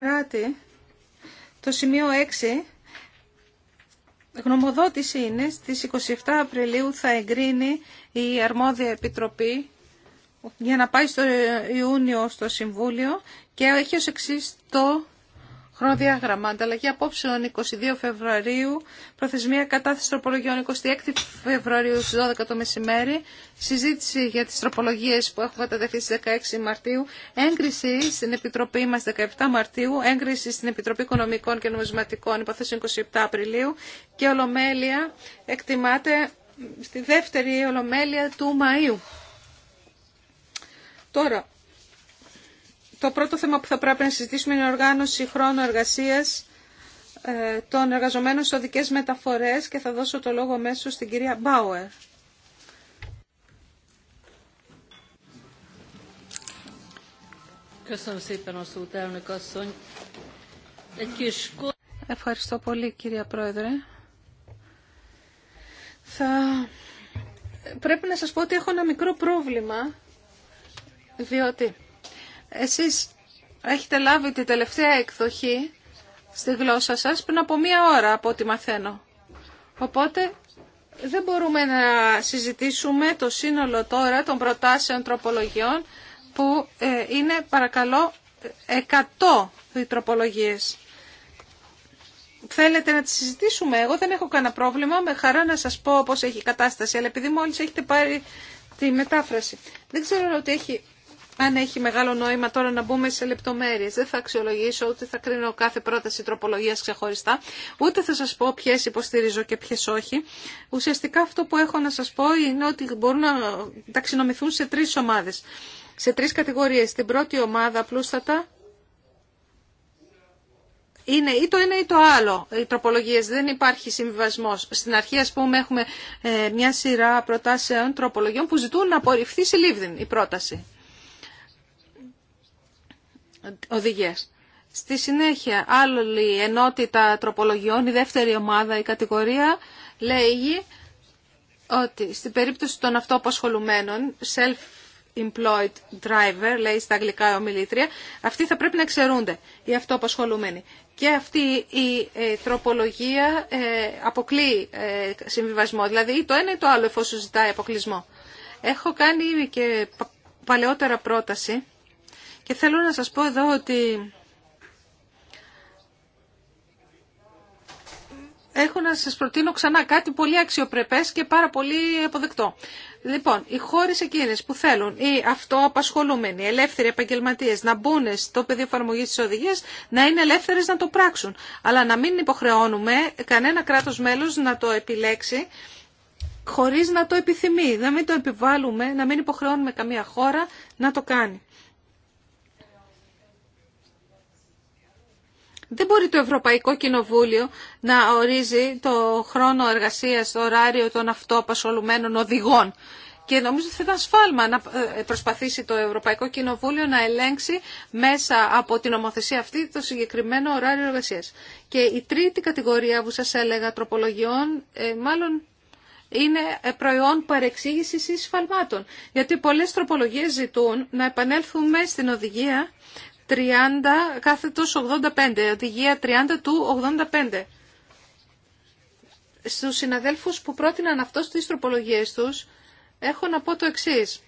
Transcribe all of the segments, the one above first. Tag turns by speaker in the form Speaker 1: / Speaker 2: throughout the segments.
Speaker 1: Κράτη, το σημείο 6, γνωμοδότηση είναι, στις 27 Απριλίου θα εγκρίνει η αρμόδια επιτροπή για να πάει στο Ιούνιο στο Συμβούλιο και έχει ως εξής το Χρονοδιάγραμμα. Ανταλλαγή απόψεων 22 Φεβρουαρίου. Προθεσμία κατάθεση τροπολογιών 26 Φεβρουαρίου στις 12 το μεσημέρι. Συζήτηση για τις τροπολογίες που έχουν καταδεχθεί στις 16 Μαρτίου. Έγκριση στην Επιτροπή μας 17 Μαρτίου. Έγκριση στην Επιτροπή Οικονομικών και Νομισματικών υποθέσεων 27 Απριλίου. Και Ολομέλεια εκτιμάται στη δεύτερη Ολομέλεια του Μαΐου. Τώρα, το πρώτο θέμα που θα πρέπει να συζητήσουμε είναι η οργάνωση χρόνου εργασίας ε, των εργαζομένων σε οδικές μεταφορές και θα δώσω το λόγο μέσω στην κυρία Μπάουερ. Ευχαριστώ πολύ κυρία Πρόεδρε. Θα... Πρέπει να σας πω ότι έχω ένα μικρό πρόβλημα, διότι εσείς έχετε λάβει τη τελευταία εκδοχή στη γλώσσα σας πριν από μία ώρα από ό,τι μαθαίνω. Οπότε δεν μπορούμε να συζητήσουμε το σύνολο τώρα των προτάσεων τροπολογιών που ε, είναι παρακαλώ 100 οι τροπολογίες. Θέλετε να τις συζητήσουμε. Εγώ δεν έχω κανένα πρόβλημα. Με χαρά να σας πω πώς έχει η κατάσταση. Αλλά επειδή μόλις έχετε πάρει τη μετάφραση. Δεν ξέρω ότι έχει αν έχει μεγάλο νόημα τώρα να μπούμε σε λεπτομέρειε. Δεν θα αξιολογήσω, ούτε θα κρίνω κάθε πρόταση τροπολογία ξεχωριστά, ούτε θα σα πω ποιε υποστηρίζω και ποιε όχι. Ουσιαστικά αυτό που έχω να σα πω είναι ότι μπορούν να ταξινομηθούν σε τρει ομάδε. Σε τρει κατηγορίε. Την πρώτη ομάδα απλούστατα είναι ή το ένα ή το άλλο οι τροπολογίες. Δεν υπάρχει συμβιβασμός. Στην αρχή, ας πούμε, έχουμε ε, μια σειρά προτάσεων τροπολογιών που ζητούν να απορριφθεί σε λίβδιν η πρόταση. Στη συνέχεια, άλλη ενότητα τροπολογιών, η δεύτερη ομάδα, η κατηγορία, λέγει ότι στην περίπτωση των αυτοαπασχολουμένων, self-employed driver, λέει στα αγγλικά ομιλήτρια, αυτοί θα πρέπει να εξαιρούνται, οι αυτοαπασχολουμένοι. Και αυτή η ε, τροπολογία ε, αποκλεί ε, συμβιβασμό, δηλαδή ή το ένα ή το άλλο εφόσον ζητάει αποκλεισμό. Έχω κάνει και παλαιότερα πρόταση και θέλω να σας πω εδώ ότι έχω να σας προτείνω ξανά κάτι πολύ αξιοπρεπές και πάρα πολύ αποδεκτό. Λοιπόν, οι χώρε εκείνε που θέλουν οι αυτοαπασχολούμενοι, οι ελεύθεροι επαγγελματίε να μπουν στο πεδίο εφαρμογή τη οδηγία, να είναι ελεύθερε να το πράξουν. Αλλά να μην υποχρεώνουμε κανένα κράτο μέλο να το επιλέξει χωρί να το επιθυμεί. Να μην το επιβάλλουμε, να μην υποχρεώνουμε καμία χώρα να το κάνει. Δεν μπορεί το Ευρωπαϊκό Κοινοβούλιο να ορίζει το χρόνο εργασίας, το ωράριο των αυτοαπασχολουμένων οδηγών. Και νομίζω ότι θα ήταν σφάλμα να ε, προσπαθήσει το Ευρωπαϊκό Κοινοβούλιο να ελέγξει μέσα από την ομοθεσία αυτή το συγκεκριμένο ωράριο εργασία. Και η τρίτη κατηγορία που σας έλεγα τροπολογιών, ε, μάλλον είναι ε, προϊόν παρεξήγηση ή σφαλμάτων. Γιατί πολλέ τροπολογίε ζητούν να επανέλθουμε στην οδηγία 30 κάθετος 85, οδηγία 30 του 85. Στους συναδέλφους που πρότειναν αυτό στις τροπολογίες τους, έχω να πω το εξής.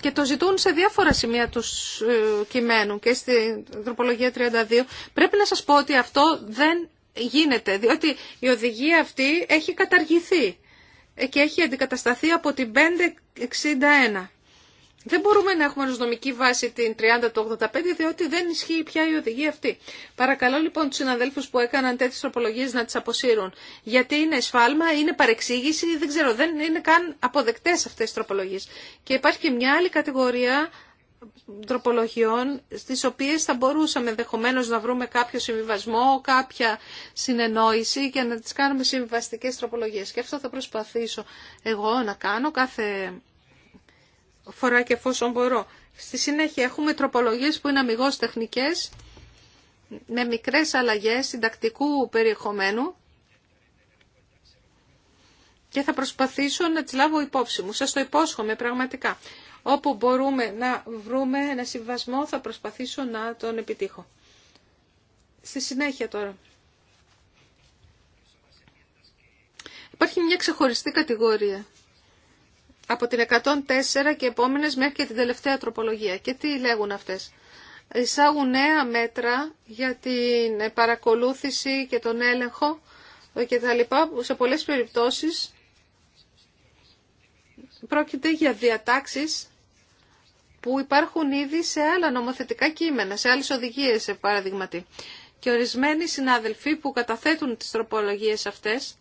Speaker 1: Και το ζητούν σε διάφορα σημεία του ε, κειμένου και στην τροπολογία 32. Πρέπει να σας πω ότι αυτό δεν γίνεται, διότι η οδηγία αυτή έχει καταργηθεί ε, και έχει αντικατασταθεί από την 561. Δεν μπορούμε να έχουμε ως νομική βάση την 30 του 85 διότι δεν ισχύει πια η οδηγία αυτή. Παρακαλώ λοιπόν του συναδέλφου που έκαναν τέτοιε τροπολογίε να τι αποσύρουν. Γιατί είναι σφάλμα, είναι παρεξήγηση, δεν ξέρω, δεν είναι καν αποδεκτέ αυτέ τι τροπολογίε. Και υπάρχει και μια άλλη κατηγορία τροπολογιών στις οποίες θα μπορούσαμε ενδεχομένω να βρούμε κάποιο συμβιβασμό, κάποια συνεννόηση και να τις κάνουμε συμβιβαστικές τροπολογίες. Και αυτό θα προσπαθήσω εγώ να κάνω κάθε φορά και εφόσον μπορώ. Στη συνέχεια έχουμε τροπολογίες που είναι αμυγός τεχνικές, με μικρές αλλαγές συντακτικού περιεχομένου και θα προσπαθήσω να τις λάβω υπόψη μου. Σας το υπόσχομαι πραγματικά. Όπου μπορούμε να βρούμε ένα συμβασμό θα προσπαθήσω να τον επιτύχω. Στη συνέχεια τώρα. Υπάρχει μια ξεχωριστή κατηγορία από την 104 και επόμενες μέχρι και την τελευταία τροπολογία. Και τι λέγουν αυτές. Εισάγουν νέα μέτρα για την παρακολούθηση και τον έλεγχο και τα λοιπά, σε πολλές περιπτώσεις πρόκειται για διατάξεις που υπάρχουν ήδη σε άλλα νομοθετικά κείμενα, σε άλλες οδηγίες, σε παραδειγματί. Και ορισμένοι συνάδελφοί που καταθέτουν τις τροπολογίες αυτές,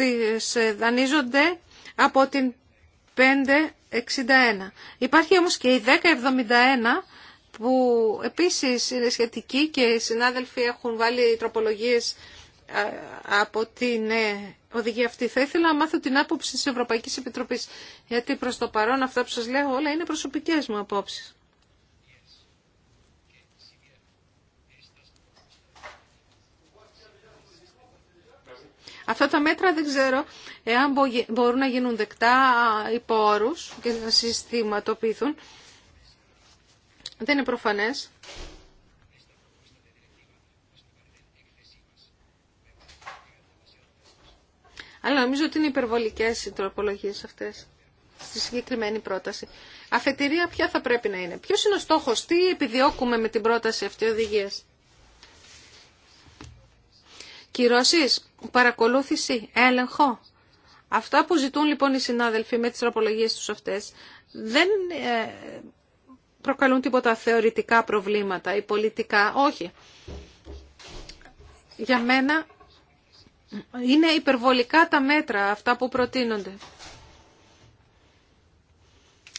Speaker 1: τις ε, δανείζονται από την 561. Υπάρχει όμως και η 1071 που επίσης είναι σχετική και οι συνάδελφοι έχουν βάλει τροπολογίες ε, από την ε, οδηγία αυτή. Θα ήθελα να μάθω την άποψη της Ευρωπαϊκής Επιτροπής, γιατί προς το παρόν αυτά που σας λέω όλα είναι προσωπικές μου απόψεις. Αυτά τα μέτρα δεν ξέρω εάν μπορούν να γίνουν δεκτά υπό όρους και να συστηματοποιηθούν. Δεν είναι προφανές. Αλλά νομίζω ότι είναι υπερβολικές οι τροπολογίες αυτές στη συγκεκριμένη πρόταση. Αφετηρία ποια θα πρέπει να είναι. Ποιος είναι ο στόχος, τι επιδιώκουμε με την πρόταση αυτή οδηγίας. Κυρώσει, παρακολούθηση, έλεγχο. Αυτά που ζητούν λοιπόν οι συνάδελφοι με τις τροπολογίε τους αυτές δεν ε, προκαλούν τίποτα θεωρητικά προβλήματα ή πολιτικά, όχι. Για μένα είναι υπερβολικά τα μέτρα αυτά που προτείνονται.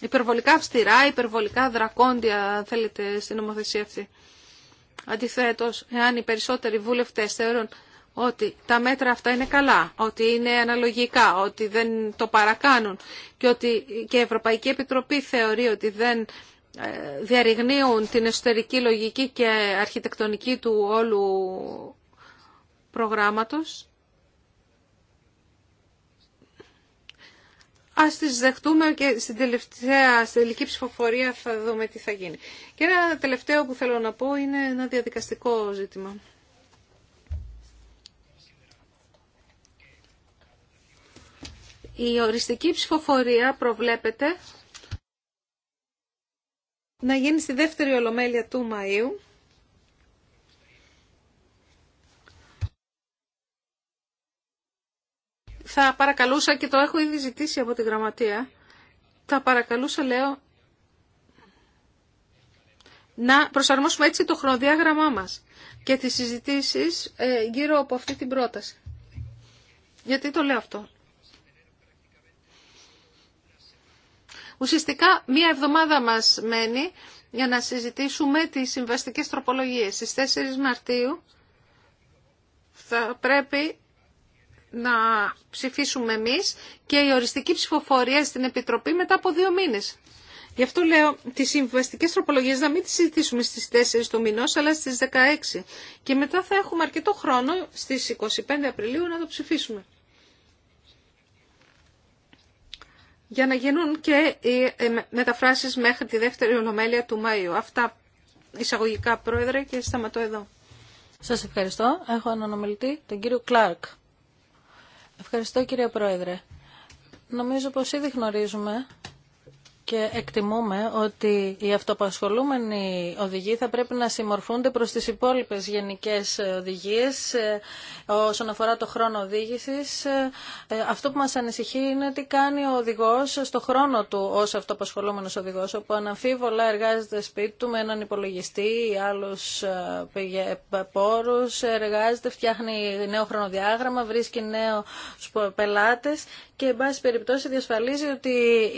Speaker 1: Υπερβολικά αυστηρά, υπερβολικά δρακόντια, αν θέλετε, στην νομοθεσία αυτή. Αντιθέτως, εάν οι περισσότεροι βουλευτές θεωρούν ότι τα μέτρα αυτά είναι καλά, ότι είναι αναλογικά, ότι δεν το παρακάνουν και ότι και η Ευρωπαϊκή Επιτροπή θεωρεί ότι δεν ε, διαρριγνύουν την εσωτερική λογική και αρχιτεκτονική του όλου προγράμματος. Ας τις δεχτούμε και στην τελευταία, στην τελική ψηφοφορία θα δούμε τι θα γίνει. Και ένα τελευταίο που θέλω να πω είναι ένα διαδικαστικό ζήτημα. η οριστική ψηφοφορία προβλέπεται να γίνει στη δεύτερη ολομέλεια του Μαΐου. Θα παρακαλούσα, και το έχω ήδη ζητήσει από τη γραμματεία, θα παρακαλούσα, λέω, να προσαρμόσουμε έτσι το χρονοδιάγραμμά μας και τις συζητήσεις ε, γύρω από αυτή την πρόταση. Γιατί το λέω αυτό. Ουσιαστικά μία εβδομάδα μας μένει για να συζητήσουμε τις συμβαστικές τροπολογίες. Στις 4 Μαρτίου θα πρέπει να ψηφίσουμε εμείς και η οριστική ψηφοφορία στην Επιτροπή μετά από δύο μήνες. Γι' αυτό λέω τις συμβαστικές τροπολογίες να μην τις συζητήσουμε στις 4 του μηνός αλλά στις 16 και μετά θα έχουμε αρκετό χρόνο στις 25 Απριλίου να το ψηφίσουμε. για να γίνουν και οι ε, μεταφράσεις μέχρι τη δεύτερη ονομέλεια του Μαΐου. Αυτά εισαγωγικά, Πρόεδρε, και σταματώ εδώ.
Speaker 2: Σας ευχαριστώ. Έχω έναν ομιλητή, τον κύριο Κλάρκ. Ευχαριστώ, κύριε Πρόεδρε. Νομίζω πως ήδη γνωρίζουμε και εκτιμούμε ότι οι αυτοπασχολούμενοι οδηγοί θα πρέπει να συμμορφούνται προς τις υπόλοιπες γενικές οδηγίες ε, όσον αφορά το χρόνο οδήγησης. Ε, αυτό που μας ανησυχεί είναι τι κάνει ο οδηγός στο χρόνο του ως αυτοπασχολούμενος οδηγός, όπου αναμφίβολα εργάζεται σπίτι του με έναν υπολογιστή ή άλλους ε, πόρους, εργάζεται, φτιάχνει νέο χρονοδιάγραμμα, βρίσκει νέους πελάτες και, εν πάση περιπτώσει, διασφαλίζει ότι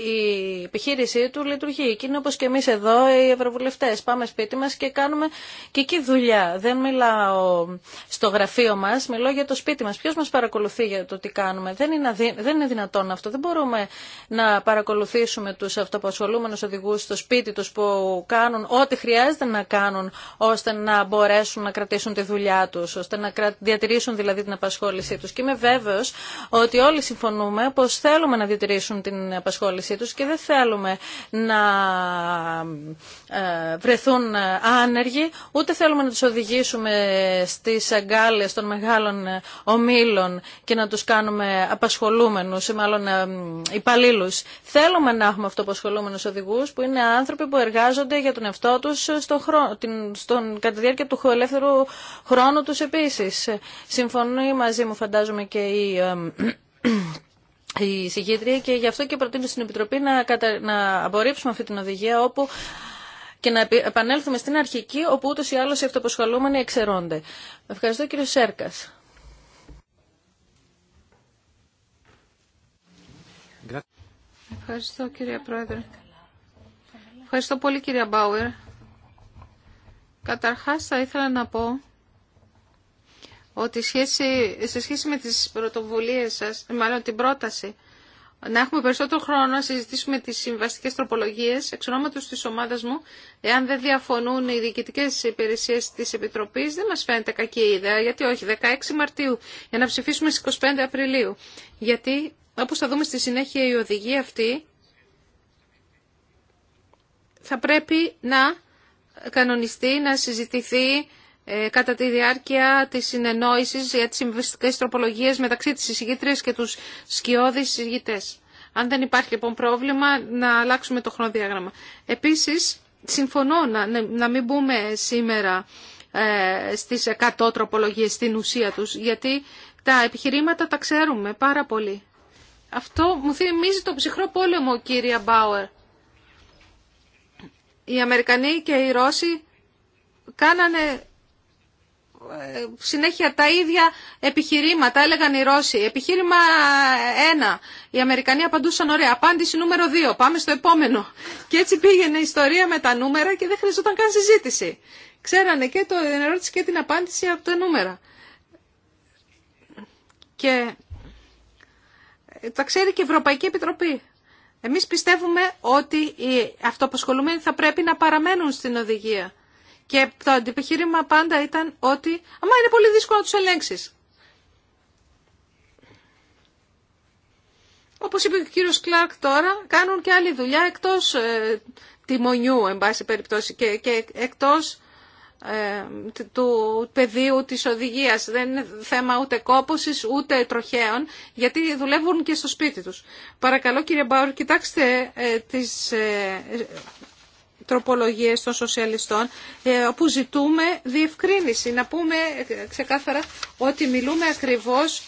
Speaker 2: η επιχείρηση του λειτουργεί. Και είναι όπω και εμεί εδώ οι ευρωβουλευτέ. Πάμε σπίτι μα και κάνουμε και εκεί δουλειά. Δεν μιλάω στο γραφείο μα, μιλώ για το σπίτι μα. Ποιο μα παρακολουθεί για το τι κάνουμε. Δεν είναι, δεν είναι δυνατόν αυτό. Δεν μπορούμε να παρακολουθήσουμε τους αυτοαπασχολούμενου οδηγού στο σπίτι του που κάνουν ό,τι χρειάζεται να κάνουν ώστε να μπορέσουν να κρατήσουν τη δουλειά του, ώστε να διατηρήσουν δηλαδή την απασχόλησή του. Και είμαι βέβαιο ότι όλοι συμφωνούμε πω θέλουμε να διατηρήσουν την απασχόλησή του και δεν θέλουμε να ε, βρεθούν ε, άνεργοι, ούτε θέλουμε να τους οδηγήσουμε στις αγκάλες των μεγάλων ε, ομίλων και να τους κάνουμε απασχολούμενους ή μάλλον υπαλλήλου. Θέλουμε να έχουμε αυτοαπασχολούμενους οδηγούς που είναι άνθρωποι που εργάζονται για τον εαυτό τους στον κατά τη διάρκεια του ελεύθερου χρόνου τους επίσης. Συμφωνεί μαζί μου φαντάζομαι και η η συγχύτρια και γι' αυτό και προτείνω στην Επιτροπή να, να απορρίψουμε αυτή την οδηγία όπου και να επανέλθουμε στην αρχική όπου ούτως ή άλλως οι αυτοποσχολούμενοι εξαιρώνται. Ευχαριστώ κύριο Σέρκας. Ευχαριστώ κύριε Πρόεδρε.
Speaker 1: Ευχαριστώ πολύ κύριε Μπάουερ. Καταρχάς θα ήθελα να πω ότι σχέση, σε σχέση με τις πρωτοβουλίες σας, μάλλον την πρόταση, να έχουμε περισσότερο χρόνο να συζητήσουμε τις συμβαστικές τροπολογίες εξ ονόματος της ομάδας μου. Εάν δεν διαφωνούν οι διοικητικές υπηρεσίες της Επιτροπής, δεν μας φαίνεται κακή ιδέα, γιατί όχι, 16 Μαρτίου, για να ψηφίσουμε στις 25 Απριλίου. Γιατί, όπως θα δούμε στη συνέχεια, η οδηγία αυτή θα πρέπει να κανονιστεί, να συζητηθεί ε, κατά τη διάρκεια της συνεννόησης για τις συμβιστικές τροπολογίες μεταξύ της εισηγήτριας και τους σκιώδη εισηγητές. Αν δεν υπάρχει λοιπόν πρόβλημα να αλλάξουμε το χρονοδιάγραμμα. Επίσης, συμφωνώ να, ναι, να μην μπούμε σήμερα ε, στις 100 τροπολογίες στην ουσία τους, γιατί τα επιχειρήματα τα ξέρουμε πάρα πολύ. Αυτό μου θυμίζει το ψυχρό πόλεμο, κύρια Μπάουερ. Οι Αμερικανοί και οι Ρώσοι κάνανε ε, συνέχεια τα ίδια επιχειρήματα, έλεγαν οι Ρώσοι. Επιχείρημα 1. Οι Αμερικανοί απαντούσαν ωραία. Απάντηση νούμερο 2. Πάμε στο επόμενο. Και έτσι πήγαινε η ιστορία με τα νούμερα και δεν χρειαζόταν καν συζήτηση. Ξέρανε και το ερώτηση και την απάντηση από τα νούμερα. Και ε, τα ξέρει και η Ευρωπαϊκή Επιτροπή. Εμείς πιστεύουμε ότι οι αυτοαπασχολούμενοι θα πρέπει να παραμένουν στην οδηγία. Και το αντιπεχείρημα πάντα ήταν ότι «Αμα είναι πολύ δύσκολο να τους ελέγξεις». Όπως είπε ο κύριος Κλάρκ τώρα, κάνουν και άλλη δουλειά εκτός ε, τιμονιού, εν πάση περιπτώσει, και, και εκτός ε, του πεδίου της οδηγίας. Δεν είναι θέμα ούτε κόπωσης, ούτε τροχαίων, γιατί δουλεύουν και στο σπίτι τους. Παρακαλώ κύριε Μπάουρ, κοιτάξτε ε, τις ε, τροπολογίες των σοσιαλιστών ε, όπου ζητούμε διευκρίνηση. Να πούμε ε, ξεκάθαρα ότι μιλούμε ακριβώς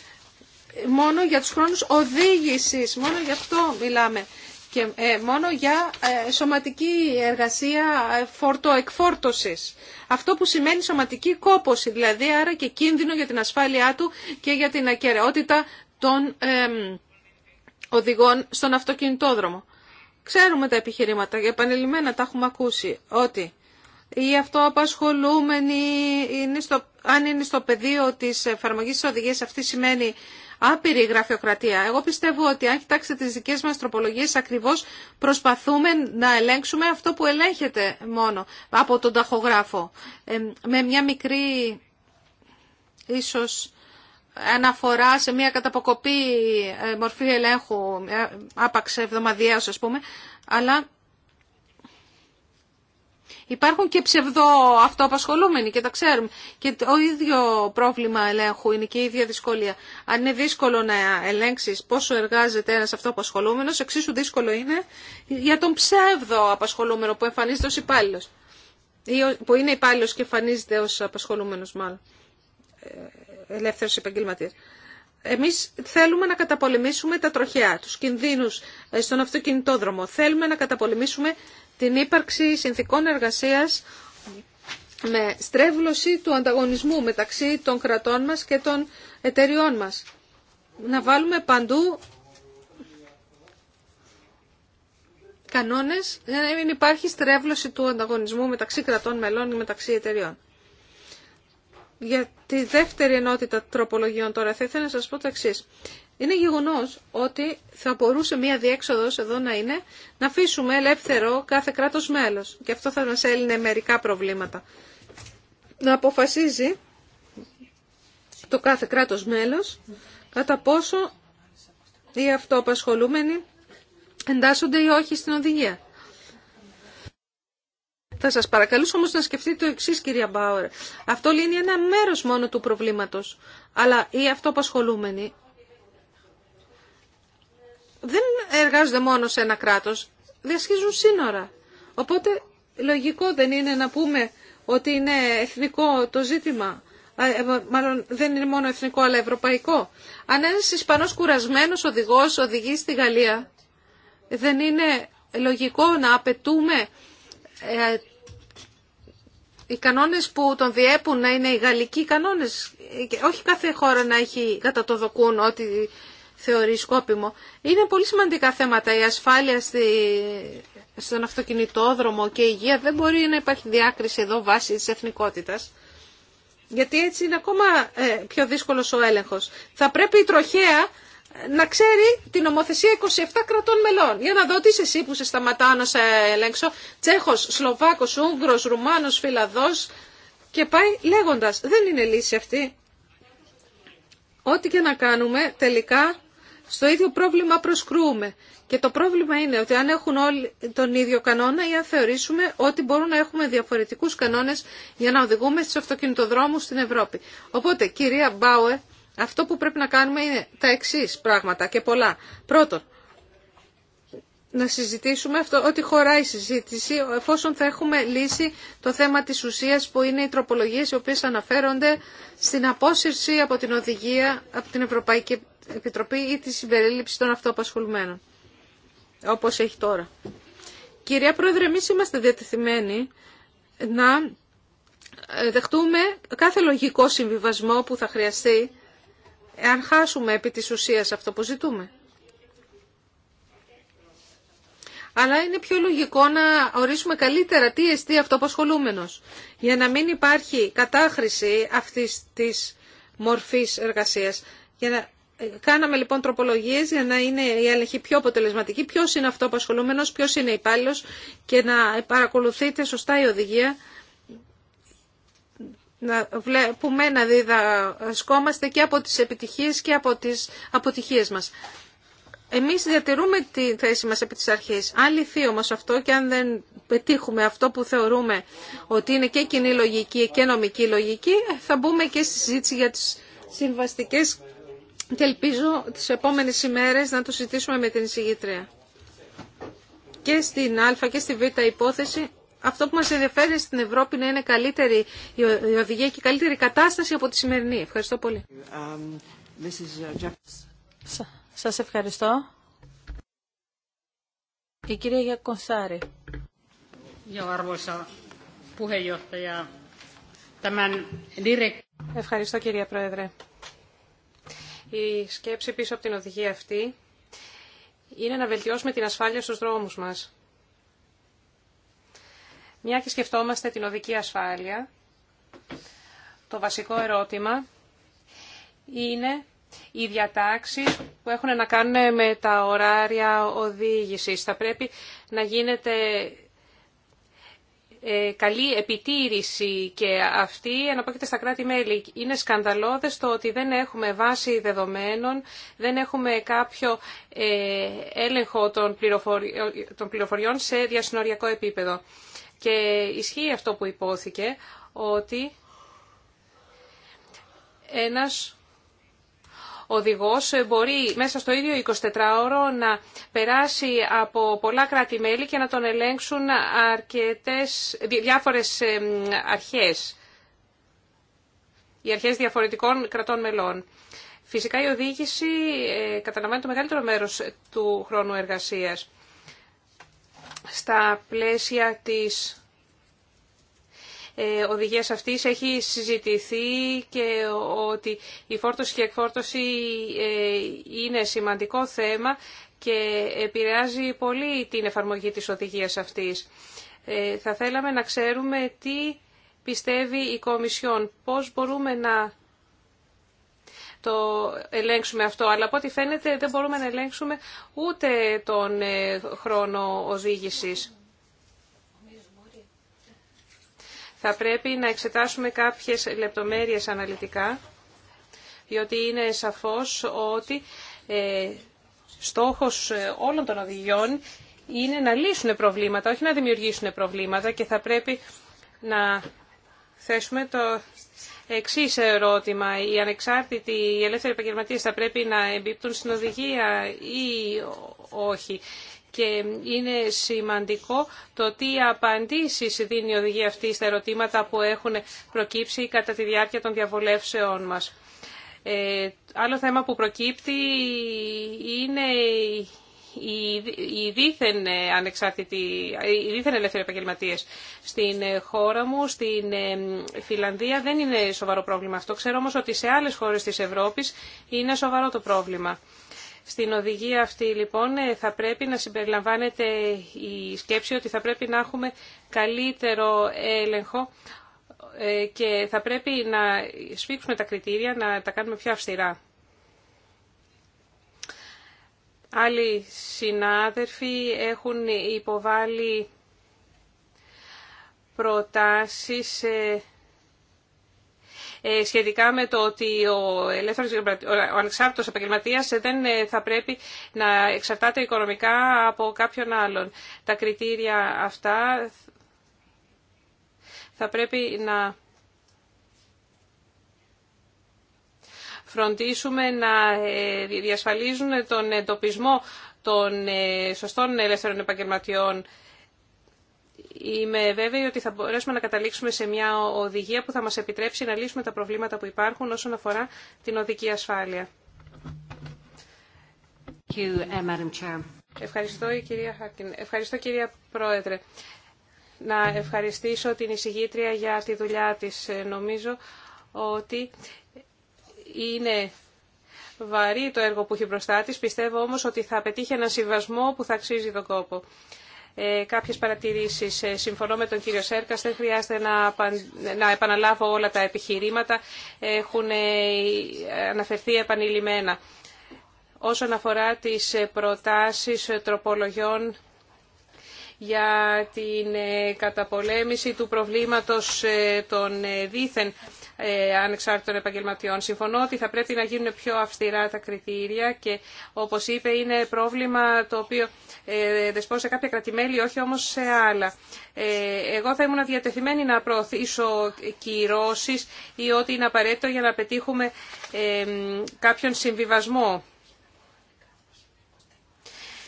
Speaker 1: μόνο για τους χρόνους οδήγησης, μόνο για αυτό μιλάμε και ε, μόνο για σωματική εργασία φορτοεκφόρτωσης. Αυτό που σημαίνει σωματική κόπωση, δηλαδή άρα και κίνδυνο για την ασφάλειά του και για την ακεραιότητα των οδηγών στον αυτοκινητόδρομο. Ξέρουμε τα επιχειρήματα, επανειλημμένα τα έχουμε ακούσει, ότι οι αυτοαπασχολούμενοι είναι στο, αν είναι στο πεδίο της εφαρμογής της οδηγίας αυτή σημαίνει άπειρη γραφειοκρατία. Εγώ πιστεύω ότι αν κοιτάξετε τις δικές μας τροπολογίες ακριβώς προσπαθούμε να ελέγξουμε αυτό που ελέγχεται μόνο από τον ταχογράφο. Ε, με μια μικρή ίσως αναφορά σε μια καταποκοπή ε, μορφή ελέγχου, ε, άπαξ εβδομαδιαίας ας πούμε, αλλά υπάρχουν και ψευδό αυτοαπασχολούμενοι και τα ξέρουμε. Και το ίδιο πρόβλημα ελέγχου είναι και η ίδια δυσκολία. Αν είναι δύσκολο να ελέγξεις πόσο εργάζεται ένας αυτοαπασχολούμενος, εξίσου δύσκολο είναι για τον ψεύδο απασχολούμενο που εμφανίζεται ως υπάλληλο. Ή που είναι υπάλληλο και εμφανίζεται ως απασχολούμενος μάλλον ελεύθερους επαγγελματίες. Εμείς θέλουμε να καταπολεμήσουμε τα τροχιά, τους κινδύνους ε, στον αυτοκινητόδρομο. Θέλουμε να καταπολεμήσουμε την ύπαρξη συνθήκων εργασίας με στρέβλωση του ανταγωνισμού μεταξύ των κρατών μας και των εταιριών μας. Να βάλουμε παντού κανόνες για να μην υπάρχει στρέβλωση του ανταγωνισμού μεταξύ κρατών μελών και μεταξύ εταιριών. Για τη δεύτερη ενότητα τροπολογιών τώρα θα ήθελα να σας πω το εξή. Είναι γεγονός ότι θα μπορούσε μία διέξοδος εδώ να είναι να αφήσουμε ελεύθερο κάθε κράτος μέλος. Και αυτό θα μας έλυνε μερικά προβλήματα. Να αποφασίζει το κάθε κράτος μέλος κατά πόσο οι αυτοαπασχολούμενοι εντάσσονται ή όχι στην οδηγία. Θα σας παρακαλούσα όμως να σκεφτείτε το εξής κυρία Μπάουερ. Αυτό λύνει ένα μέρος μόνο του προβλήματος. Αλλά οι αυτοπασχολούμενοι δεν εργάζονται μόνο σε ένα κράτος, διασχίζουν σύνορα. Οπότε λογικό δεν είναι να πούμε ότι είναι εθνικό το ζήτημα. Ε, μάλλον δεν είναι μόνο εθνικό αλλά ευρωπαϊκό. Αν ένας Ισπανός κουρασμένος οδηγός οδηγεί στη Γαλλία, δεν είναι λογικό να απαιτούμε ε, οι κανόνες που τον διέπουν να είναι οι γαλλικοί κανόνες και όχι κάθε χώρα να έχει κατά το δοκούν ό,τι θεωρεί σκόπιμο. Είναι πολύ σημαντικά θέματα η ασφάλεια στον αυτοκινητόδρομο και η υγεία. Δεν μπορεί να υπάρχει διάκριση εδώ βάσει της εθνικότητας. Γιατί έτσι είναι ακόμα ε, πιο δύσκολος ο έλεγχος. Θα πρέπει η τροχέα να ξέρει την νομοθεσία 27 κρατών μελών. Για να δω τι είσαι εσύ που σε σταματάω να σε ελέγξω. Τσέχος, Σλοβάκος, Ούγγρος, Ρουμάνος, Φιλαδός και πάει λέγοντας. Δεν είναι λύση αυτή. Ό,τι και να κάνουμε τελικά στο ίδιο πρόβλημα προσκρούμε. Και το πρόβλημα είναι ότι αν έχουν όλοι τον ίδιο κανόνα ή αν θεωρήσουμε ότι μπορούν να έχουμε διαφορετικούς κανόνες για να οδηγούμε στους αυτοκινητοδρόμους στην Ευρώπη. Οπότε, κυρία Μπάουε, αυτό που πρέπει να κάνουμε είναι τα εξή πράγματα και πολλά. Πρώτον, να συζητήσουμε αυτό, ότι χωράει η συζήτηση, εφόσον θα έχουμε λύσει το θέμα της ουσίας που είναι οι τροπολογίες οι οποίες αναφέρονται στην απόσυρση από την οδηγία, από την Ευρωπαϊκή Επιτροπή ή τη συμπερίληψη των αυτοαπασχολουμένων, όπως έχει τώρα. Κυρία Πρόεδρε, εμεί είμαστε διατεθειμένοι να δεχτούμε κάθε λογικό συμβιβασμό που θα χρειαστεί αν χάσουμε επί της ουσίας αυτό που ζητούμε. Αλλά είναι πιο λογικό να ορίσουμε καλύτερα τι εστί αυτοπασχολούμενος, για να μην υπάρχει κατάχρηση αυτής της μορφής εργασίας. Για να... Ε, κάναμε λοιπόν τροπολογίες για να είναι η έλεγχη πιο αποτελεσματική, ποιος είναι αυτοπασχολούμενος, ποιος είναι υπάλληλο και να παρακολουθείτε σωστά η οδηγία να βλέπουμε, να διδασκόμαστε και από τις επιτυχίες και από τις αποτυχίες μας. Εμείς διατηρούμε τη θέση μας επί της αρχής. Αν λυθεί όμως αυτό και αν δεν πετύχουμε αυτό που θεωρούμε ότι είναι και κοινή λογική και νομική λογική, θα μπούμε και στη συζήτηση για τις συμβαστικές και ελπίζω τις επόμενες ημέρες να το συζητήσουμε με την εισηγήτρια. Και στην Α και στη Β υπόθεση αυτό που μας ενδιαφέρει στην Ευρώπη να είναι καλύτερη η οδηγία και η καλύτερη
Speaker 2: κατάσταση από τη σημερινή. Ευχαριστώ πολύ.
Speaker 3: Um, uh,
Speaker 2: σας ευχαριστώ. Η κυρία Γιακονσάρη.
Speaker 4: Ευχαριστώ κυρία Πρόεδρε. Η σκέψη πίσω από την οδηγία αυτή είναι να βελτιώσουμε την ασφάλεια στους δρόμους μας. Μια και σκεφτόμαστε την οδική ασφάλεια, το βασικό ερώτημα είναι οι διατάξεις που έχουν να κάνουν με τα ωράρια οδήγησης. Θα πρέπει να γίνεται ε, καλή επιτήρηση και αυτή αναπόκειται στα κράτη-μέλη. Είναι σκανδαλώδες το ότι δεν έχουμε βάση δεδομένων, δεν έχουμε κάποιο ε, έλεγχο των πληροφοριών σε διασυνοριακό επίπεδο. Και ισχύει αυτό που υπόθηκε, ότι ένας οδηγός μπορεί μέσα στο ίδιο 24ωρο να περάσει από πολλά κράτη-μέλη και να τον ελέγξουν αρκετές, διάφορες αρχές, οι αρχές διαφορετικών κρατών μελών. Φυσικά η οδήγηση ε, καταλαμβάνει το μεγαλύτερο μέρος του χρόνου εργασίας στα πλαίσια της ε, οδηγίας αυτής έχει συζητηθεί και ότι η φόρτωση και εκφόρτωση ε, είναι σημαντικό θέμα και επηρεάζει πολύ την εφαρμογή της οδηγίας αυτής. Ε, θα θέλαμε να ξέρουμε τι πιστεύει η Κομισιόν, πώς μπορούμε να το ελέγξουμε αυτό, αλλά από ό,τι φαίνεται δεν μπορούμε να ελέγξουμε ούτε τον ε, χρόνο οδήγησης. Θα πρέπει να εξετάσουμε κάποιες λεπτομέρειες αναλυτικά, διότι είναι σαφώς ότι ε, στόχος ε, όλων των οδηγιών είναι να λύσουν προβλήματα, όχι να δημιουργήσουν προβλήματα και θα πρέπει να θέσουμε το εξή ερώτημα. Οι ανεξάρτητοι, οι ελεύθεροι επαγγελματίε θα πρέπει να εμπίπτουν στην οδηγία ή όχι. Και είναι σημαντικό το τι απαντήσει δίνει η οδηγία αυτή στα ερωτήματα που έχουν προκύψει κατά τη διάρκεια των διαβολεύσεών μα. Ε, άλλο θέμα που προκύπτει είναι οι δίθεν, ε, ανεξάρτητοι, ε, οι δίθεν ελεύθεροι επαγγελματίες στην ε, χώρα μου, στην Φιλανδία, δεν είναι σοβαρό πρόβλημα αυτό. Ξέρω όμως ότι σε άλλες χώρες της Ευρώπης είναι σοβαρό το πρόβλημα. Στην οδηγία αυτή λοιπόν θα πρέπει να συμπεριλαμβάνεται η σκέψη ότι θα πρέπει να έχουμε καλύτερο έλεγχο και θα πρέπει να σφίξουμε τα κριτήρια, να τα κάνουμε πιο αυστηρά. Άλλοι συνάδελφοι έχουν υποβάλει προτάσεις ε, ε, σχετικά με το ότι ο, ελεύθερος, ο ανεξάρτητος επαγγελματίας δεν ε, θα πρέπει να εξαρτάται οικονομικά από κάποιον άλλον. Τα κριτήρια αυτά θα πρέπει να φροντίσουμε να ε, διασφαλίζουν τον εντοπισμό των ε, σωστών ελεύθερων επαγγελματιών. Είμαι βέβαιη ότι θα μπορέσουμε να καταλήξουμε σε μια οδηγία που θα μας επιτρέψει να λύσουμε τα προβλήματα που υπάρχουν όσον αφορά την οδική ασφάλεια.
Speaker 2: Eh,
Speaker 4: Ευχαριστώ, κυρία Χάρκιν. Ευχαριστώ, κυρία Πρόεδρε. Να ευχαριστήσω την εισηγήτρια για τη δουλειά της. Ε, νομίζω ότι είναι βαρύ το έργο που έχει μπροστά της. Πιστεύω όμως ότι θα πετύχει ένα συμβασμό που θα αξίζει τον κόπο. Ε, κάποιες παρατηρήσεις. Ε, συμφωνώ με τον κύριο Σέρκας, δεν χρειάζεται να, να επαναλάβω όλα τα επιχειρήματα. Έχουν ε, αναφερθεί επανειλημμένα. Όσον αφορά τις ε, προτάσεις τροπολογιών για την καταπολέμηση του προβλήματος των Δήθεν... Ε, ανεξάρτητων επαγγελματιών. Συμφωνώ ότι θα πρέπει να γίνουν πιο αυστηρά τα κριτήρια και όπως είπε είναι πρόβλημα το οποίο ε, δεσπόζει σε κάποια κρατημέλη, όχι όμως σε άλλα. Ε, εγώ θα ήμουν διατεθειμένη να προωθήσω κυρώσεις ή ό,τι είναι απαραίτητο για να πετύχουμε κάποιον συμβιβασμό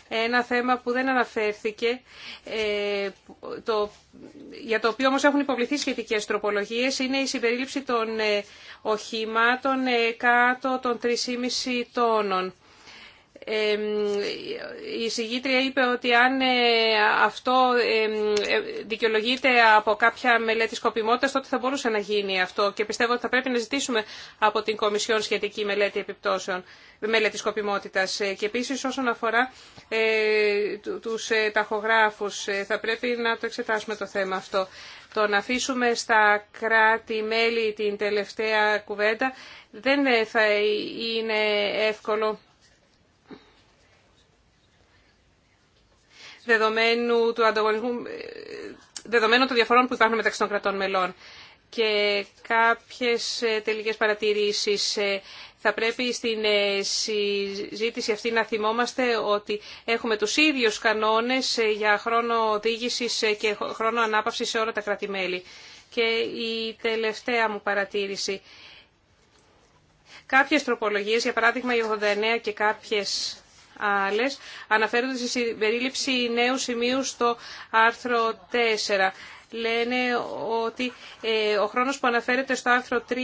Speaker 4: ένα θέμα που δεν αναφέρθηκε, ε, το, για το οποίο όμως έχουν υποβληθεί σχετικές τροπολογίες, είναι η συμπερίληψη των ε, οχημάτων ε, κάτω των 3,5 τόνων η συγγήτρια είπε ότι αν ε, αυτό ε, δικαιολογείται από κάποια μελέτη σκοπιμότητας, τότε θα μπορούσε να γίνει αυτό και πιστεύω ότι θα πρέπει να ζητήσουμε από την Κομισιόν σχετική μελέτη επιπτώσεων, μελέτη σκοπιμότητας. Ε, και επίσης όσον αφορά τους ταχογράφους, θα πρέπει να το εξετάσουμε το θέμα αυτό. Το να αφήσουμε στα κράτη-μέλη την τελευταία κουβέντα δεν θα είναι εύκολο δεδομένου του ανταγωνισμού, δεδομένου των διαφορών που υπάρχουν μεταξύ των κρατών μελών. Και κάποιες ε, τελικές παρατηρήσεις. Ε, θα πρέπει στην ε, συζήτηση αυτή να θυμόμαστε ότι έχουμε τους ίδιους κανόνες για χρόνο οδήγησης και χρόνο ανάπαυσης σε όλα τα κρατημέλη Και η τελευταία μου παρατήρηση. Κάποιες τροπολογίες, για παράδειγμα η 89 και κάποιες άλλες αναφέρονται στη συμπερίληψη νέου σημείου στο άρθρο 4. Λένε ότι ε, ο χρόνος που αναφέρεται στο άρθρο 3 3-2,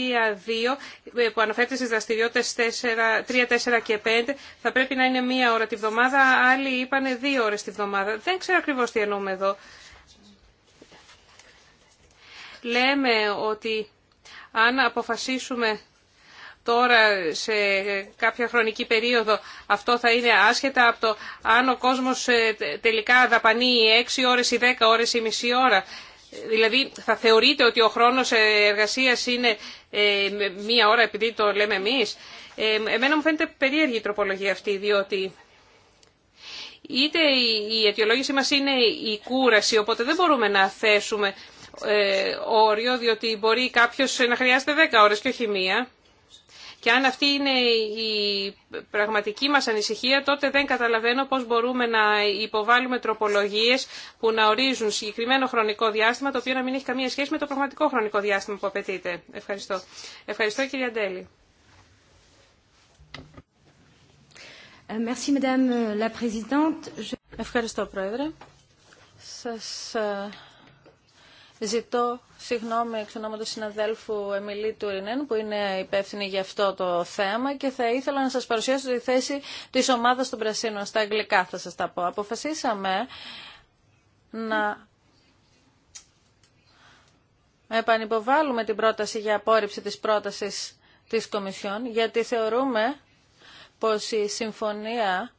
Speaker 4: ε, που αναφέρεται στις δραστηριότητες 3, 4 και 5, θα πρέπει να είναι μία ώρα τη βδομάδα, άλλοι είπαν δύο ώρες τη βδομάδα. Δεν ξέρω ακριβώς τι εννοούμε εδώ. Λέμε ότι αν αποφασίσουμε τώρα σε κάποια χρονική περίοδο αυτό θα είναι άσχετα από το αν ο κόσμος ε, τελικά δαπανεί 6 ώρες ή 10 ώρες ή μισή ώρα. Δηλαδή θα θεωρείτε ότι ο χρόνος ε, εργασίας είναι ε, μία ώρα επειδή το λέμε εμείς. Εμένα μου φαίνεται περίεργη η τροπολογία αυτή διότι είτε η αιτιολόγησή μας είναι η κούραση οπότε δεν μπορούμε να θέσουμε όριο διότι μπορεί κάποιος να χρειάζεται 10 ώρες και όχι μία. Και αν αυτή είναι η πραγματική μας ανησυχία, τότε δεν καταλαβαίνω πώς μπορούμε να υποβάλουμε τροπολογίες που να ορίζουν συγκεκριμένο χρονικό διάστημα, το οποίο να μην έχει καμία σχέση με το πραγματικό χρονικό διάστημα που απαιτείται. Ευχαριστώ. Ευχαριστώ κυρία Ντέλη.
Speaker 2: Ε, euh, Ευχαριστώ, Πρόεδρε. Ε, Ζητώ συγγνώμη εξ ονόματος συναδέλφου Εμιλή Τουρινέν που είναι υπεύθυνη για αυτό το θέμα και θα ήθελα να σας παρουσιάσω τη θέση της ομάδας των Πρασίνων. Στα αγγλικά θα σας τα πω. Αποφασίσαμε να επανυποβάλλουμε την πρόταση για απόρριψη της πρότασης της Κομισιόν γιατί θεωρούμε πως η συμφωνία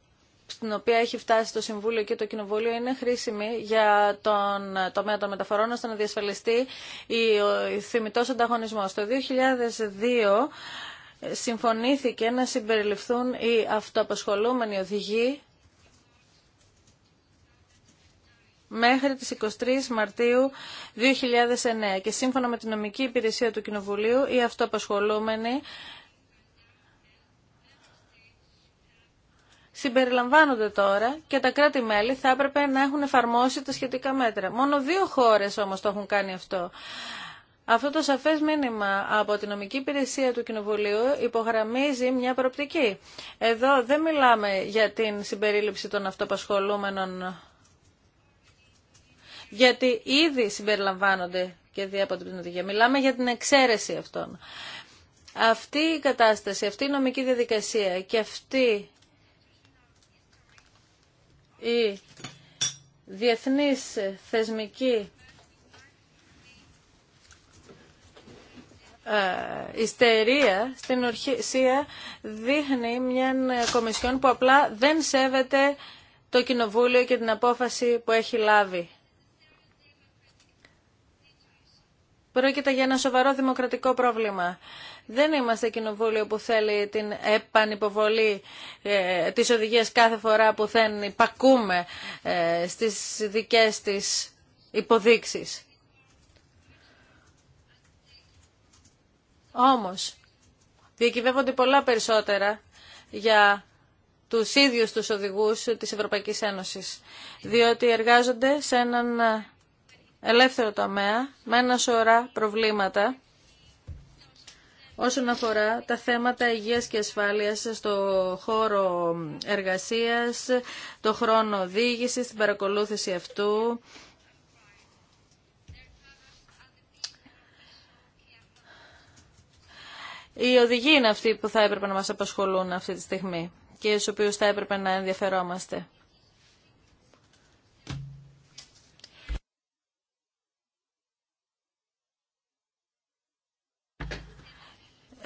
Speaker 2: στην οποία έχει φτάσει το Συμβούλιο και το Κοινοβούλιο είναι χρήσιμη για τον τομέα των μεταφορών ώστε να διασφαλιστεί η θυμητός ανταγωνισμός. Το 2002 συμφωνήθηκε να συμπεριληφθούν οι αυτοαπασχολούμενοι οδηγοί μέχρι τις 23 Μαρτίου 2009 και σύμφωνα με την νομική υπηρεσία του Κοινοβουλίου οι αυτοαπασχολούμενοι συμπεριλαμβάνονται τώρα και τα κράτη-μέλη θα έπρεπε να έχουν εφαρμόσει τα σχετικά μέτρα. Μόνο δύο χώρες όμως το έχουν κάνει αυτό. Αυτό το σαφές μήνυμα από την νομική υπηρεσία του Κοινοβουλίου υπογραμμίζει μια προοπτική. Εδώ δεν μιλάμε για την συμπερίληψη των αυτοπασχολούμενων, γιατί ήδη συμπεριλαμβάνονται και δι' από την οδηγία. Μιλάμε για την εξαίρεση αυτών. Αυτή η κατάσταση, αυτή η νομική διαδικασία και αυτή η διεθνής θεσμική ε, ιστερία στην ορχησία δείχνει μια κομισιόν που απλά δεν σέβεται το κοινοβούλιο και την απόφαση που έχει λάβει. Πρόκειται για ένα σοβαρό δημοκρατικό πρόβλημα. Δεν είμαστε κοινοβούλιο που θέλει την επανυποβολή ε, της οδηγίας κάθε φορά που δεν Πακούμε ε, στις δικές της υποδείξεις. Όμως, διακυβεύονται πολλά περισσότερα για τους ίδιους τους οδηγούς της Ευρωπαϊκής Ένωσης, διότι εργάζονται σε έναν ελεύθερο τομέα με ένα σωρά προβλήματα όσον αφορά τα θέματα υγείας και ασφάλειας στο χώρο εργασίας, το χρόνο οδηγηση, την παρακολούθηση αυτού. Οι οδηγοί είναι αυτοί που θα έπρεπε να μας απασχολούν αυτή τη στιγμή και στους οποίους θα έπρεπε να ενδιαφερόμαστε.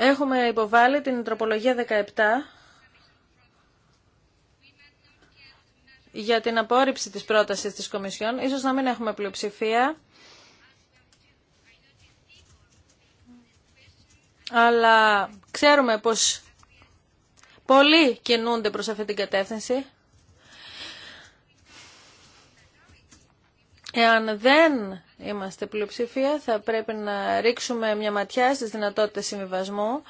Speaker 2: Έχουμε υποβάλει την τροπολογία 17 για την απόρριψη της πρότασης της Κομισιόν. Ίσως να μην έχουμε πλειοψηφία, αλλά ξέρουμε πως πολλοί κινούνται προς αυτή την κατεύθυνση. Εάν δεν είμαστε πλειοψηφία, θα πρέπει να ρίξουμε μια ματιά στις δυνατότητες συμβιβασμού,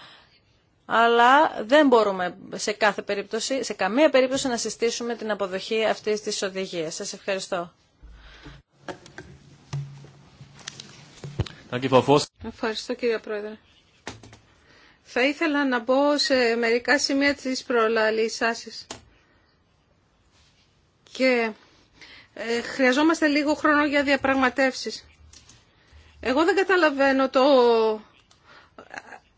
Speaker 2: αλλά δεν μπορούμε σε, κάθε περίπτωση, σε καμία περίπτωση να συστήσουμε την αποδοχή αυτής της οδηγίας. Σας ευχαριστώ. Ευχαριστώ κύριε Πρόεδρε.
Speaker 1: Θα ήθελα να μπω σε μερικά σημεία της προλαλής σας. Και ε, χρειαζόμαστε λίγο χρόνο για διαπραγματεύσεις. Εγώ δεν καταλαβαίνω το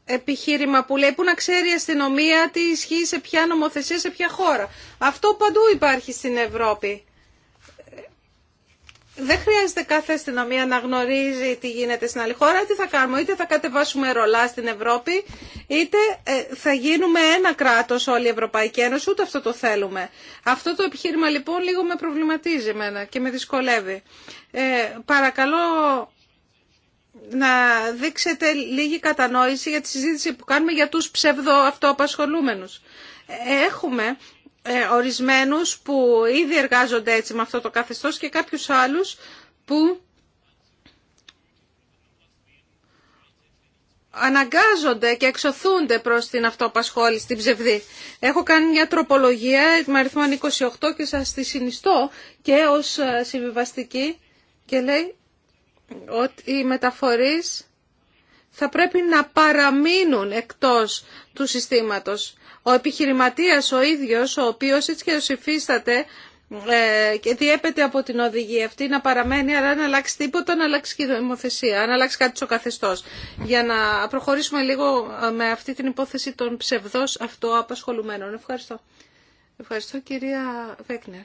Speaker 1: επιχείρημα που λέει που να ξέρει η αστυνομία τι ισχύει σε ποια νομοθεσία, σε ποια χώρα. Αυτό παντού υπάρχει στην Ευρώπη δεν χρειάζεται κάθε αστυνομία να γνωρίζει τι γίνεται στην άλλη χώρα. Τι θα κάνουμε, είτε θα κατεβάσουμε ρολά στην Ευρώπη, είτε ε, θα γίνουμε ένα κράτος όλη η Ευρωπαϊκή Ένωση, ούτε αυτό το θέλουμε. Αυτό το επιχείρημα λοιπόν λίγο με προβληματίζει εμένα και με δυσκολεύει. Ε, παρακαλώ να δείξετε λίγη κατανόηση για τη συζήτηση που κάνουμε για τους ψευδοαυτοαπασχολούμενους. Ε, έχουμε ε, ορισμένους που ήδη εργάζονται έτσι με αυτό το καθεστώς και κάποιους άλλους που αναγκάζονται και εξωθούνται προς την αυτοπασχόληση, την ψευδή. Έχω κάνει μια τροπολογία με αριθμό 28 και σας τη συνιστώ και ως ε, συμβιβαστική και λέει ότι οι μεταφορείς θα πρέπει να παραμείνουν εκτός του συστήματος. Ο επιχειρηματίας ο ίδιος, ο οποίος έτσι και υφίσταται ε, και διέπεται από την οδηγία αυτή να παραμένει, αλλά αν αλλάξει τίποτα, να αλλάξει και η νομοθεσία, αν αλλάξει κάτι στο καθεστώς, Για να προχωρήσουμε λίγο ε, με αυτή την υπόθεση των ψευδός αυτοαπασχολουμένων. Ευχαριστώ. Ευχαριστώ, κυρία Βέκνερ.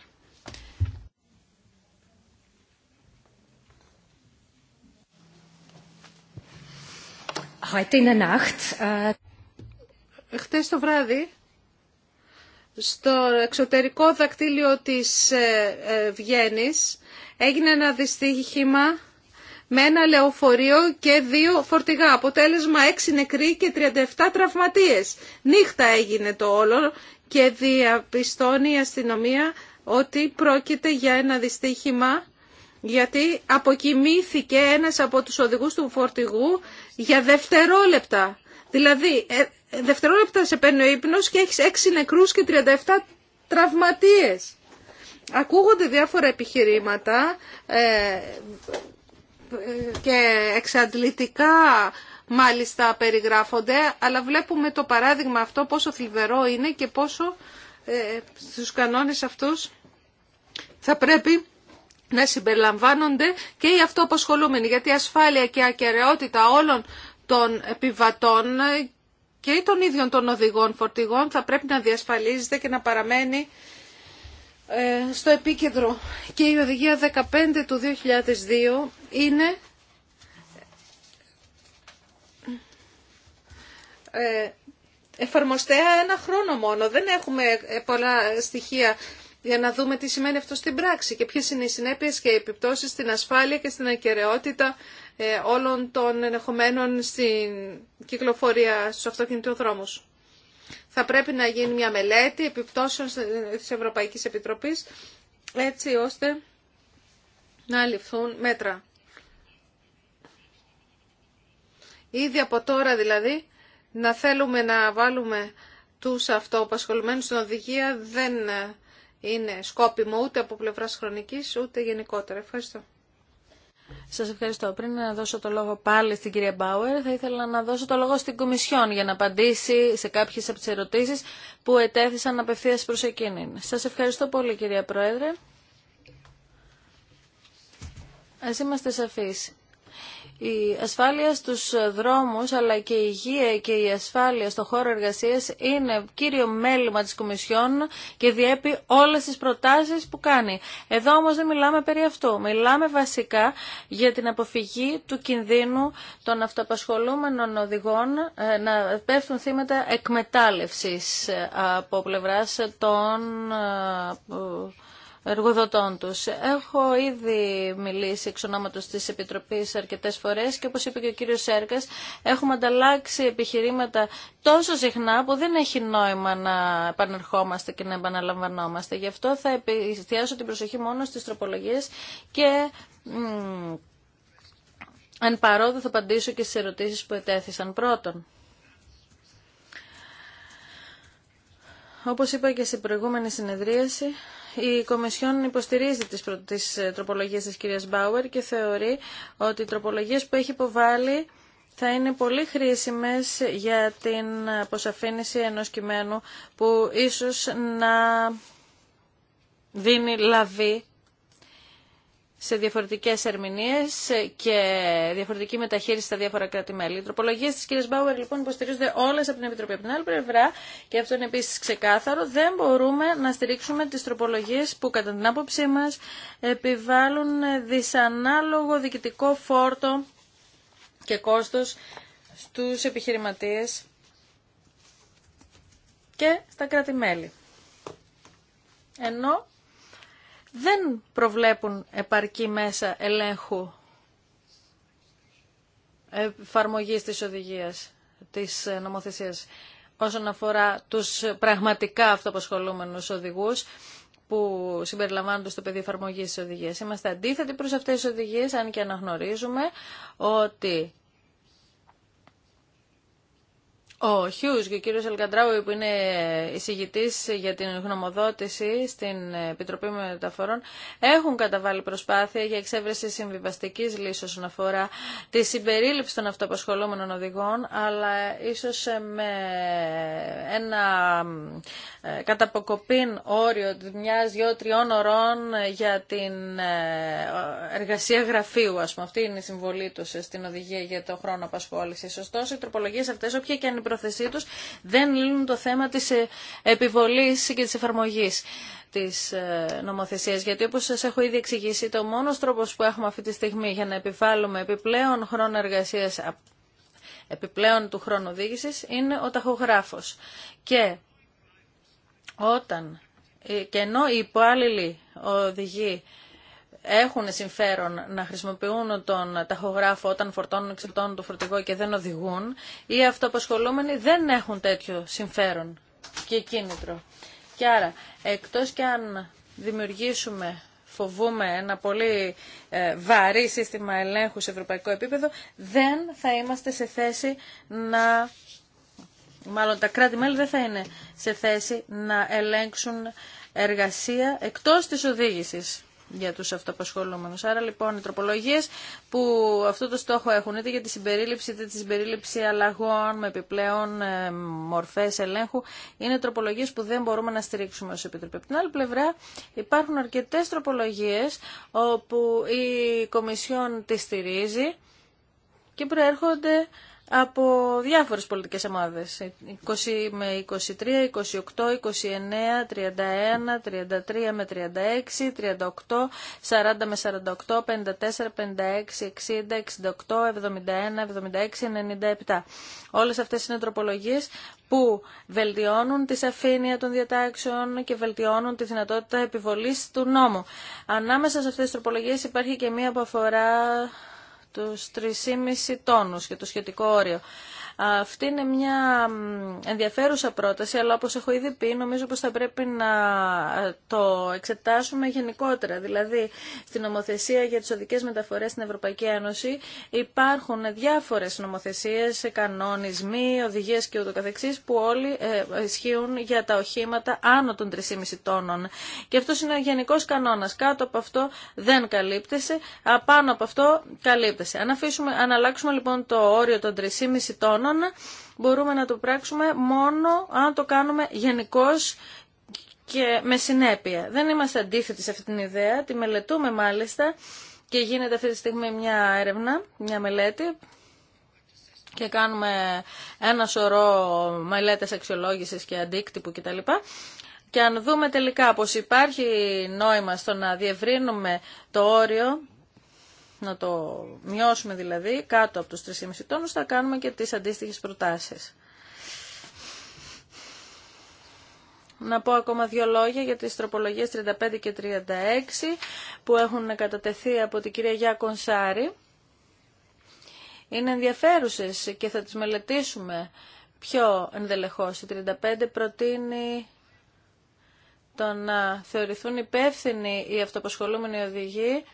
Speaker 1: Heute in der Nacht. Äh, χτες το βράδυ στο εξωτερικό δακτύλιο της ε, ε, Βιέννης έγινε ένα δυστύχημα με ένα λεωφορείο και δύο φορτηγά. Αποτέλεσμα 6 νεκροί και 37 τραυματίες. Νύχτα έγινε το όλο και διαπιστώνει η αστυνομία ότι πρόκειται για ένα δυστύχημα γιατί αποκοιμήθηκε ένας από τους οδηγούς του φορτηγού για δευτερόλεπτα. Δηλαδή ε, ε, δευτερόλεπτα σε παίρνει ο ύπνος και έχεις 6 νεκρούς και 37 τραυματίες. Ακούγονται διάφορα επιχειρήματα ε, ε, και εξαντλητικά μάλιστα περιγράφονται, αλλά βλέπουμε το παράδειγμα αυτό πόσο θλιβερό είναι και πόσο ε, στους κανόνες αυτούς θα πρέπει να συμπεριλαμβάνονται και οι αυτοαπασχολούμενοι, γιατί η ασφάλεια και η ακαιρεότητα όλων των επιβατών ε, και η των ίδιων των οδηγών φορτηγών θα πρέπει να διασφαλίζεται και να παραμένει ε, στο επίκεντρο. Και η οδηγία 15 του 2002 είναι ε, εφαρμοστέα ένα χρόνο μόνο. Δεν έχουμε ε, πολλά στοιχεία για να δούμε τι σημαίνει αυτό στην πράξη και ποιες είναι οι συνέπειες και οι επιπτώσεις στην ασφάλεια και στην ακαιρεότητα ε, όλων των ενεχομένων στην κυκλοφορία στους αυτοκινητοδρόμους. Θα πρέπει να γίνει μια μελέτη επιπτώσεων της Ευρωπαϊκής Επιτροπής έτσι ώστε να ληφθούν μέτρα. Ήδη από τώρα δηλαδή να θέλουμε να βάλουμε τους αυτοπασχολουμένους στην οδηγία δεν ε, είναι σκόπιμο ούτε από πλευράς χρονικής ούτε γενικότερα. Ευχαριστώ.
Speaker 2: Σας ευχαριστώ. Πριν να δώσω το λόγο πάλι στην κυρία Μπάουερ, θα ήθελα να δώσω το λόγο στην Κομισιόν για να απαντήσει σε κάποιες από τις ερωτήσεις που ετέθησαν απευθείας προς εκείνη. Σας ευχαριστώ πολύ κυρία Πρόεδρε. Ας είμαστε σαφείς η ασφάλεια στους δρόμους αλλά και η υγεία και η ασφάλεια στον χώρο εργασίας είναι κύριο μέλημα της Κομισιόν και διέπει όλες τις προτάσεις που κάνει. Εδώ όμως δεν μιλάμε περί αυτού. Μιλάμε βασικά για την αποφυγή του κινδύνου των αυτοαπασχολούμενων οδηγών ε, να πέφτουν θύματα εκμετάλλευσης ε, από πλευράς των ε, εργοδοτών τους. Έχω ήδη μιλήσει εξ ονόματος της Επιτροπής αρκετές φορές και όπως είπε και ο κύριος Σέρκας, έχουμε ανταλλάξει επιχειρήματα τόσο συχνά που δεν έχει νόημα να επανερχόμαστε και να επαναλαμβανόμαστε. Γι' αυτό θα εστιάσω την προσοχή μόνο στις τροπολογίες και... Αν παρόδο θα απαντήσω και στις ερωτήσεις που ετέθησαν πρώτον. Όπως είπα και στην προηγούμενη συνεδρίαση, η Κομισιόν υποστηρίζει τις, τις ε, τροπολογίες της κυρίας Μπάουερ και θεωρεί ότι οι τροπολογίες που έχει υποβάλει θα είναι πολύ χρήσιμες για την αποσαφήνιση ενός κειμένου που ίσως να δίνει λαβή σε διαφορετικές ερμηνείες και διαφορετική μεταχείριση στα διάφορα κράτη-μέλη. Οι τροπολογίες της κυρίας Μπάουερ λοιπόν υποστηρίζονται όλες από την Επιτροπή. Από την άλλη πλευρά, και αυτό είναι επίσης ξεκάθαρο, δεν μπορούμε να στηρίξουμε τις τροπολογίες που κατά την άποψή μας επιβάλλουν δυσανάλογο διοικητικό φόρτο και κόστος στους επιχειρηματίες και στα κράτη-μέλη. Ενώ δεν προβλέπουν επαρκή μέσα ελέγχου εφαρμογή της οδηγίας, της ε, νομοθεσίας όσον αφορά τους πραγματικά αυτοπασχολούμενους οδηγούς που συμπεριλαμβάνονται στο πεδίο εφαρμογή τη οδηγία. Είμαστε αντίθετοι προ αυτέ τι οδηγίε, αν και αναγνωρίζουμε ότι ο Χιούς και ο κύριος Ελκαντράουι που είναι εισηγητής για την γνωμοδότηση στην Επιτροπή Μεταφορών έχουν καταβάλει προσπάθεια για εξέβρεση συμβιβαστική λύσης όσον αφορά τη συμπερίληψη των αυτοαπασχολούμενων οδηγών αλλά ίσως με ένα ε, καταποκοπήν όριο μιας δυο-τριών ωρών για την ε, εργασία γραφείου ας πούμε. Αυτή είναι η συμβολή του στην οδηγία για το χρόνο απασχόλησης. Ωστόσο οι τροπολογίες αυτές όποια και αν πρόθεσή τους δεν λύνουν το θέμα της ε, επιβολής και της εφαρμογής της ε, νομοθεσίας. Γιατί όπως σας έχω ήδη εξηγήσει, το μόνος τρόπος που έχουμε αυτή τη στιγμή για να επιβάλλουμε επιπλέον χρόνο εργασίας, επιπλέον του χρόνου οδήγησης, είναι ο ταχογράφος. Και όταν ε, και ενώ οι υπάλληλοι οδηγοί έχουν συμφέρον να χρησιμοποιούν τον ταχογράφο όταν φορτώνουν εξελτώνουν το φορτηγό και δεν οδηγούν ή αυτοαπασχολούμενοι δεν έχουν τέτοιο συμφέρον και κίνητρο. Και άρα, εκτός και αν δημιουργήσουμε φοβούμε ένα πολύ ε, βαρύ σύστημα ελέγχου σε ευρωπαϊκό επίπεδο, δεν θα είμαστε σε θέση να... Μάλλον τα κράτη-μέλη δεν θα είναι σε θέση να ελέγξουν εργασία εκτός της οδήγησης για τους αυτοπασχολούμενους. Άρα λοιπόν οι τροπολογίες που αυτό το στόχο έχουν είτε για τη συμπερίληψη είτε τη συμπερίληψη αλλαγών με επιπλέον ε, μορφές ελέγχου είναι τροπολογίες που δεν μπορούμε να στηρίξουμε ως Επιτροπή. Από την άλλη πλευρά υπάρχουν αρκετές τροπολογίες όπου η Κομισιόν τη στηρίζει και προέρχονται από διάφορες πολιτικές ομάδες. 20 με 23, 28, 29, 31, 33 με 36, 38, 40 με 48, 54, 56, 60, 68, 71, 76, 97. Όλες αυτές είναι τροπολογίες που βελτιώνουν τη σαφήνεια των διατάξεων και βελτιώνουν τη δυνατότητα επιβολής του νόμου. Ανάμεσα σε αυτές τις τροπολογίες υπάρχει και μία που αφορά τους 3,5 τόνους και το σχετικό όριο. Αυτή είναι μια ενδιαφέρουσα πρόταση, αλλά όπως έχω ήδη πει, νομίζω πως θα πρέπει να ε, το εξετάσουμε γενικότερα. Δηλαδή, στην νομοθεσία για τις οδικές μεταφορές στην Ευρωπαϊκή Ένωση υπάρχουν διάφορες νομοθεσίες, κανονισμοί, οδηγίες και που όλοι ε, ισχύουν για τα οχήματα άνω των 3,5 τόνων. Και αυτό είναι ο γενικός κανόνας. Κάτω από αυτό δεν καλύπτεσαι, πάνω από αυτό καλύπτεσαι. Αν, αφήσουμε, αν αλλάξουμε λοιπόν το όριο των 3,5 τόνων, μπορούμε να το πράξουμε μόνο αν το κάνουμε γενικώ και με συνέπεια. Δεν είμαστε αντίθετοι σε αυτή την ιδέα, τη μελετούμε μάλιστα και γίνεται αυτή τη στιγμή μια έρευνα, μια μελέτη και κάνουμε ένα σωρό μελέτες αξιολόγησης και αντίκτυπου κτλ. Και αν δούμε τελικά πως υπάρχει νόημα στο να διευρύνουμε το όριο να το μειώσουμε δηλαδή κάτω από τους 3,5 τόνους, θα κάνουμε και τις αντίστοιχες προτάσεις. Να πω ακόμα δύο λόγια για τις τροπολογίες 35 και 36 που έχουν κατατεθεί από την κυρία Γιά Κονσάρη. Είναι ενδιαφέρουσες και θα τις μελετήσουμε πιο ενδελεχώς. Η 35 προτείνει το να θεωρηθούν υπεύθυνοι οι αυτοπασχολούμενοι οδηγοί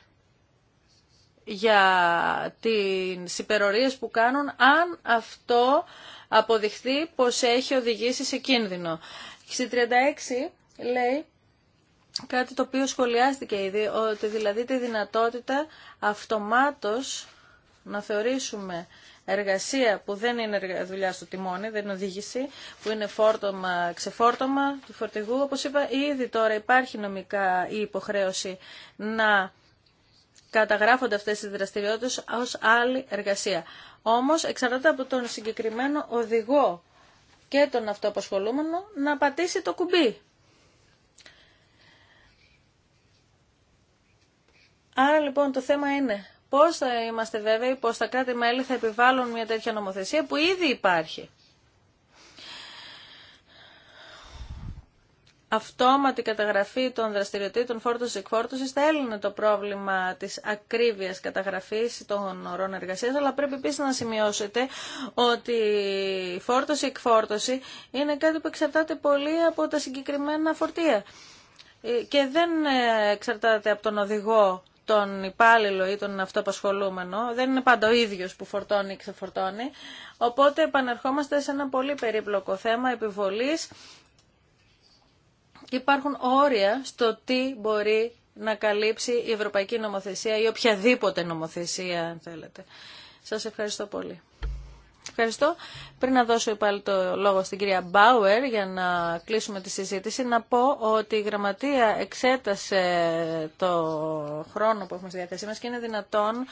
Speaker 2: για τις υπερορίες που κάνουν αν αυτό αποδειχθεί πως έχει οδηγήσει σε κίνδυνο. Στη 36 λέει κάτι το οποίο σχολιάστηκε ήδη, ότι δηλαδή τη δυνατότητα αυτομάτως να θεωρήσουμε εργασία που δεν είναι δουλειά στο τιμόνι, δεν είναι οδήγηση, που είναι φόρτωμα, ξεφόρτωμα του φορτηγού. Όπως είπα, ήδη τώρα υπάρχει νομικά η υποχρέωση να καταγράφονται αυτές τις δραστηριότητες ως άλλη εργασία. Όμως εξαρτάται από τον συγκεκριμένο οδηγό και τον αυτοαπασχολούμενο να πατήσει το κουμπί. Άρα λοιπόν το θέμα είναι πώς θα είμαστε βέβαιοι πως τα κράτη-μέλη θα επιβάλλουν μια τέτοια νομοθεσία που ήδη υπάρχει. αυτόματη καταγραφή των δραστηριοτήτων φορτωση εκφόρτωσης θα έλυνε το πρόβλημα της ακρίβειας καταγραφής των ορών εργασίας, αλλά πρέπει επίσης να σημειώσετε ότι η φόρτωση εκφόρτωση είναι κάτι που εξαρτάται πολύ από τα συγκεκριμένα φορτία ε, και δεν ε, εξαρτάται από τον οδηγό τον υπάλληλο ή τον αυτοπασχολούμενο, δεν είναι πάντα ο ίδιος που φορτώνει ή ξεφορτώνει, οπότε επανερχόμαστε σε ένα πολύ περίπλοκο θέμα επιβολής υπάρχουν όρια στο τι μπορεί να καλύψει η Ευρωπαϊκή Νομοθεσία ή οποιαδήποτε νομοθεσία, αν θέλετε. Σας ευχαριστώ πολύ. Ευχαριστώ. Πριν να δώσω πάλι το λόγο στην κυρία Μπάουερ για να κλείσουμε τη συζήτηση, να πω ότι η Γραμματεία εξέτασε το χρόνο που έχουμε στη διάθεσή μας και είναι δυνατόν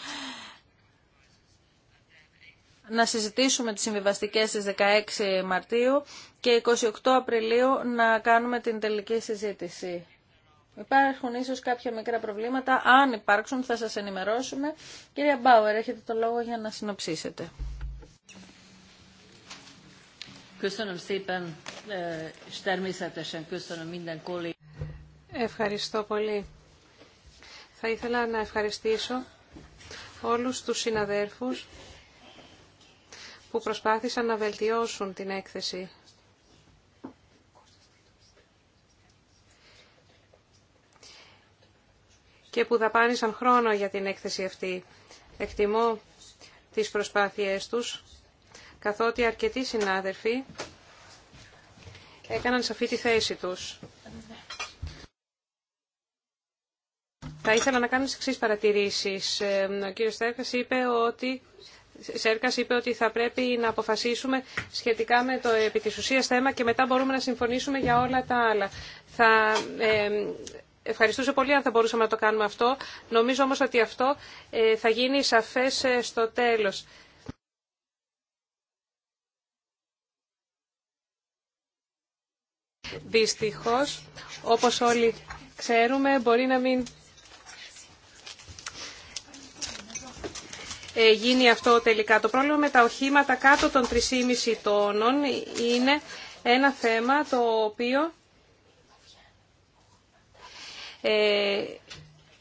Speaker 2: να συζητήσουμε τις συμβιβαστικές στις 16 Μαρτίου και 28 Απριλίου να κάνουμε την τελική συζήτηση. Υπάρχουν ίσως κάποια μικρά προβλήματα. Αν υπάρξουν θα σας ενημερώσουμε. Κυρία Μπάουερ, έχετε το λόγο για να συνοψίσετε. Eh,
Speaker 4: Ευχαριστώ πολύ. Θα ήθελα να ευχαριστήσω όλους τους συναδέρφους που προσπάθησαν να βελτιώσουν την έκθεση. και που δαπάνησαν χρόνο για την έκθεση αυτή. Εκτιμώ τις προσπάθειές τους, καθότι αρκετοί συνάδελφοι έκαναν σαφή τη θέση τους. Θα ήθελα να κάνω τις εξής παρατηρήσεις. Ε, ο κύριος Στέρκας είπε ότι Σέρκα είπε ότι θα πρέπει να αποφασίσουμε σχετικά με το επί θέμα και μετά μπορούμε να συμφωνήσουμε για όλα τα άλλα. Θα ε, ευχαριστούσε πολύ αν θα μπορούσαμε να το κάνουμε αυτό. Νομίζω όμως ότι αυτό ε, θα γίνει σαφές ε, στο τέλος. Δυστυχώς, όπως όλοι ξέρουμε, μπορεί να μην Ε, γίνει αυτό τελικά. Το πρόβλημα με τα οχήματα κάτω των 3,5 τόνων είναι ένα θέμα το οποίο ε,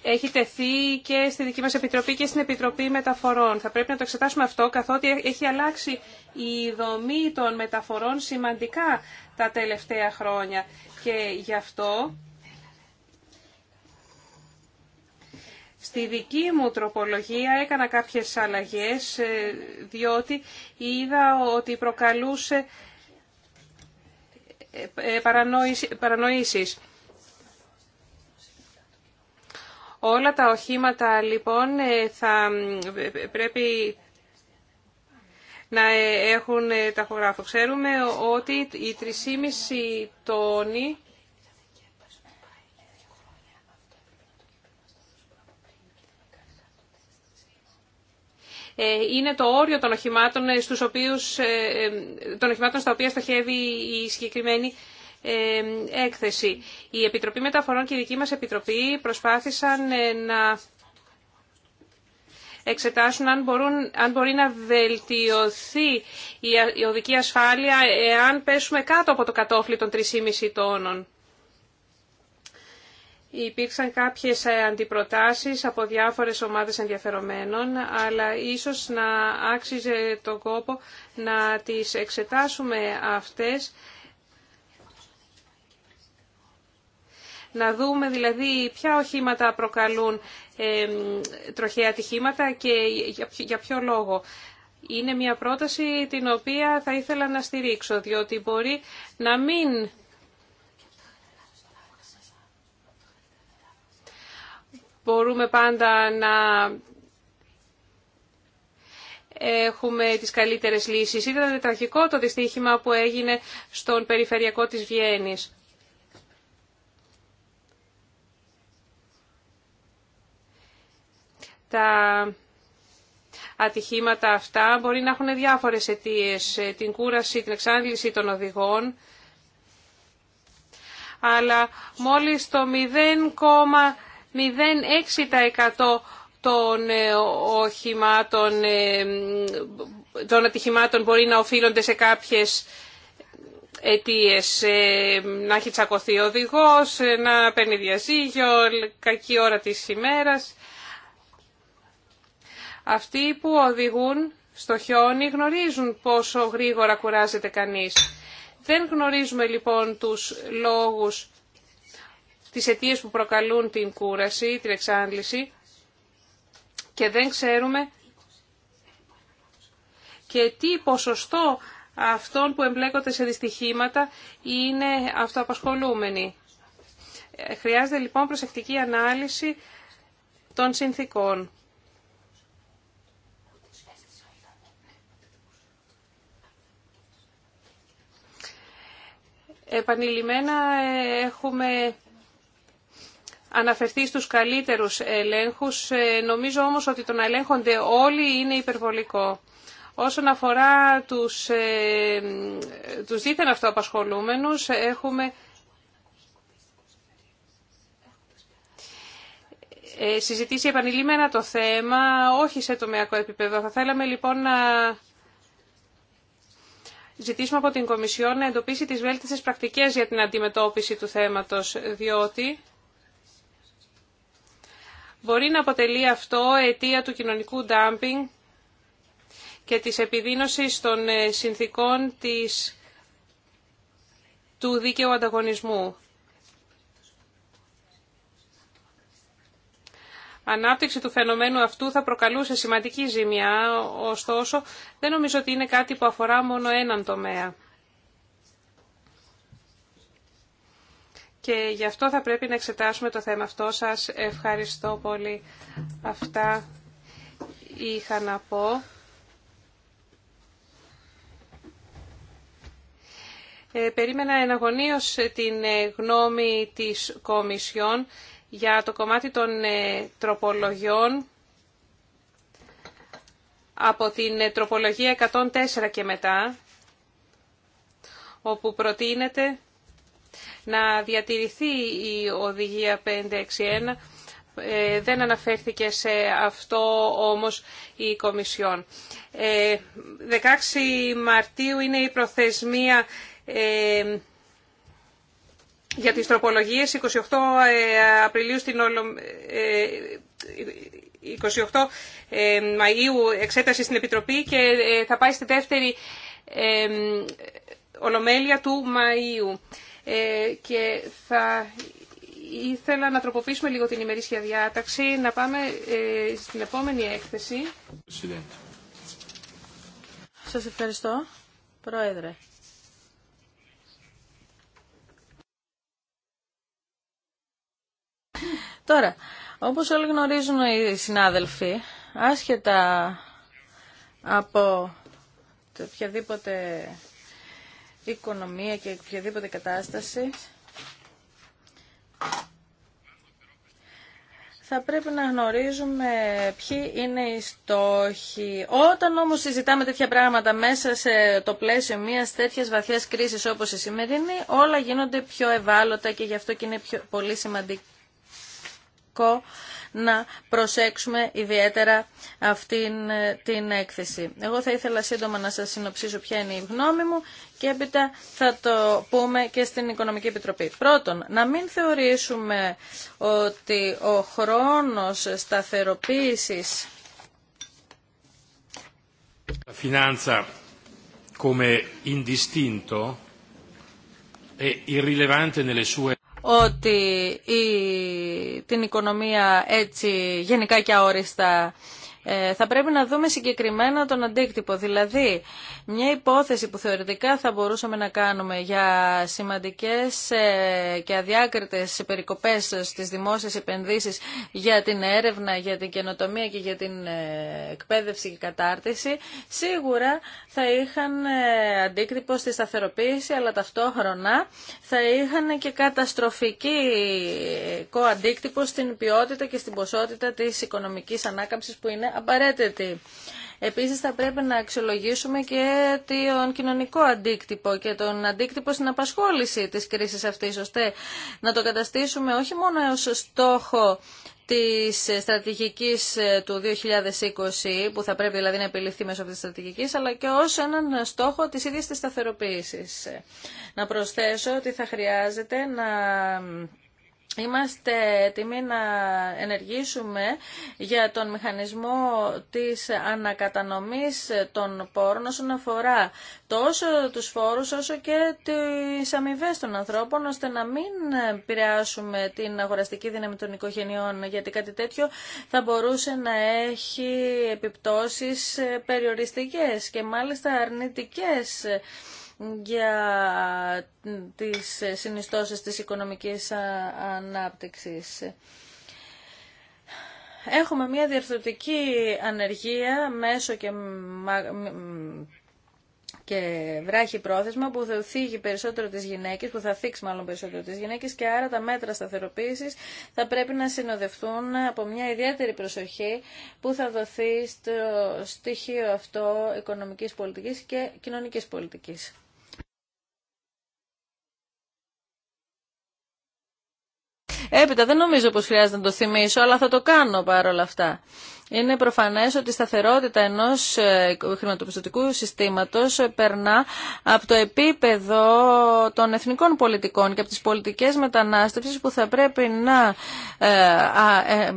Speaker 4: έχει τεθεί και στη δική μας Επιτροπή και στην Επιτροπή Μεταφορών. Θα πρέπει να το εξετάσουμε αυτό, καθότι ε, έχει αλλάξει η δομή των μεταφορών σημαντικά τα τελευταία χρόνια. Και γι' αυτό Στη δική μου τροπολογία έκανα κάποιες αλλαγές, ε, διότι είδα ότι προκαλούσε ε, ε, παρανοήσεις. Όλα τα οχήματα λοιπόν θα πρέπει να έχουν ταχογράφο. Ξέρουμε ότι η 3,5 τόνοι Ε, είναι το όριο των οχημάτων, ε, στους οποίους, ε, των οχημάτων στα οποία στοχεύει η συγκεκριμένη έκθεση. Η Επιτροπή Μεταφορών και η δική μας Επιτροπή προσπάθησαν να εξετάσουν αν, μπορούν, αν μπορεί να βελτιωθεί η οδική ασφάλεια εάν πέσουμε κάτω από το κατόφλι των 3,5 τόνων. Υπήρξαν κάποιες ε, αντιπροτάσεις από διάφορες ομάδες ενδιαφερομένων, αλλά ίσως να άξιζε τον κόπο να τις εξετάσουμε αυτές, να δούμε δηλαδή ποια οχήματα προκαλούν ε, τροχαία ατυχήματα και για ποιο λόγο. Είναι μια πρόταση την οποία θα ήθελα να στηρίξω, διότι μπορεί να μην μπορούμε πάντα να έχουμε τις καλύτερες λύσεις. Ήταν τραγικό το δυστύχημα που έγινε στον περιφερειακό της Βιέννης. Τα ατυχήματα αυτά μπορεί να έχουν διάφορες αιτίες, την κούραση, την εξάντληση των οδηγών, αλλά μόλις το 0, 0,6% των ε, οχημάτων, ε, των ατυχημάτων μπορεί να οφείλονται σε κάποιες αιτίες, ε, να έχει τσακωθεί ο οδηγός, να παίρνει διαζύγιο, κακή ώρα της ημέρας. Αυτοί που οδηγούν στο χιόνι γνωρίζουν πόσο γρήγορα κουράζεται κανείς. Δεν γνωρίζουμε λοιπόν τους λόγους τις αιτίε που προκαλούν την κούραση, την εξάντληση και δεν ξέρουμε και τι ποσοστό αυτών που εμπλέκονται σε δυστυχήματα είναι αυτοαπασχολούμενοι. Ε, χρειάζεται λοιπόν προσεκτική ανάλυση των συνθήκων. Επανειλημμένα ε, έχουμε αναφερθεί στους καλύτερους ελέγχους. Ε, νομίζω όμως ότι το να ελέγχονται όλοι είναι υπερβολικό. Όσον αφορά τους, ε, τους δίθεν αυτοαπασχολούμενους, έχουμε... Ε, συζητήσει επανειλημμένα το θέμα, όχι σε τομεακό επίπεδο. Θα θέλαμε λοιπόν να ζητήσουμε από την Κομισιόν να εντοπίσει τις βέλτιστες πρακτικές για την αντιμετώπιση του θέματος, διότι Μπορεί να αποτελεί αυτό αιτία του κοινωνικού ντάμπινγκ και της επιδείνωσης των ε, συνθήκων της, του δίκαιου ανταγωνισμού. Ανάπτυξη του φαινομένου αυτού θα προκαλούσε σημαντική ζημιά, ωστόσο δεν νομίζω ότι είναι κάτι που αφορά μόνο έναν τομέα. και γι' αυτό θα πρέπει να εξετάσουμε το θέμα αυτό. Σας ευχαριστώ πολύ. Αυτά είχα να πω. Ε, περίμενα εναγωνίως την ε, γνώμη της Κομισιόν για το κομμάτι των ε, τροπολογιών από την τροπολογία 104 και μετά, όπου προτείνεται να διατηρηθεί η οδηγία 561. Ε, δεν αναφέρθηκε σε αυτό όμως η Κομισιόν. 16 ε, Μαρτίου είναι η προθεσμία ε, για τις τροπολογίες. 28 Απριλίου στην 28 Μαΐου εξέταση στην Επιτροπή και θα πάει στη δεύτερη Ολομέλεια του Μαΐου. Ε, και θα ήθελα να τροποποιήσουμε λίγο την ημερήσια διάταξη, να πάμε ε, στην επόμενη έκθεση.
Speaker 2: Σας ευχαριστώ, Πρόεδρε. Τώρα, όπως όλοι γνωρίζουν οι συνάδελφοι, άσχετα από το οποιαδήποτε οικονομία και οποιαδήποτε κατάσταση, θα πρέπει να γνωρίζουμε ποιοι είναι οι στόχοι. Όταν όμως συζητάμε τέτοια πράγματα μέσα σε το πλαίσιο μιας τέτοιας βαθιάς κρίσης όπως η σημερινή, όλα γίνονται πιο ευάλωτα και γι' αυτό και είναι πιο, πολύ σημαντικό να προσέξουμε ιδιαίτερα αυτήν ε, την έκθεση. Εγώ θα ήθελα σύντομα να σας συνοψίσω ποια είναι η γνώμη μου και έπειτα θα το πούμε και στην Οικονομική Επιτροπή. Πρώτον, να μην θεωρήσουμε ότι ο χρόνος σταθεροποίησης La finanza come indistinto
Speaker 3: e irrilevante nelle sue
Speaker 2: ότι η, την οικονομία έτσι γενικά και αόριστα ε, θα πρέπει να δούμε συγκεκριμένα τον αντίκτυπο. Δηλαδή, μια υπόθεση που θεωρητικά θα μπορούσαμε να κάνουμε για σημαντικές ε, και αδιάκριτες περικοπές στις δημόσιες επενδύσεις για την έρευνα, για την καινοτομία και για την ε, εκπαίδευση και κατάρτιση, σίγουρα θα είχαν αντίκτυπο στη σταθεροποίηση, αλλά ταυτόχρονα θα είχαν και καταστροφικό αντίκτυπο στην ποιότητα και στην ποσότητα της οικονομικής ανάκαμψης που είναι απαραίτητη. Επίσης θα πρέπει να αξιολογήσουμε και τον κοινωνικό αντίκτυπο και τον αντίκτυπο στην απασχόληση της κρίσης αυτής, ώστε να το καταστήσουμε όχι μόνο ως στόχο της στρατηγικής ε, του 2020, που θα πρέπει δηλαδή να επιληφθεί μέσω αυτής της στρατηγικής, αλλά και ως έναν στόχο της ίδιας της σταθεροποίησης. Να προσθέσω ότι θα χρειάζεται να Είμαστε έτοιμοι να ενεργήσουμε για τον μηχανισμό της ανακατανομής των πόρων όσον αφορά τόσο τους φόρους όσο και τις αμοιβέ των ανθρώπων ώστε να μην επηρεάσουμε την αγοραστική δύναμη των οικογενειών γιατί κάτι τέτοιο θα μπορούσε να έχει επιπτώσεις περιοριστικές και μάλιστα αρνητικές για τις συνιστώσεις της οικονομικής ανάπτυξης. Έχουμε μια διαρθρωτική ανεργία μέσω και, και βράχη πρόθεσμα που θα θίγει περισσότερο τις γυναίκες, που θα θίξει μάλλον περισσότερο τις γυναίκες και άρα τα μέτρα σταθεροποίησης θα πρέπει να συνοδευτούν από μια ιδιαίτερη προσοχή που θα δοθεί στο στοιχείο αυτό οικονομικής πολιτικής και κοινωνικής πολιτικής. Έπειτα δεν νομίζω πως χρειάζεται να το θυμίσω, αλλά θα το κάνω παρόλα αυτά. Είναι προφανές ότι η σταθερότητα ενός ε, χρηματοπιστωτικού συστήματος περνά από το επίπεδο των εθνικών πολιτικών και από τις πολιτικές μετανάστευσης που θα πρέπει να ε, ε,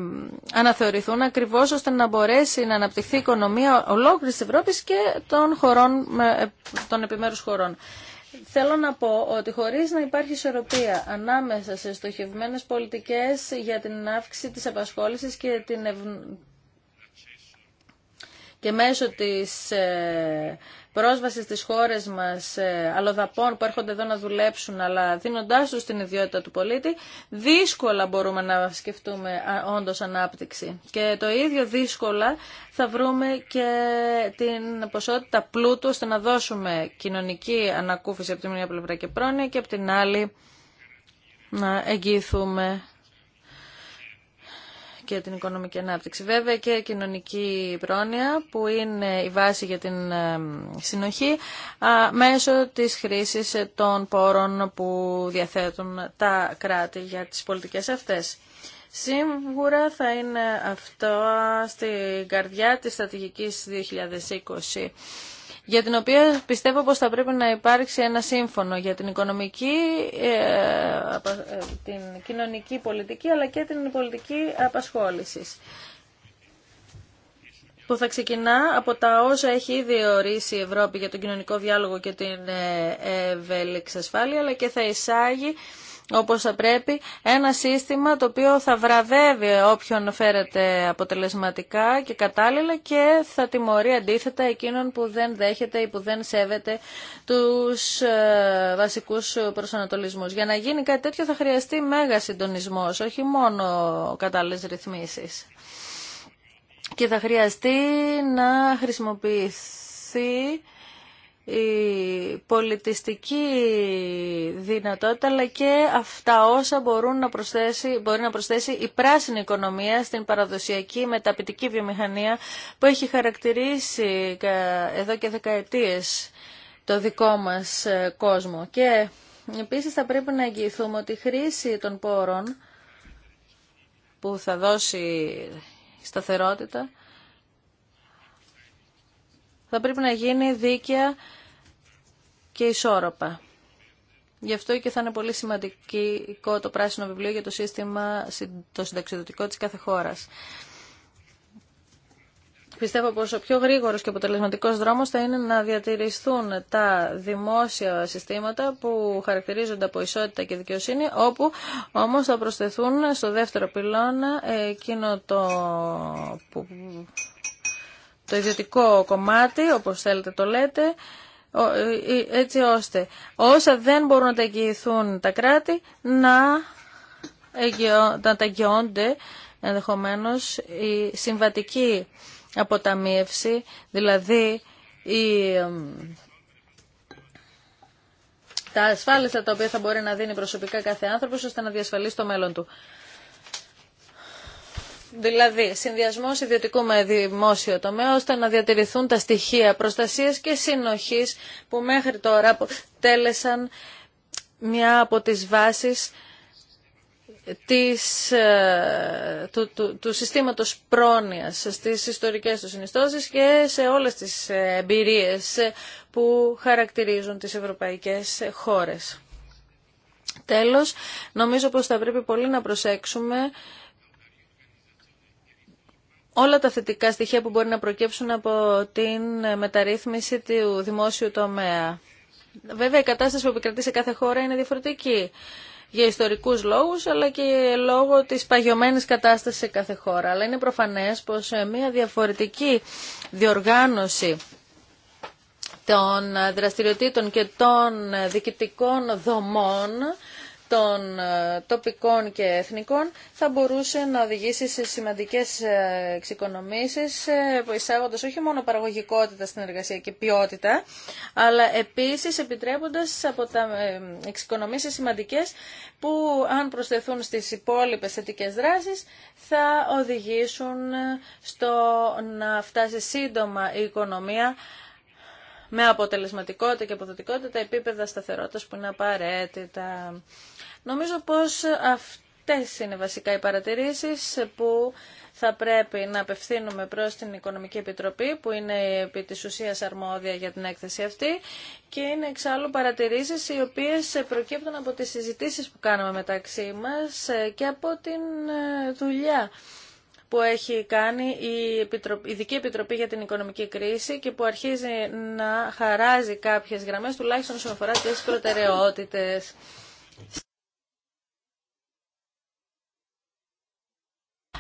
Speaker 2: αναθεωρηθούν ακριβώς ώστε να μπορέσει να αναπτυχθεί η οικονομία ολόκληρης της Ευρώπης και των, χωρών, των επιμέρους χωρών. Θέλω να πω ότι χωρίς να υπάρχει ισορροπία ανάμεσα σε στοχευμένες πολιτικές για την αύξηση της απασχόλησης και την ευ και μέσω της ε, πρόσβασης στις χώρες μας ε, αλλοδαπών που έρχονται εδώ να δουλέψουν αλλά δίνοντάς τους την ιδιότητα του πολίτη δύσκολα μπορούμε να σκεφτούμε όντως ανάπτυξη και το ίδιο δύσκολα θα βρούμε και την ποσότητα πλούτου ώστε να δώσουμε κοινωνική ανακούφιση από τη μία πλευρά και πρόνοια και από την άλλη να εγγυηθούμε και την οικονομική ανάπτυξη. Βέβαια και κοινωνική πρόνοια που είναι η βάση για την ε, συνοχή μέσω της χρήσης των πόρων που διαθέτουν τα κράτη για τις πολιτικές αυτές. Σίγουρα θα είναι αυτό στην καρδιά της στρατηγικής 2020 για την οποία πιστεύω πως θα πρέπει να υπάρξει ένα σύμφωνο για την οικονομική, ε, ε, την κοινωνική πολιτική αλλά και την πολιτική απασχόλησης που θα ξεκινά από τα όσα έχει ήδη ορίσει η Ευρώπη για τον κοινωνικό διάλογο και την ε, ευέλικτη ασφάλεια, αλλά και θα εισάγει όπως θα πρέπει ένα σύστημα το οποίο θα βραβεύει όποιον φέρεται αποτελεσματικά και κατάλληλα και θα τιμωρεί αντίθετα εκείνον που δεν δέχεται ή που δεν σέβεται τους ε, βασικούς προσανατολισμούς. Για να γίνει κάτι τέτοιο θα χρειαστεί μέγα συντονισμός, όχι μόνο κατάλληλες ρυθμίσεις. Και θα χρειαστεί να χρησιμοποιηθεί η πολιτιστική δυνατότητα αλλά και αυτά όσα μπορούν να προσθέσει, μπορεί να προσθέσει η πράσινη οικονομία στην παραδοσιακή μεταπητική βιομηχανία που έχει χαρακτηρίσει εδώ και δεκαετίες το δικό μας ε, κόσμο. Και επίσης θα πρέπει να εγγυηθούμε ότι η χρήση των πόρων που θα δώσει σταθερότητα θα πρέπει να γίνει δίκαια και ισόρροπα. Γι' αυτό και θα είναι πολύ σημαντικό το πράσινο βιβλίο για το σύστημα το συνταξιδοτικό της κάθε χώρας. Πιστεύω πως ο πιο γρήγορος και αποτελεσματικός δρόμος θα είναι να διατηρηθούν τα δημόσια συστήματα που χαρακτηρίζονται από ισότητα και δικαιοσύνη, όπου όμως θα προσθεθούν στο δεύτερο πυλώνα ε, εκείνο το το ιδιωτικό κομμάτι, όπως θέλετε το λέτε, ε, ε, έτσι ώστε όσα δεν μπορούν να τα εγγυηθούν τα κράτη να, να τα εγγυώνται ενδεχομένω η συμβατική αποταμίευση, δηλαδή η, ε, τα ασφάλιστα τα οποία θα μπορεί να δίνει προσωπικά κάθε άνθρωπος ώστε να διασφαλίσει το μέλλον του δηλαδή συνδυασμό ιδιωτικού με δημόσιο τομέα, ώστε να διατηρηθούν τα στοιχεία προστασία και συνοχής που μέχρι τώρα τέλεσαν μια από τι βάσεις ε, του, του, του συστήματος πρόνοιας στις ιστορικές του συνιστώσεις και σε όλες τις εμπειρίες που χαρακτηρίζουν τις ευρωπαϊκές χώρες. Τέλος, νομίζω πως θα πρέπει πολύ να προσέξουμε όλα τα θετικά στοιχεία που μπορεί να προκύψουν από την μεταρρύθμιση του δημόσιου τομέα. Βέβαια η κατάσταση που επικρατεί σε κάθε χώρα είναι διαφορετική για ιστορικούς λόγους αλλά και λόγω της παγιωμένης κατάστασης σε κάθε χώρα. Αλλά είναι προφανές πως ε, μια διαφορετική διοργάνωση των ε, δραστηριοτήτων και των ε, διοικητικών δομών των ε, τοπικών και εθνικών θα μπορούσε να οδηγήσει σε σημαντικές ε, εξοικονομήσεις ε, εισάγοντας όχι μόνο παραγωγικότητα στην εργασία και ποιότητα αλλά επίσης επιτρέποντας από τα εξοικονομήσεις σημαντικές που αν προσθεθούν στις υπόλοιπες θετικέ δράσεις θα οδηγήσουν στο να φτάσει σύντομα η οικονομία με αποτελεσματικότητα και αποδοτικότητα επίπεδα σταθερότητας που είναι απαραίτητα. Νομίζω πως αυτές είναι βασικά οι παρατηρήσεις που θα πρέπει να απευθύνουμε προς την Οικονομική Επιτροπή που είναι επί της ουσίας αρμόδια για την έκθεση αυτή και είναι εξάλλου παρατηρήσεις οι οποίες προκύπτουν από τις συζητήσεις που κάναμε μεταξύ μας και από την ε, δουλειά που έχει κάνει η Ειδική Επιτροπή για την Οικονομική Κρίση και που αρχίζει να χαράζει κάποιες γραμμές, τουλάχιστον όσον αφορά τις προτεραιότητες.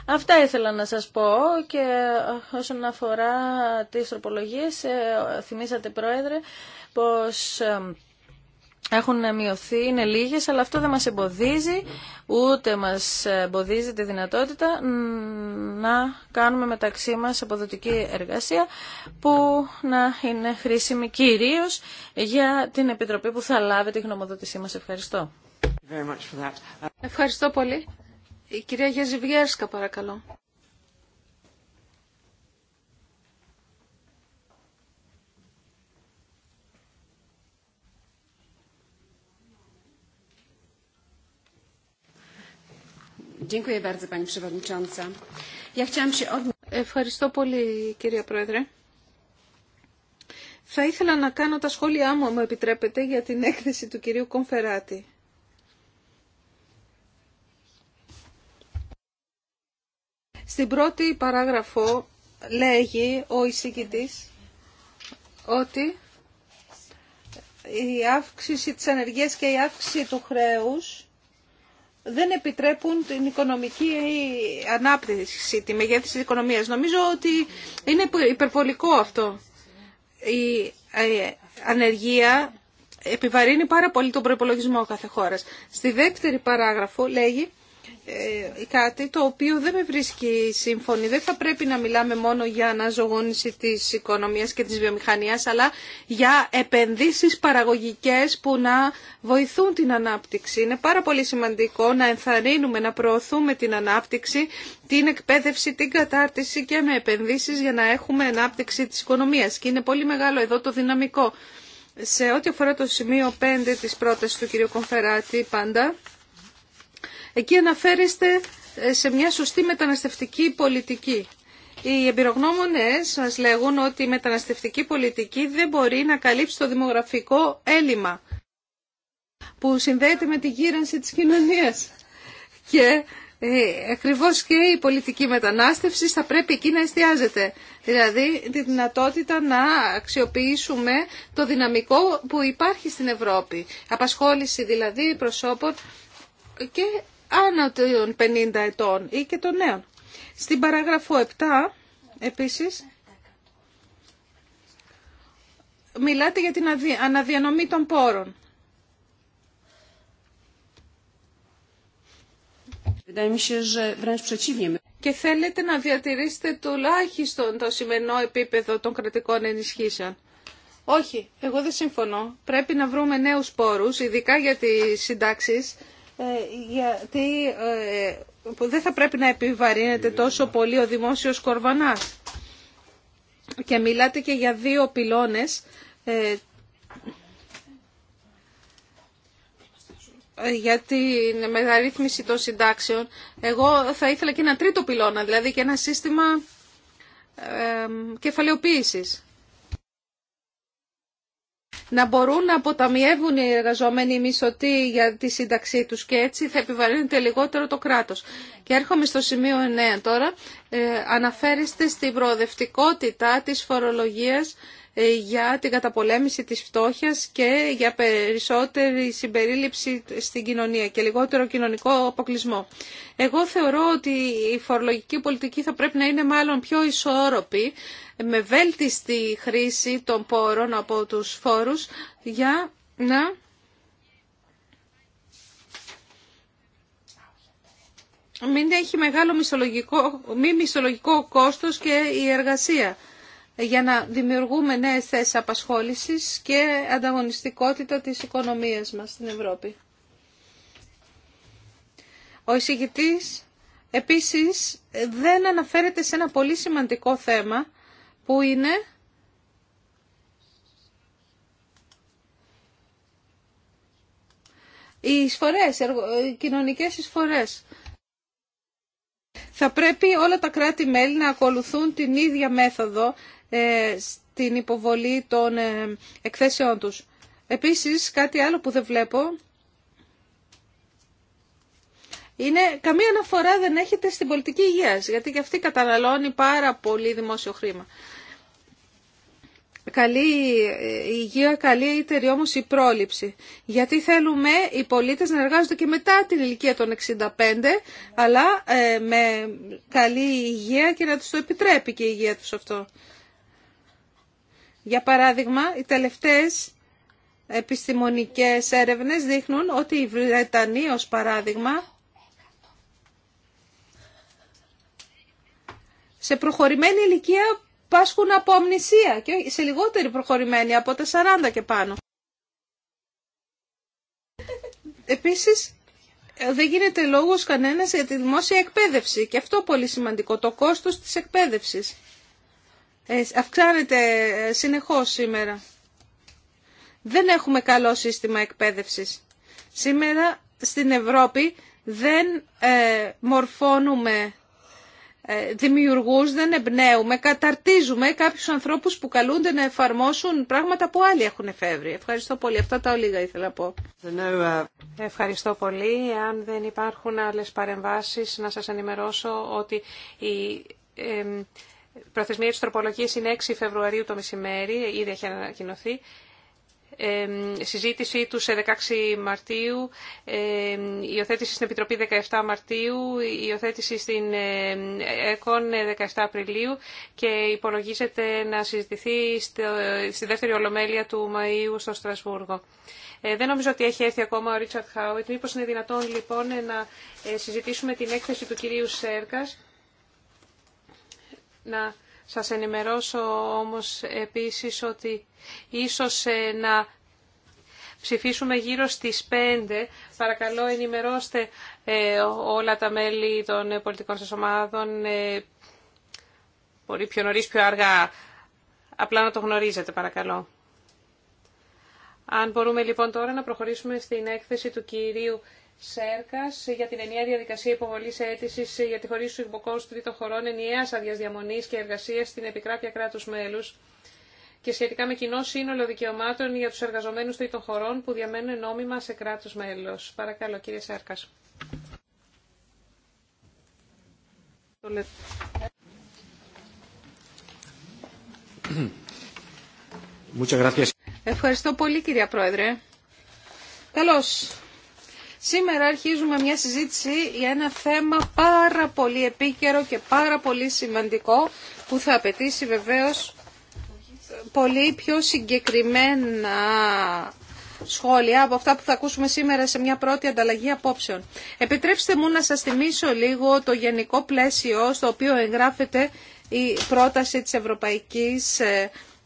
Speaker 2: Αυτά ήθελα να σας πω και ε, όσον αφορά τις τροπολογίες, ε, θυμήσατε Πρόεδρε πως ε, έχουν μειωθεί, είναι λίγες, αλλά αυτό δεν μας εμποδίζει, ούτε μας εμποδίζει τη δυνατότητα να κάνουμε μεταξύ μας αποδοτική εργασία που να είναι χρήσιμη κυρίως για την Επιτροπή που θα λάβει τη γνωμοδότησή μας. Ευχαριστώ. Ευχαριστώ πολύ. Η κυρία
Speaker 1: Γεζιβιέρσκα, παρακαλώ. Ευχαριστώ πολύ κυρία Πρόεδρε. Θα ήθελα να κάνω τα σχόλιά μου, αν μου επιτρέπετε, για την έκθεση του κυρίου Κομφεράτη. Στην πρώτη παράγραφο λέγει ο εισηγητής ότι η αύξηση της ανεργίας και η αύξηση του χρέους δεν επιτρέπουν την οικονομική ανάπτυξη, τη μεγέθυνση της οικονομίας. Νομίζω ότι είναι υπερβολικό αυτό. Η ε, ανεργία επιβαρύνει πάρα πολύ τον προϋπολογισμό κάθε χώρας. Στη δεύτερη παράγραφο λέγει ε, κάτι το οποίο δεν με βρίσκει σύμφωνη. Δεν θα πρέπει να μιλάμε μόνο για αναζωγόνηση της οικονομίας και της βιομηχανίας, αλλά για επενδύσεις παραγωγικές που να βοηθούν την ανάπτυξη. Είναι πάρα πολύ σημαντικό να ενθαρρύνουμε, να προωθούμε την ανάπτυξη, την εκπαίδευση, την κατάρτιση και με επενδύσεις για να έχουμε ανάπτυξη της οικονομίας. Και είναι πολύ μεγάλο εδώ το δυναμικό. Σε ό,τι αφορά το σημείο 5 της πρότασης του κ. Κομφεράτη πάντα, Εκεί αναφέρεστε ε, σε μια σωστή μεταναστευτική πολιτική. Οι εμπειρογνώμονες μας λέγουν ότι η μεταναστευτική πολιτική δεν μπορεί να καλύψει το δημογραφικό έλλειμμα που συνδέεται με τη γύρανση της κοινωνίας. Και ε, ακριβώς και η πολιτική μετανάστευση θα πρέπει εκεί να εστιάζεται. Δηλαδή τη δυνατότητα να αξιοποιήσουμε το δυναμικό που υπάρχει στην Ευρώπη. Απασχόληση δηλαδή προσώπων και άνω των 50 ετών ή και των νέων. Στην παράγραφο 7 επίσης μιλάτε για την αναδιανομή των πόρων. Και θέλετε να διατηρήσετε τουλάχιστον το σημερινό επίπεδο των κρατικών ενισχύσεων. Όχι, εγώ δεν συμφωνώ. Πρέπει να βρούμε νέους πόρους, ειδικά για τις συντάξεις, ε, γιατί ε, δεν θα πρέπει να επιβαρύνεται τόσο πολύ ο δημόσιος κορβανάς. Και μιλάτε και για δύο πυλώνες ε, για την μεταρρύθμιση των συντάξεων. Εγώ θα ήθελα και ένα τρίτο πυλώνα, δηλαδή και ένα σύστημα κεφαλαιοποίησης να μπορούν να αποταμιεύουν οι εργαζόμενοι μισοτοί για τη σύνταξή τους και έτσι θα επιβαρύνεται λιγότερο το κράτος. Και έρχομαι στο σημείο 9 τώρα. Ε, αναφέρεστε στην προοδευτικότητα της φορολογίας ε, για την καταπολέμηση της φτώχειας και για περισσότερη συμπερίληψη στην κοινωνία και λιγότερο κοινωνικό αποκλεισμό. Εγώ θεωρώ ότι η φορολογική πολιτική θα πρέπει να είναι μάλλον πιο ισόρροπη με βέλτιστη χρήση των πόρων από τους φόρους για να μην έχει μεγάλο μισολογικό μη μισολογικό κόστος και η εργασία για να δημιουργούμε νέες θέσεις απασχόλησης και ανταγωνιστικότητα της οικονομίας μας στην Ευρώπη. Ο εισηγητής επίσης δεν αναφέρεται σε ένα πολύ σημαντικό θέμα που είναι οι εισφορές, οι κοινωνικές εισφορές. Θα πρέπει όλα τα κράτη-μέλη να ακολουθούν την ίδια μέθοδο ε, στην υποβολή των ε, εκθέσεών τους. Επίσης, κάτι άλλο που δεν βλέπω είναι καμία αναφορά δεν έχετε στην πολιτική υγείας, γιατί και αυτή καταναλώνει πάρα πολύ δημόσιο χρήμα. Καλή ε, υγεία, καλύτερη όμως η πρόληψη. Γιατί θέλουμε οι πολίτες να εργάζονται και μετά την ηλικία των 65, αλλά με καλή υγεία και να τους το επιτρέπει και η υγεία τους αυτό. Για παράδειγμα, οι τελευταίες επιστημονικές έρευνες δείχνουν ότι οι Βρετανοί, ως παράδειγμα, σε προχωρημένη ηλικία πάσχουν από αμνησία και σε λιγότερη προχωρημένη, από τα 40 και πάνω. Επίσης, δεν γίνεται λόγος κανένας για τη δημόσια εκπαίδευση και αυτό πολύ σημαντικό, το κόστος της εκπαίδευσης. Ε, αυξάνεται ε, συνεχώς σήμερα. Δεν έχουμε καλό σύστημα εκπαίδευσης. Σήμερα στην Ευρώπη δεν ε, μορφώνουμε ε, δημιουργούς, δεν εμπνέουμε, καταρτίζουμε κάποιους ανθρώπους που καλούνται να εφαρμόσουν πράγματα που άλλοι έχουν εφεύρει. Ευχαριστώ πολύ. Αυτά τα ολίγα ήθελα να πω.
Speaker 4: Ευχαριστώ πολύ. Αν δεν υπάρχουν άλλες παρεμβάσεις, να σας ενημερώσω ότι Προθεσμία της τροπολογίας είναι 6 Φεβρουαρίου το μεσημέρι, ήδη έχει ανακοινωθεί. Ε, συζήτηση του σε 16 Μαρτίου, ε, υιοθέτηση στην Επιτροπή 17 Μαρτίου, υιοθέτηση στην ΕΚΟΝ 17 Απριλίου και υπολογίζεται να συζητηθεί στη δεύτερη ολομέλεια του Μαΐου στο Στρασβούργο. Ε, δεν νομίζω ότι έχει έρθει ακόμα ο Ρίτσαρτ Χάουιτ. Μήπως είναι δυνατόν λοιπόν να ε, συζητήσουμε την έκθεση του κυρίου Σέρκας να σας ενημερώσω όμως επίσης ότι ίσως ε, να ψηφίσουμε γύρω στις 5. Παρακαλώ ενημερώστε ε, όλα τα μέλη των πολιτικών σας ομάδων, ε, μπορεί πιο νωρίς, πιο αργά. Απλά να το γνωρίζετε παρακαλώ. Αν μπορούμε λοιπόν τώρα να προχωρήσουμε στην έκθεση του κυρίου Σέρκα, για την ενιαία διαδικασία υποβολή αίτηση για τη χωρίς του υποκόου τρίτων χωρών ενιαία άδεια διαμονή και εργασία στην επικράτεια κράτου μέλου και σχετικά με κοινό σύνολο δικαιωμάτων για του εργαζομένου τρίτων χωρών που διαμένουν νόμιμα σε κράτο μέλο. Παρακαλώ, κύριε Σέρκα.
Speaker 1: Ευχαριστώ πολύ, κυρία Πρόεδρε. Καλώς Σήμερα αρχίζουμε μια συζήτηση για ένα θέμα πάρα πολύ επίκαιρο και πάρα πολύ σημαντικό που θα απαιτήσει βεβαίως πολύ πιο συγκεκριμένα σχόλια από αυτά που θα ακούσουμε σήμερα σε μια πρώτη ανταλλαγή απόψεων. Επιτρέψτε μου να σας θυμίσω λίγο το γενικό πλαίσιο στο οποίο εγγράφεται η πρόταση της Ευρωπαϊκής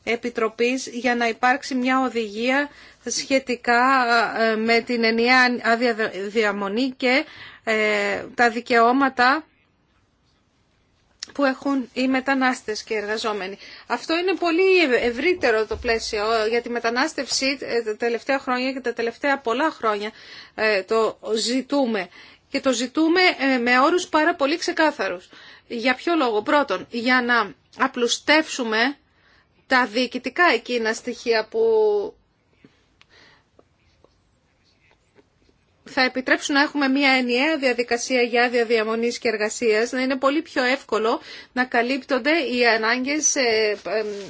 Speaker 1: Επιτροπής για να υπάρξει μια οδηγία σχετικά ε, με την ενιαία άδεια διαμονή και ε, τα δικαιώματα που έχουν οι μετανάστες και οι εργαζόμενοι. Αυτό είναι πολύ ευρύτερο το πλαίσιο ε, για τη μετανάστευση τα τελευταία χρόνια και τα τελευταία πολλά χρόνια το ζητούμε. Και το ζητούμε με όρους πάρα πολύ ξεκάθαρους. Για ποιο λόγο. Πρώτον, για να απλουστεύσουμε τα διοικητικά εκείνα στοιχεία που θα επιτρέψουν να έχουμε μια ενιαία διαδικασία για άδεια διαμονής και εργασίας, να είναι πολύ πιο εύκολο να καλύπτονται οι ανάγκες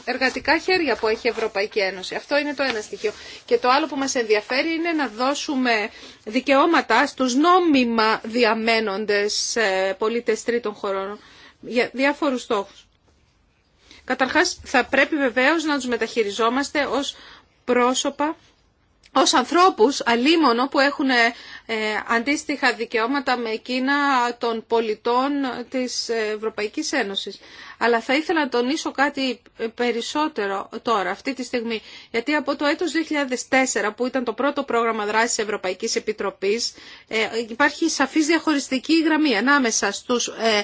Speaker 1: εργατικά χέρια που έχει η Ευρωπαϊκή Ένωση. Αυτό είναι το ένα στοιχείο. Και το άλλο που μας ενδιαφέρει είναι να δώσουμε δικαιώματα στους νόμιμα διαμένοντες ε, πολίτες τρίτων χωρών για διάφορους στόχους. Καταρχάς θα πρέπει βεβαίως να τους μεταχειριζόμαστε ως πρόσωπα, ως ανθρώπους αλίμονο που έχουν ε, αντίστοιχα δικαιώματα με εκείνα των πολιτών της Ευρωπαϊκής Ένωσης. Αλλά θα ήθελα να τονίσω κάτι περισσότερο τώρα, αυτή τη στιγμή. Γιατί από το έτος 2004, που ήταν το πρώτο πρόγραμμα δράσης Ευρωπαϊκής Επιτροπής, ε, υπάρχει σαφής διαχωριστική γραμμή ανάμεσα στους ε,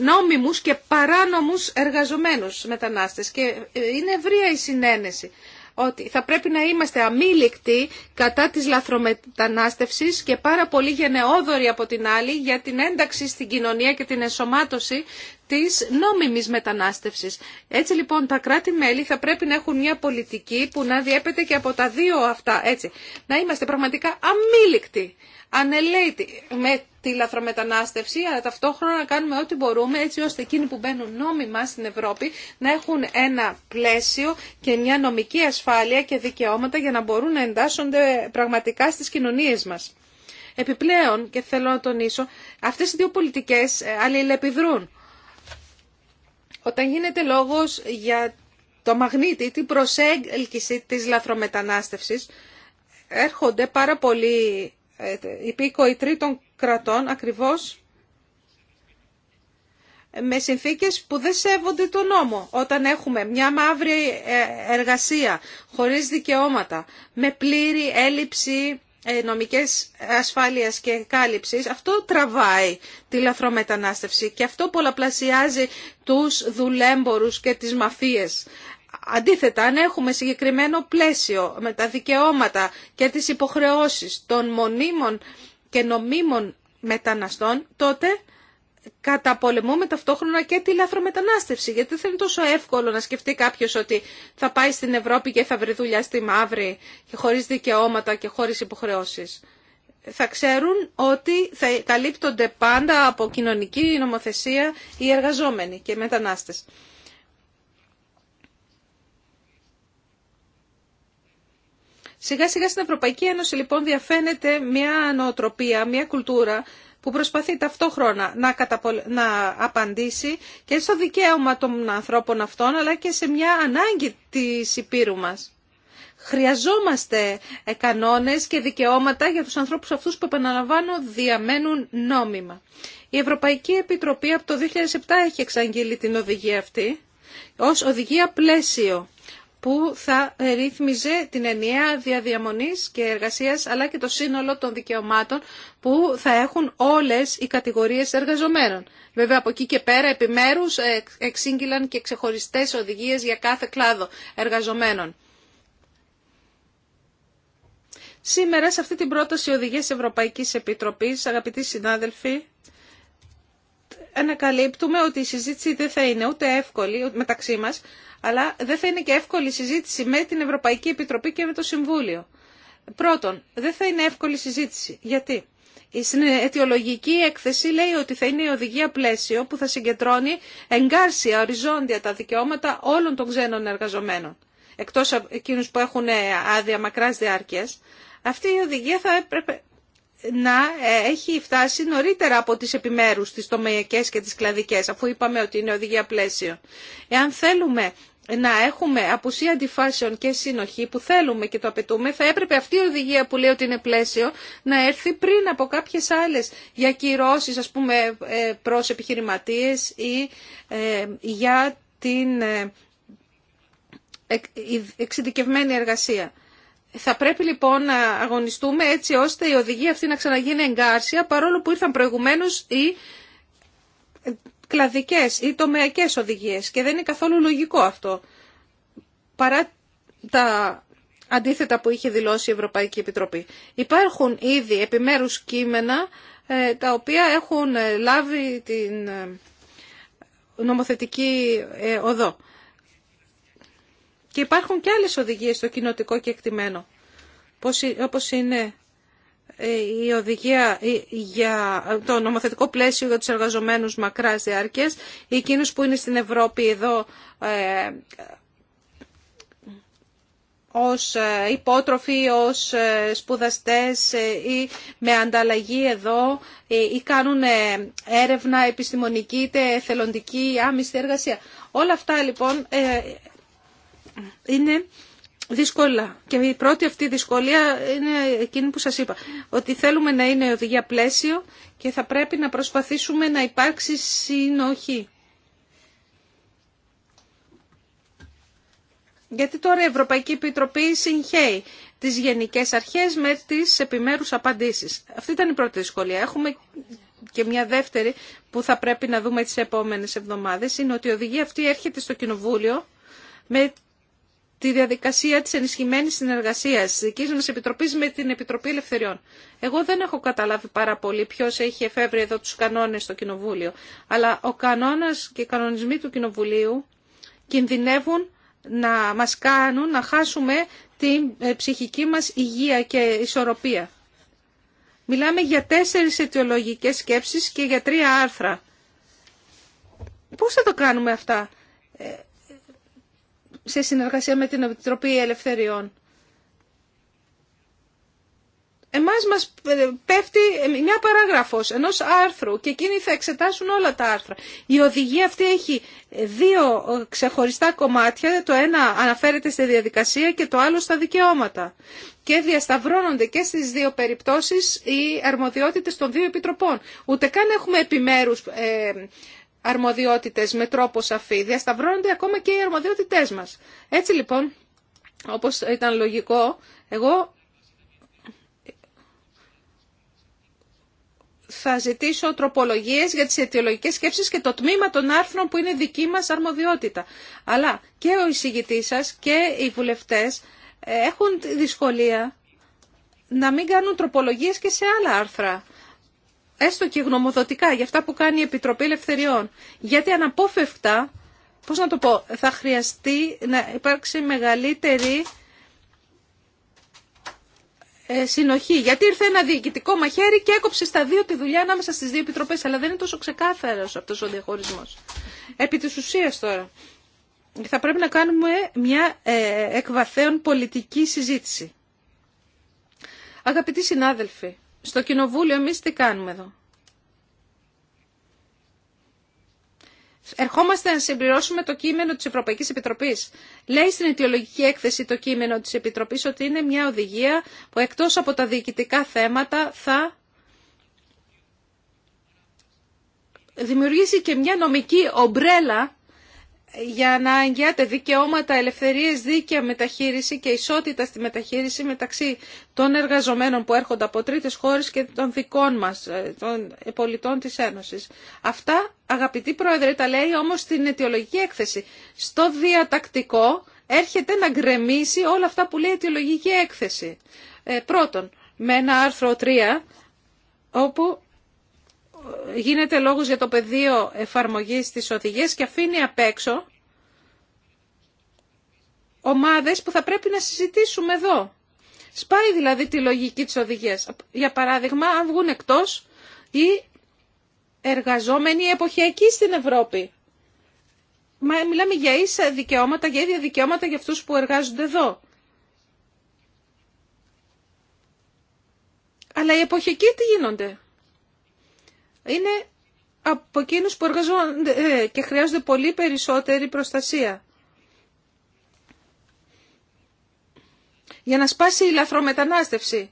Speaker 1: νόμιμους και παράνομους εργαζομένους μετανάστες και ε, είναι ευρία η συνένεση ότι θα πρέπει να είμαστε αμήλικτοι κατά της λαθρομετανάστευσης και πάρα πολύ γενναιόδοροι από την άλλη για την ένταξη στην κοινωνία και την ενσωμάτωση της νόμιμης μετανάστευσης. Έτσι λοιπόν τα κράτη-μέλη θα πρέπει να έχουν μια πολιτική που να διέπεται και από τα δύο αυτά. Έτσι. Να είμαστε πραγματικά αμήλικτοι ανελέητη με τη λαθρομετανάστευση, αλλά ταυτόχρονα να κάνουμε ό,τι μπορούμε έτσι ώστε εκείνοι που μπαίνουν νόμιμα στην Ευρώπη να έχουν ένα πλαίσιο και μια νομική ασφάλεια και δικαιώματα για να μπορούν να εντάσσονται πραγματικά στις κοινωνίες μας. Επιπλέον, και θέλω να τονίσω, αυτές οι δύο πολιτικές ε, αλληλεπιδρούν. Όταν γίνεται λόγος για το μαγνήτη, την προσέγγιση της λαθρομετανάστευσης, έρχονται πάρα πολλοί ε, υπήκοοι τρίτων κρατών ακριβώς με συνθήκες που δεν σέβονται τον νόμο. Όταν έχουμε μια μαύρη ε, εργασία χωρίς δικαιώματα, με πλήρη έλλειψη ε, νομικές ασφάλειας και κάλυψης, αυτό τραβάει τη λαθρομετανάστευση και αυτό πολλαπλασιάζει τους δουλέμπορους και τις μαφίες. Αντίθετα, αν έχουμε συγκεκριμένο πλαίσιο με τα δικαιώματα και τις υποχρεώσεις των μονίμων και νομίμων μεταναστών, τότε καταπολεμούμε ταυτόχρονα και τη λαθρομετανάστευση. Γιατί δεν είναι τόσο εύκολο να σκεφτεί κάποιος ότι θα πάει στην Ευρώπη και θα βρει δουλειά στη μαύρη και χωρίς δικαιώματα και χωρίς υποχρεώσεις. Θα ξέρουν ότι θα καλύπτονται πάντα από κοινωνική νομοθεσία οι εργαζόμενοι και οι μετανάστες. Σιγά σιγά στην Ευρωπαϊκή Ένωση λοιπόν διαφαίνεται μια νοοτροπία, μια κουλτούρα που προσπαθεί ταυτόχρονα να, απαντήσει και στο δικαίωμα των ανθρώπων αυτών αλλά και σε μια ανάγκη της υπήρου μας. Χρειαζόμαστε ε, κανόνες και δικαιώματα για τους ανθρώπους αυτούς που επαναλαμβάνω διαμένουν νόμιμα. Η Ευρωπαϊκή Επιτροπή από το 2007 έχει εξαγγείλει την οδηγία αυτή ως οδηγία πλαίσιο που θα ε, ρύθμιζε την ενιαία διαδιαμονής και εργασίας αλλά και το σύνολο των δικαιωμάτων που θα έχουν όλες οι κατηγορίες εργαζομένων. Βέβαια από εκεί και πέρα επιμέρους ε, εξήγηλαν και ξεχωριστές οδηγίες για κάθε κλάδο εργαζομένων. Σήμερα σε αυτή την πρόταση οδηγίες Ευρωπαϊκής Επιτροπής, αγαπητοί συνάδελφοι, ανακαλύπτουμε ότι η συζήτηση δεν θα είναι ούτε εύκολη μεταξύ μας, αλλά δεν θα είναι και εύκολη συζήτηση με την Ευρωπαϊκή Επιτροπή και με το Συμβούλιο. Πρώτον, δεν θα είναι εύκολη συζήτηση. Γιατί? Η αιτιολογική έκθεση λέει ότι θα είναι η οδηγία πλαίσιο που θα συγκεντρώνει εγκάρσια οριζόντια τα δικαιώματα όλων των ξένων εργαζομένων, εκτός από εκείνους που έχουν ε, άδεια μακράς διάρκειας. Αυτή η οδηγία θα έπρεπε να ε, έχει φτάσει νωρίτερα από τις επιμέρους, τις τομεακές και τις κλαδικές, αφού είπαμε ότι είναι οδηγία πλαίσιο. Εάν θέλουμε να έχουμε απουσία αντιφάσεων και συνοχή που θέλουμε και το απαιτούμε, θα έπρεπε αυτή η οδηγία που λέει ότι είναι πλαίσιο να έρθει πριν από κάποιες άλλες για κυρώσεις, ας πούμε, ε, προς επιχειρηματίες ή ε, για την ε, εξειδικευμένη εργασία. Θα πρέπει λοιπόν να αγωνιστούμε έτσι ώστε η οδηγία αυτή να ξαναγίνει εγκάρσια, παρόλο που ήρθαν προηγουμένως οι κλαδικές ή τομεακές οδηγίες και δεν είναι καθόλου λογικό αυτό. Παρά τα αντίθετα που είχε δηλώσει η Ευρωπαϊκή Επιτροπή. Υπάρχουν ήδη επιμέρους κείμενα ε, τα οποία έχουν ε, λάβει την ε, νομοθετική οδό. Και υπάρχουν και άλλες οδηγίες στο κοινοτικό και εκτιμένο όπως είναι ε, η οδηγία ε, για το νομοθετικό πλαίσιο για τους εργαζομένους μακράς διάρκειας, εκείνους που είναι στην Ευρώπη εδώ ε, ως ε, υπότροφοι, ως σπουδαστές ή με ανταλλαγή εδώ ή κάνουν έρευνα επιστημονική είτε θελοντική άμυστη εργασία. Όλα αυτά λοιπόν είναι δύσκολα. Και η πρώτη αυτή δυσκολία είναι εκείνη που σας είπα. Ότι θέλουμε να είναι οδηγία πλαίσιο και θα πρέπει να προσπαθήσουμε να υπάρξει συνοχή. Γιατί τώρα η Ευρωπαϊκή Επιτροπή συγχαίει τις γενικές αρχές με τις επιμέρους απαντήσεις. Αυτή ήταν η πρώτη δυσκολία. Έχουμε και μια δεύτερη που θα πρέπει να δούμε τις επόμενες εβδομάδες. Είναι ότι η οδηγία αυτή έρχεται στο Κοινοβούλιο με τη διαδικασία της ενισχυμένης συνεργασίας της δικής μας Επιτροπής με την Επιτροπή Ελευθεριών. Εγώ δεν έχω καταλάβει πάρα πολύ ποιος έχει εφεύρει εδώ τους κανόνες στο Κοινοβούλιο, αλλά ο κανόνας και οι κανονισμοί του Κοινοβουλίου κινδυνεύουν να μας κάνουν να χάσουμε την ε, ψυχική μας υγεία και ισορροπία. Μιλάμε για τέσσερις αιτιολογικές σκέψεις και για τρία άρθρα. Πώς θα το κάνουμε αυτά. Ε, σε συνεργασία με την Επιτροπή Ελευθεριών. Εμάς μας πέφτει μια παράγραφος ενός άρθρου και εκείνοι θα εξετάσουν όλα τα άρθρα. Η οδηγία αυτή έχει δύο ξεχωριστά κομμάτια, το ένα αναφέρεται στη διαδικασία και το άλλο στα δικαιώματα. Και διασταυρώνονται και στις δύο περιπτώσεις οι αρμοδιότητες των δύο επιτροπών. Ούτε καν έχουμε επιμέρους ε, αρμοδιότητες με τρόπο σαφή. Διασταυρώνονται ακόμα και οι αρμοδιότητές μας. Έτσι λοιπόν, όπως ήταν λογικό, εγώ θα ζητήσω τροπολογίες για τις αιτιολογικές σκέψεις και το τμήμα των άρθρων που είναι δική μας αρμοδιότητα. Αλλά και ο εισηγητής σας και οι βουλευτές ε, έχουν δυσκολία να μην κάνουν τροπολογίες και σε άλλα άρθρα έστω και γνωμοδοτικά, για αυτά που κάνει η Επιτροπή Ελευθεριών. Γιατί αναπόφευκτα, πώς να το πω, θα χρειαστεί να υπάρξει μεγαλύτερη ε, συνοχή. Γιατί ήρθε ένα διοικητικό μαχαίρι και έκοψε στα δύο τη δουλειά ανάμεσα στις δύο επιτροπές, αλλά δεν είναι τόσο ξεκάθαρος αυτός ο διαχωρισμός. Επί της ουσίας τώρα, θα πρέπει να κάνουμε μια ε, εκβαθέων πολιτική συζήτηση. Αγαπητοί συνάδελφοι, στο κοινοβούλιο εμείς τι κάνουμε εδώ. Ερχόμαστε να συμπληρώσουμε το κείμενο της Ευρωπαϊκής Επιτροπής. Λέει στην αιτιολογική έκθεση το κείμενο της Επιτροπής ότι είναι μια οδηγία που εκτός από τα διοικητικά θέματα θα δημιουργήσει και μια νομική ομπρέλα για να εγγυάται δικαιώματα, ελευθερίες, δίκαια μεταχείριση και ισότητα στη μεταχείριση μεταξύ των εργαζομένων που έρχονται από τρίτες χώρες και των δικών μας, ε, των πολιτών της Ένωσης. Αυτά, αγαπητή Πρόεδρε, τα λέει όμως στην αιτιολογική έκθεση. Στο διατακτικό έρχεται να γκρεμίσει όλα αυτά που λέει η αιτιολογική έκθεση. Ε, πρώτον, με ένα άρθρο 3, όπου γίνεται λόγος για το πεδίο εφαρμογής της οδηγίας και αφήνει απ' έξω ομάδες που θα πρέπει να συζητήσουμε εδώ. Σπάει δηλαδή τη λογική της οδηγίας. Για παράδειγμα, αν βγουν εκτός οι εργαζόμενοι εποχιακοί στην Ευρώπη. Μα μιλάμε για ίσα δικαιώματα, για ίδια δικαιώματα για αυτούς που εργάζονται εδώ. Αλλά οι εποχικοί τι γίνονται είναι από εκείνους που εργαζόνται ε, και χρειάζονται πολύ περισσότερη προστασία. Για να σπάσει η λαθρομετανάστευση.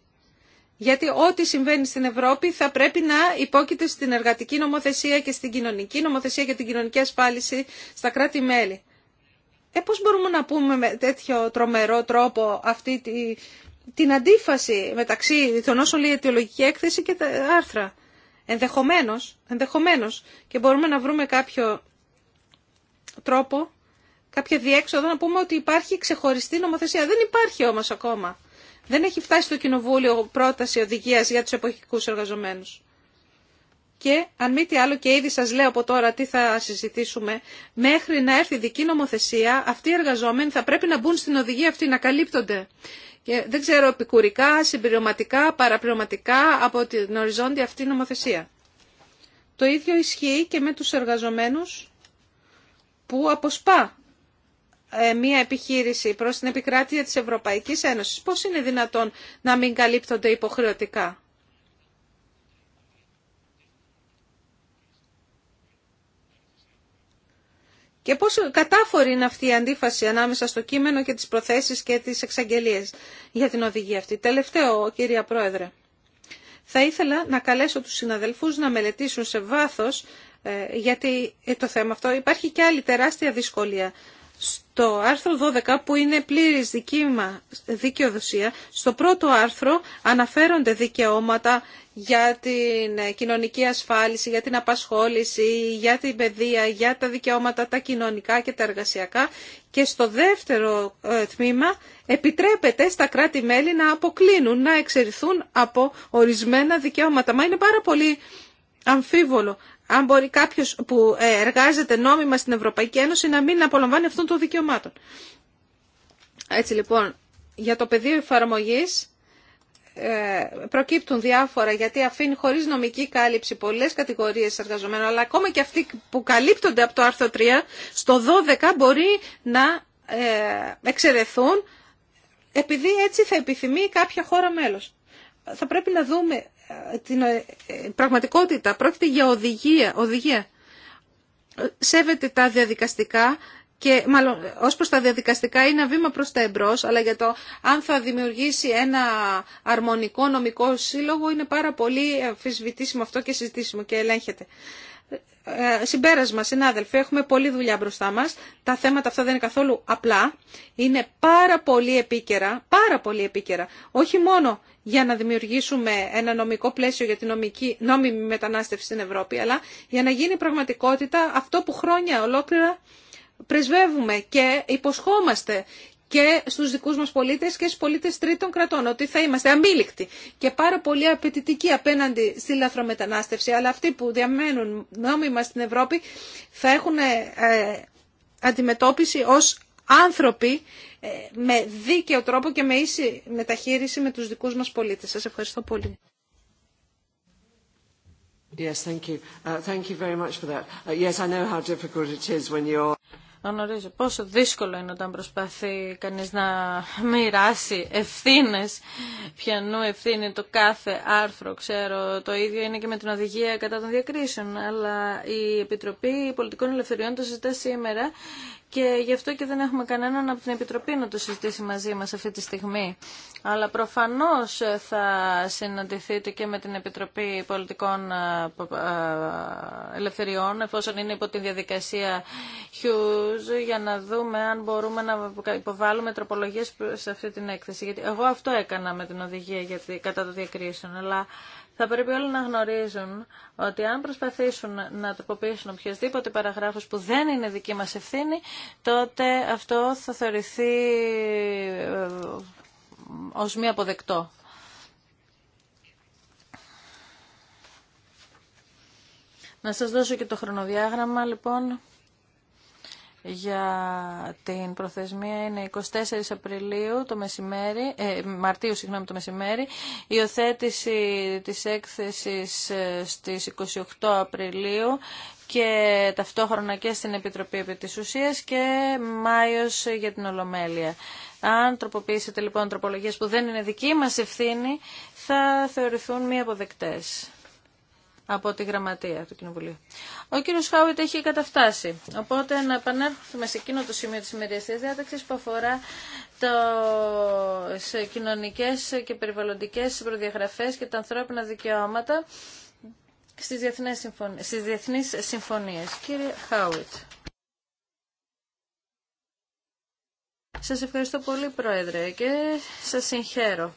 Speaker 1: Γιατί ό,τι συμβαίνει στην Ευρώπη θα πρέπει να υπόκειται στην εργατική νομοθεσία και στην κοινωνική νομοθεσία και την κοινωνική ασφάλιση στα κράτη-μέλη. Ε, πώς μπορούμε να πούμε με τέτοιο τρομερό τρόπο αυτή την αντίφαση μεταξύ των όσων λέει η αιτιολογική έκθεση και τα άρθρα. Ενδεχομένως, ενδεχομένως και μπορούμε να βρούμε κάποιο τρόπο, κάποια διέξοδο να πούμε ότι υπάρχει ξεχωριστή νομοθεσία. Δεν υπάρχει όμως ακόμα. Δεν έχει φτάσει στο Κοινοβούλιο πρόταση οδηγίας για τους εποχικούς εργαζομένους. Και αν μη τι άλλο και ήδη σας λέω από τώρα τι θα συζητήσουμε, μέχρι να έρθει δική νομοθεσία, αυτοί οι εργαζόμενοι θα πρέπει να μπουν στην οδηγία αυτή, να καλύπτονται. Και δεν ξέρω επικουρικά, συμπληρωματικά, παραπληρωματικά από την οριζόντια αυτή νομοθεσία. Το ίδιο ισχύει και με τους εργαζομένους που αποσπά ε, μια επιχείρηση προς την επικράτεια της Ευρωπαϊκής Ένωσης. Πώς είναι δυνατόν να μην καλύπτονται υποχρεωτικά. Και πόσο κατάφορη είναι αυτή η αντίφαση ανάμεσα στο κείμενο και τις προθέσεις και τις εξαγγελίες για την οδηγία αυτή. Τελευταίο, κυρία Πρόεδρε. Θα ήθελα να καλέσω τους συναδελφούς να μελετήσουν σε βάθος, ε, γιατί το θέμα αυτό υπάρχει και άλλη τεράστια δυσκολία στο άρθρο 12 που είναι πλήρης δικήμα δικαιοδοσία, στο πρώτο άρθρο αναφέρονται δικαιώματα για την κοινωνική ασφάλιση, για την απασχόληση, για την παιδεία, για τα δικαιώματα τα κοινωνικά και τα εργασιακά και στο δεύτερο ε, τμήμα επιτρέπεται στα κράτη-μέλη να αποκλίνουν, να εξαιρεθούν από ορισμένα δικαιώματα. Μα είναι πάρα πολύ αμφίβολο αν μπορεί κάποιος που ε, εργάζεται νόμιμα στην Ευρωπαϊκή Ένωση να μην απολαμβάνει αυτών των δικαιωμάτων. Έτσι λοιπόν, για το πεδίο εφαρμογής ε, προκύπτουν διάφορα γιατί αφήνει χωρίς νομική κάλυψη πολλές κατηγορίες εργαζομένων αλλά ακόμα και αυτοί που καλύπτονται από το άρθρο 3 στο 12 μπορεί να ε, εξαιρεθούν επειδή έτσι θα επιθυμεί κάποια χώρα μέλος. Θα πρέπει να δούμε την ε, πραγματικότητα. Πρόκειται για οδηγία. οδηγία. Σέβεται τα διαδικαστικά και μάλλον ως προς τα διαδικαστικά είναι ένα βήμα προς τα εμπρός, αλλά για το αν θα δημιουργήσει ένα αρμονικό νομικό σύλλογο είναι πάρα πολύ αφισβητήσιμο αυτό και συζητήσιμο και ελέγχεται. Ε, συμπέρασμα, συνάδελφοι, έχουμε πολλή δουλειά μπροστά μας. Τα θέματα αυτά δεν είναι καθόλου απλά. Είναι πάρα πολύ επίκαιρα, πάρα πολύ επίκαιρα. Όχι μόνο για να δημιουργήσουμε ένα νομικό πλαίσιο για την νομική, νόμιμη μετανάστευση στην Ευρώπη, αλλά για να γίνει πραγματικότητα αυτό που χρόνια ολόκληρα πρεσβεύουμε και υποσχόμαστε και στους δικούς μας πολίτες και στους πολίτες τρίτων κρατών, ότι θα είμαστε αμήλικτοι και πάρα πολύ απαιτητικοί απέναντι στη λαθρομετανάστευση, αλλά αυτοί που διαμένουν νόμιμα στην Ευρώπη θα έχουν ε, αντιμετώπιση ως άνθρωποι ε, με δίκαιο τρόπο και με ίση μεταχείριση με τους δικούς μας πολίτες. Σας ευχαριστώ πολύ.
Speaker 3: Yes, thank you. Uh, thank you very much for
Speaker 2: that. Uh, yes, I know how difficult it is when you're... Γνωρίζω πόσο δύσκολο είναι όταν προσπαθεί κανείς να μοιράσει ευθύνες, πιανού ευθύνη το κάθε άρθρο, ξέρω, το ίδιο είναι και με την οδηγία κατά των διακρίσεων, αλλά η Επιτροπή Πολιτικών Ελευθεριών το συζητά σήμερα και γι' αυτό και δεν έχουμε κανέναν από την Επιτροπή να το συζητήσει μαζί μας αυτή τη στιγμή. Αλλά προφανώς θα συναντηθείτε και με την Επιτροπή Πολιτικών ε, ε, Ελευθεριών εφόσον είναι υπό τη διαδικασία Hughes για να δούμε αν μπορούμε να υποβάλουμε τροπολογίες σε αυτή την έκθεση. Γιατί εγώ αυτό έκανα με την οδηγία κατά το διακρίσεων. Αλλά θα πρέπει όλοι να γνωρίζουν ότι αν προσπαθήσουν να τροποποιήσουν οποιασδήποτε παραγράφους που δεν είναι δική μας ευθύνη, τότε αυτό θα θεωρηθεί ε, ως μη αποδεκτό. Να σας δώσω και το χρονοδιάγραμμα, λοιπόν για την προθεσμία είναι 24 Απριλίου το μεσημέρι, ε, Μαρτίου συγγνώμη, το μεσημέρι, υιοθέτηση της έκθεσης ε, στις 28 Απριλίου και ταυτόχρονα και στην Επιτροπή επί της και Μάιος για την Ολομέλεια. Αν τροποποιήσετε λοιπόν τροπολογίες που δεν είναι δική μας ευθύνη, θα θεωρηθούν μη αποδεκτές από τη γραμματεία του Κοινοβουλίου. Ο κύριο Χάουιτ έχει καταφτάσει. Οπότε να επανέλθουμε σε εκείνο το σημείο τη τη διάταξη που αφορά σε κοινωνικέ και περιβαλλοντικέ προδιαγραφέ και τα ανθρώπινα δικαιώματα στι διεθνεί στις διεθνείς συμφωνίες. Κύριε Χάουιτ. Σας ευχαριστώ πολύ Πρόεδρε και σας συγχαίρω.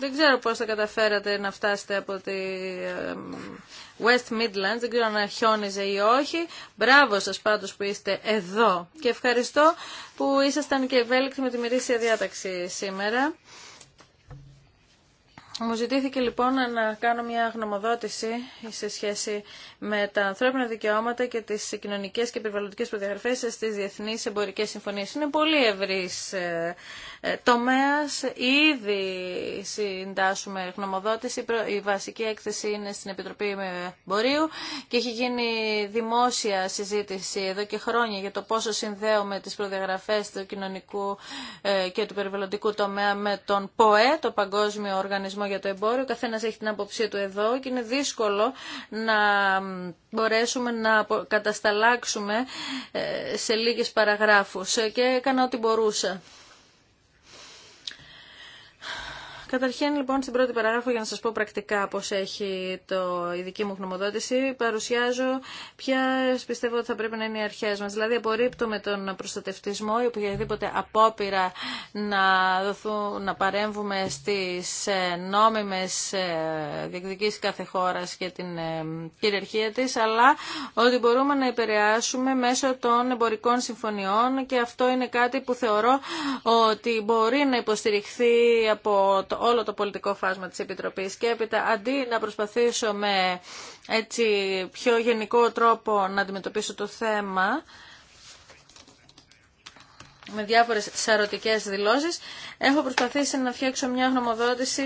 Speaker 2: Δεν ξέρω πώς θα καταφέρατε να φτάσετε από τη West Midlands, δεν ξέρω αν χιόνιζε ή όχι. Μπράβο σας πάντως που είστε εδώ. Και ευχαριστώ που ήσασταν και ευέλικτοι με τη μυρίσια διάταξη σήμερα. Μου ζητήθηκε λοιπόν να κάνω μια γνωμοδότηση σε σχέση με τα ανθρώπινα δικαιώματα και τις κοινωνικές και περιβαλλοντικές προδιαγραφές στις διεθνείς εμπορικές συμφωνίες. Είναι πολύ ευρύ ε, ε, τομέας. Ήδη συντάσσουμε γνωμοδότηση. Η βασική έκθεση είναι στην Επιτροπή Εμπορίου και έχει γίνει δημόσια συζήτηση εδώ και χρόνια για το πόσο συνδέουμε τις προδιαγραφές του κοινωνικού ε, και του περιβαλλοντικού τομέα με τον ΠΟΕ, το Παγκόσμιο Οργανισμό για το εμπόριο, ο καθένας έχει την άποψή του εδώ και είναι δύσκολο να μπορέσουμε να κατασταλάξουμε ε, σε λίγες παραγράφους ε, και έκανα ό,τι μπορούσα. Καταρχήν λοιπόν στην πρώτη παράγραφο για να σας πω πρακτικά πώς έχει το, η δική μου γνωμοδότηση παρουσιάζω ποια πιστεύω ότι θα πρέπει να είναι οι αρχές μας. Δηλαδή απορρίπτουμε τον προστατευτισμό ή οποιαδήποτε απόπειρα να, να παρέμβουμε στις ε, νόμιμες ε, διεκδικήσεις κάθε χώρα και την ε, κυριαρχία της αλλά ότι μπορούμε να επηρεάσουμε μέσω των εμπορικών συμφωνιών και αυτό είναι κάτι που θεωρώ ότι μπορεί να υποστηριχθεί από το όλο το πολιτικό φάσμα της Επιτροπής και έπειτα αντί να προσπαθήσω με έτσι πιο γενικό τρόπο να αντιμετωπίσω το θέμα, με διάφορες σαρωτικές δηλώσεις. Έχω προσπαθήσει να φτιάξω μια γνωμοδότηση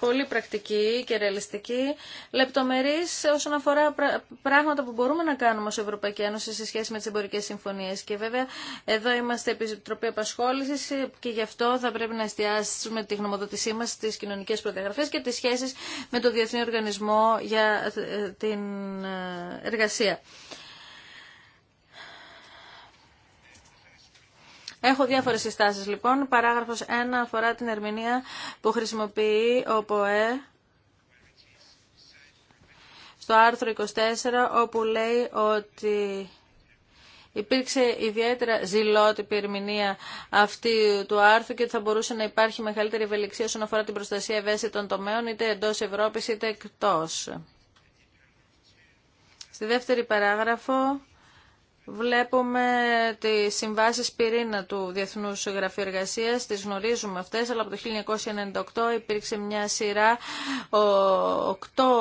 Speaker 2: πολύ πρακτική και ρεαλιστική, λεπτομερής όσον αφορά πράγματα που μπορούμε να κάνουμε ως Ευρωπαϊκή Ένωση σε σχέση με τις εμπορικές συμφωνίες. Και βέβαια εδώ είμαστε Επιτροπή Απασχόλησης και γι' αυτό θα πρέπει να εστιάσουμε τη γνωμοδότησή μας στις κοινωνικές προδιαγραφές και τις σχέσεις με το Διεθνή Οργανισμό για ε, την ε, Εργασία. Έχω διάφορε συστάσει λοιπόν. Παράγραφο 1 αφορά την ερμηνεία που χρησιμοποιεί ο ΠΟΕ στο άρθρο 24 όπου λέει ότι υπήρξε ιδιαίτερα ζηλότυπη ερμηνεία αυτή του άρθρου και ότι θα μπορούσε να υπάρχει μεγαλύτερη ευελιξία όσον αφορά την προστασία ευαίσθητων τομέων είτε εντός Ευρώπης είτε εκτός. Στη δεύτερη παράγραφο Βλέπουμε τι συμβάσει πυρήνα του διεθνού Γραφείου εργασία, τις γνωρίζουμε αυτές, αλλά από το 1998 υπήρξε μια σειρά οκτώ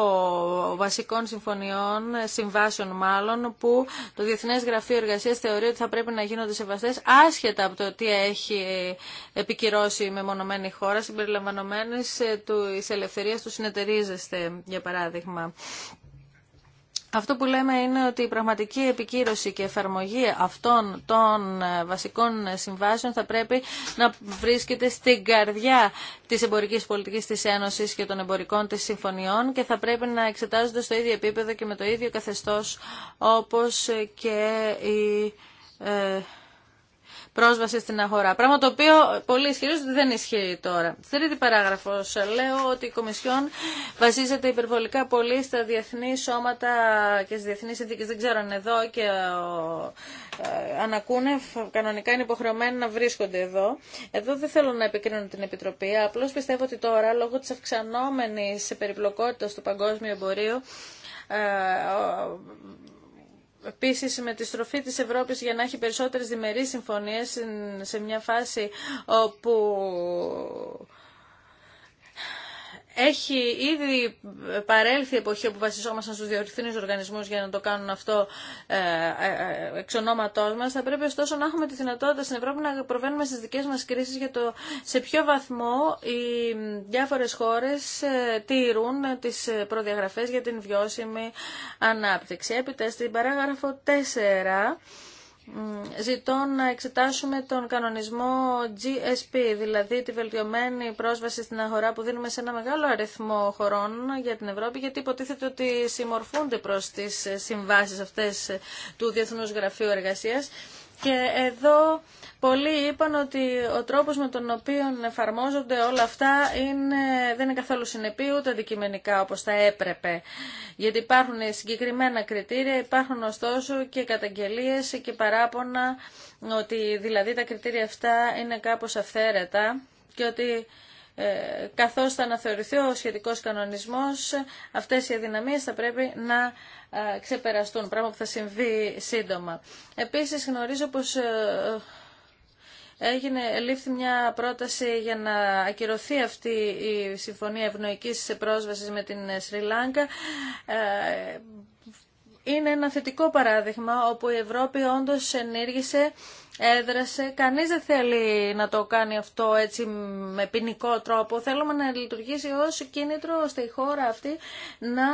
Speaker 2: βασικών συμφωνιών, συμβάσεων μάλλον, που το διεθνέ Γραφείο εργασία θεωρεί ότι θα πρέπει να γίνονται σεβαστέ άσχετα από το τι έχει επικυρώσει η μεμονωμένη χώρα, συμπεριλαμβανομένη ε, τη ελευθερία του συνεταιρίζεστε, για παράδειγμα. Αυτό που λέμε είναι ότι η πραγματική επικύρωση και εφαρμογή αυτών των ε, βασικών ε, συμβάσεων θα πρέπει να βρίσκεται στην καρδιά της εμπορικής πολιτικής της Ένωσης και των εμπορικών της συμφωνιών και θα πρέπει να εξετάζονται στο ίδιο επίπεδο και με το ίδιο καθεστώς όπως και οι πρόσβαση στην αγορά. Πράγμα το οποίο πολύ ισχυρίζονται δεν ισχύει τώρα. Στην τρίτη παράγραφο λέω ότι η Κομισιόν βασίζεται υπερβολικά πολύ στα διεθνή σώματα και στι διεθνεί συνθήκε. Δεν ξέρω αν εδώ και ε, ανακούνε, κανονικά είναι υποχρεωμένοι να βρίσκονται εδώ. Εδώ δεν θέλω να επικρίνω την Επιτροπή. Απλώ πιστεύω ότι τώρα λόγω τη αυξανόμενη περιπλοκότητα του παγκόσμιου εμπορίου ε, Επίση, με τη στροφή της Ευρώπης για να έχει περισσότερες διμερεί συμφωνίε σε μια φάση όπου έχει ήδη παρέλθει η εποχή όπου βασιζόμασταν στους διορυθμίους οργανισμούς για να το κάνουν αυτό ε, ε, εξ ονόματός μας. Θα πρέπει ωστόσο να έχουμε τη δυνατότητα στην Ευρώπη να προβαίνουμε στις δικές μας κρίσεις για το σε ποιο βαθμό οι διάφορες χώρες ε, τήρουν τις προδιαγραφές για την βιώσιμη ανάπτυξη. Έπειτα στην παράγραφο 4 ζητώ να εξετάσουμε τον κανονισμό GSP, δηλαδή τη βελτιωμένη πρόσβαση στην αγορά που δίνουμε σε ένα μεγάλο αριθμό χωρών για την Ευρώπη, γιατί υποτίθεται ότι συμμορφούνται προς τις συμβάσεις αυτές του Διεθνούς Γραφείου Εργασίας και εδώ πολλοί είπαν ότι ο τρόπος με τον οποίο εφαρμόζονται όλα αυτά είναι, δεν είναι καθόλου συνεπή ούτε αντικειμενικά όπως θα έπρεπε. Γιατί υπάρχουν συγκεκριμένα κριτήρια, υπάρχουν ωστόσο και καταγγελίες και παράπονα ότι δηλαδή τα κριτήρια αυτά είναι κάπως αυθαίρετα και ότι ε, καθώς θα αναθεωρηθεί ο σχετικός κανονισμός, αυτές οι αδυναμίες θα πρέπει να ε, ξεπεραστούν, πράγμα που θα συμβεί σύντομα. Επίσης γνωρίζω πως ε, έγινε, λήφθη μια πρόταση για να ακυρωθεί αυτή η συμφωνία ευνοϊκής πρόσβασης με την Σρι Λάγκα είναι ένα θετικό παράδειγμα όπου η Ευρώπη όντως ενήργησε, έδρασε. Κανείς δεν θέλει να το κάνει αυτό έτσι με ποινικό τρόπο. Θέλουμε να λειτουργήσει ως κίνητρο ώστε η χώρα αυτή να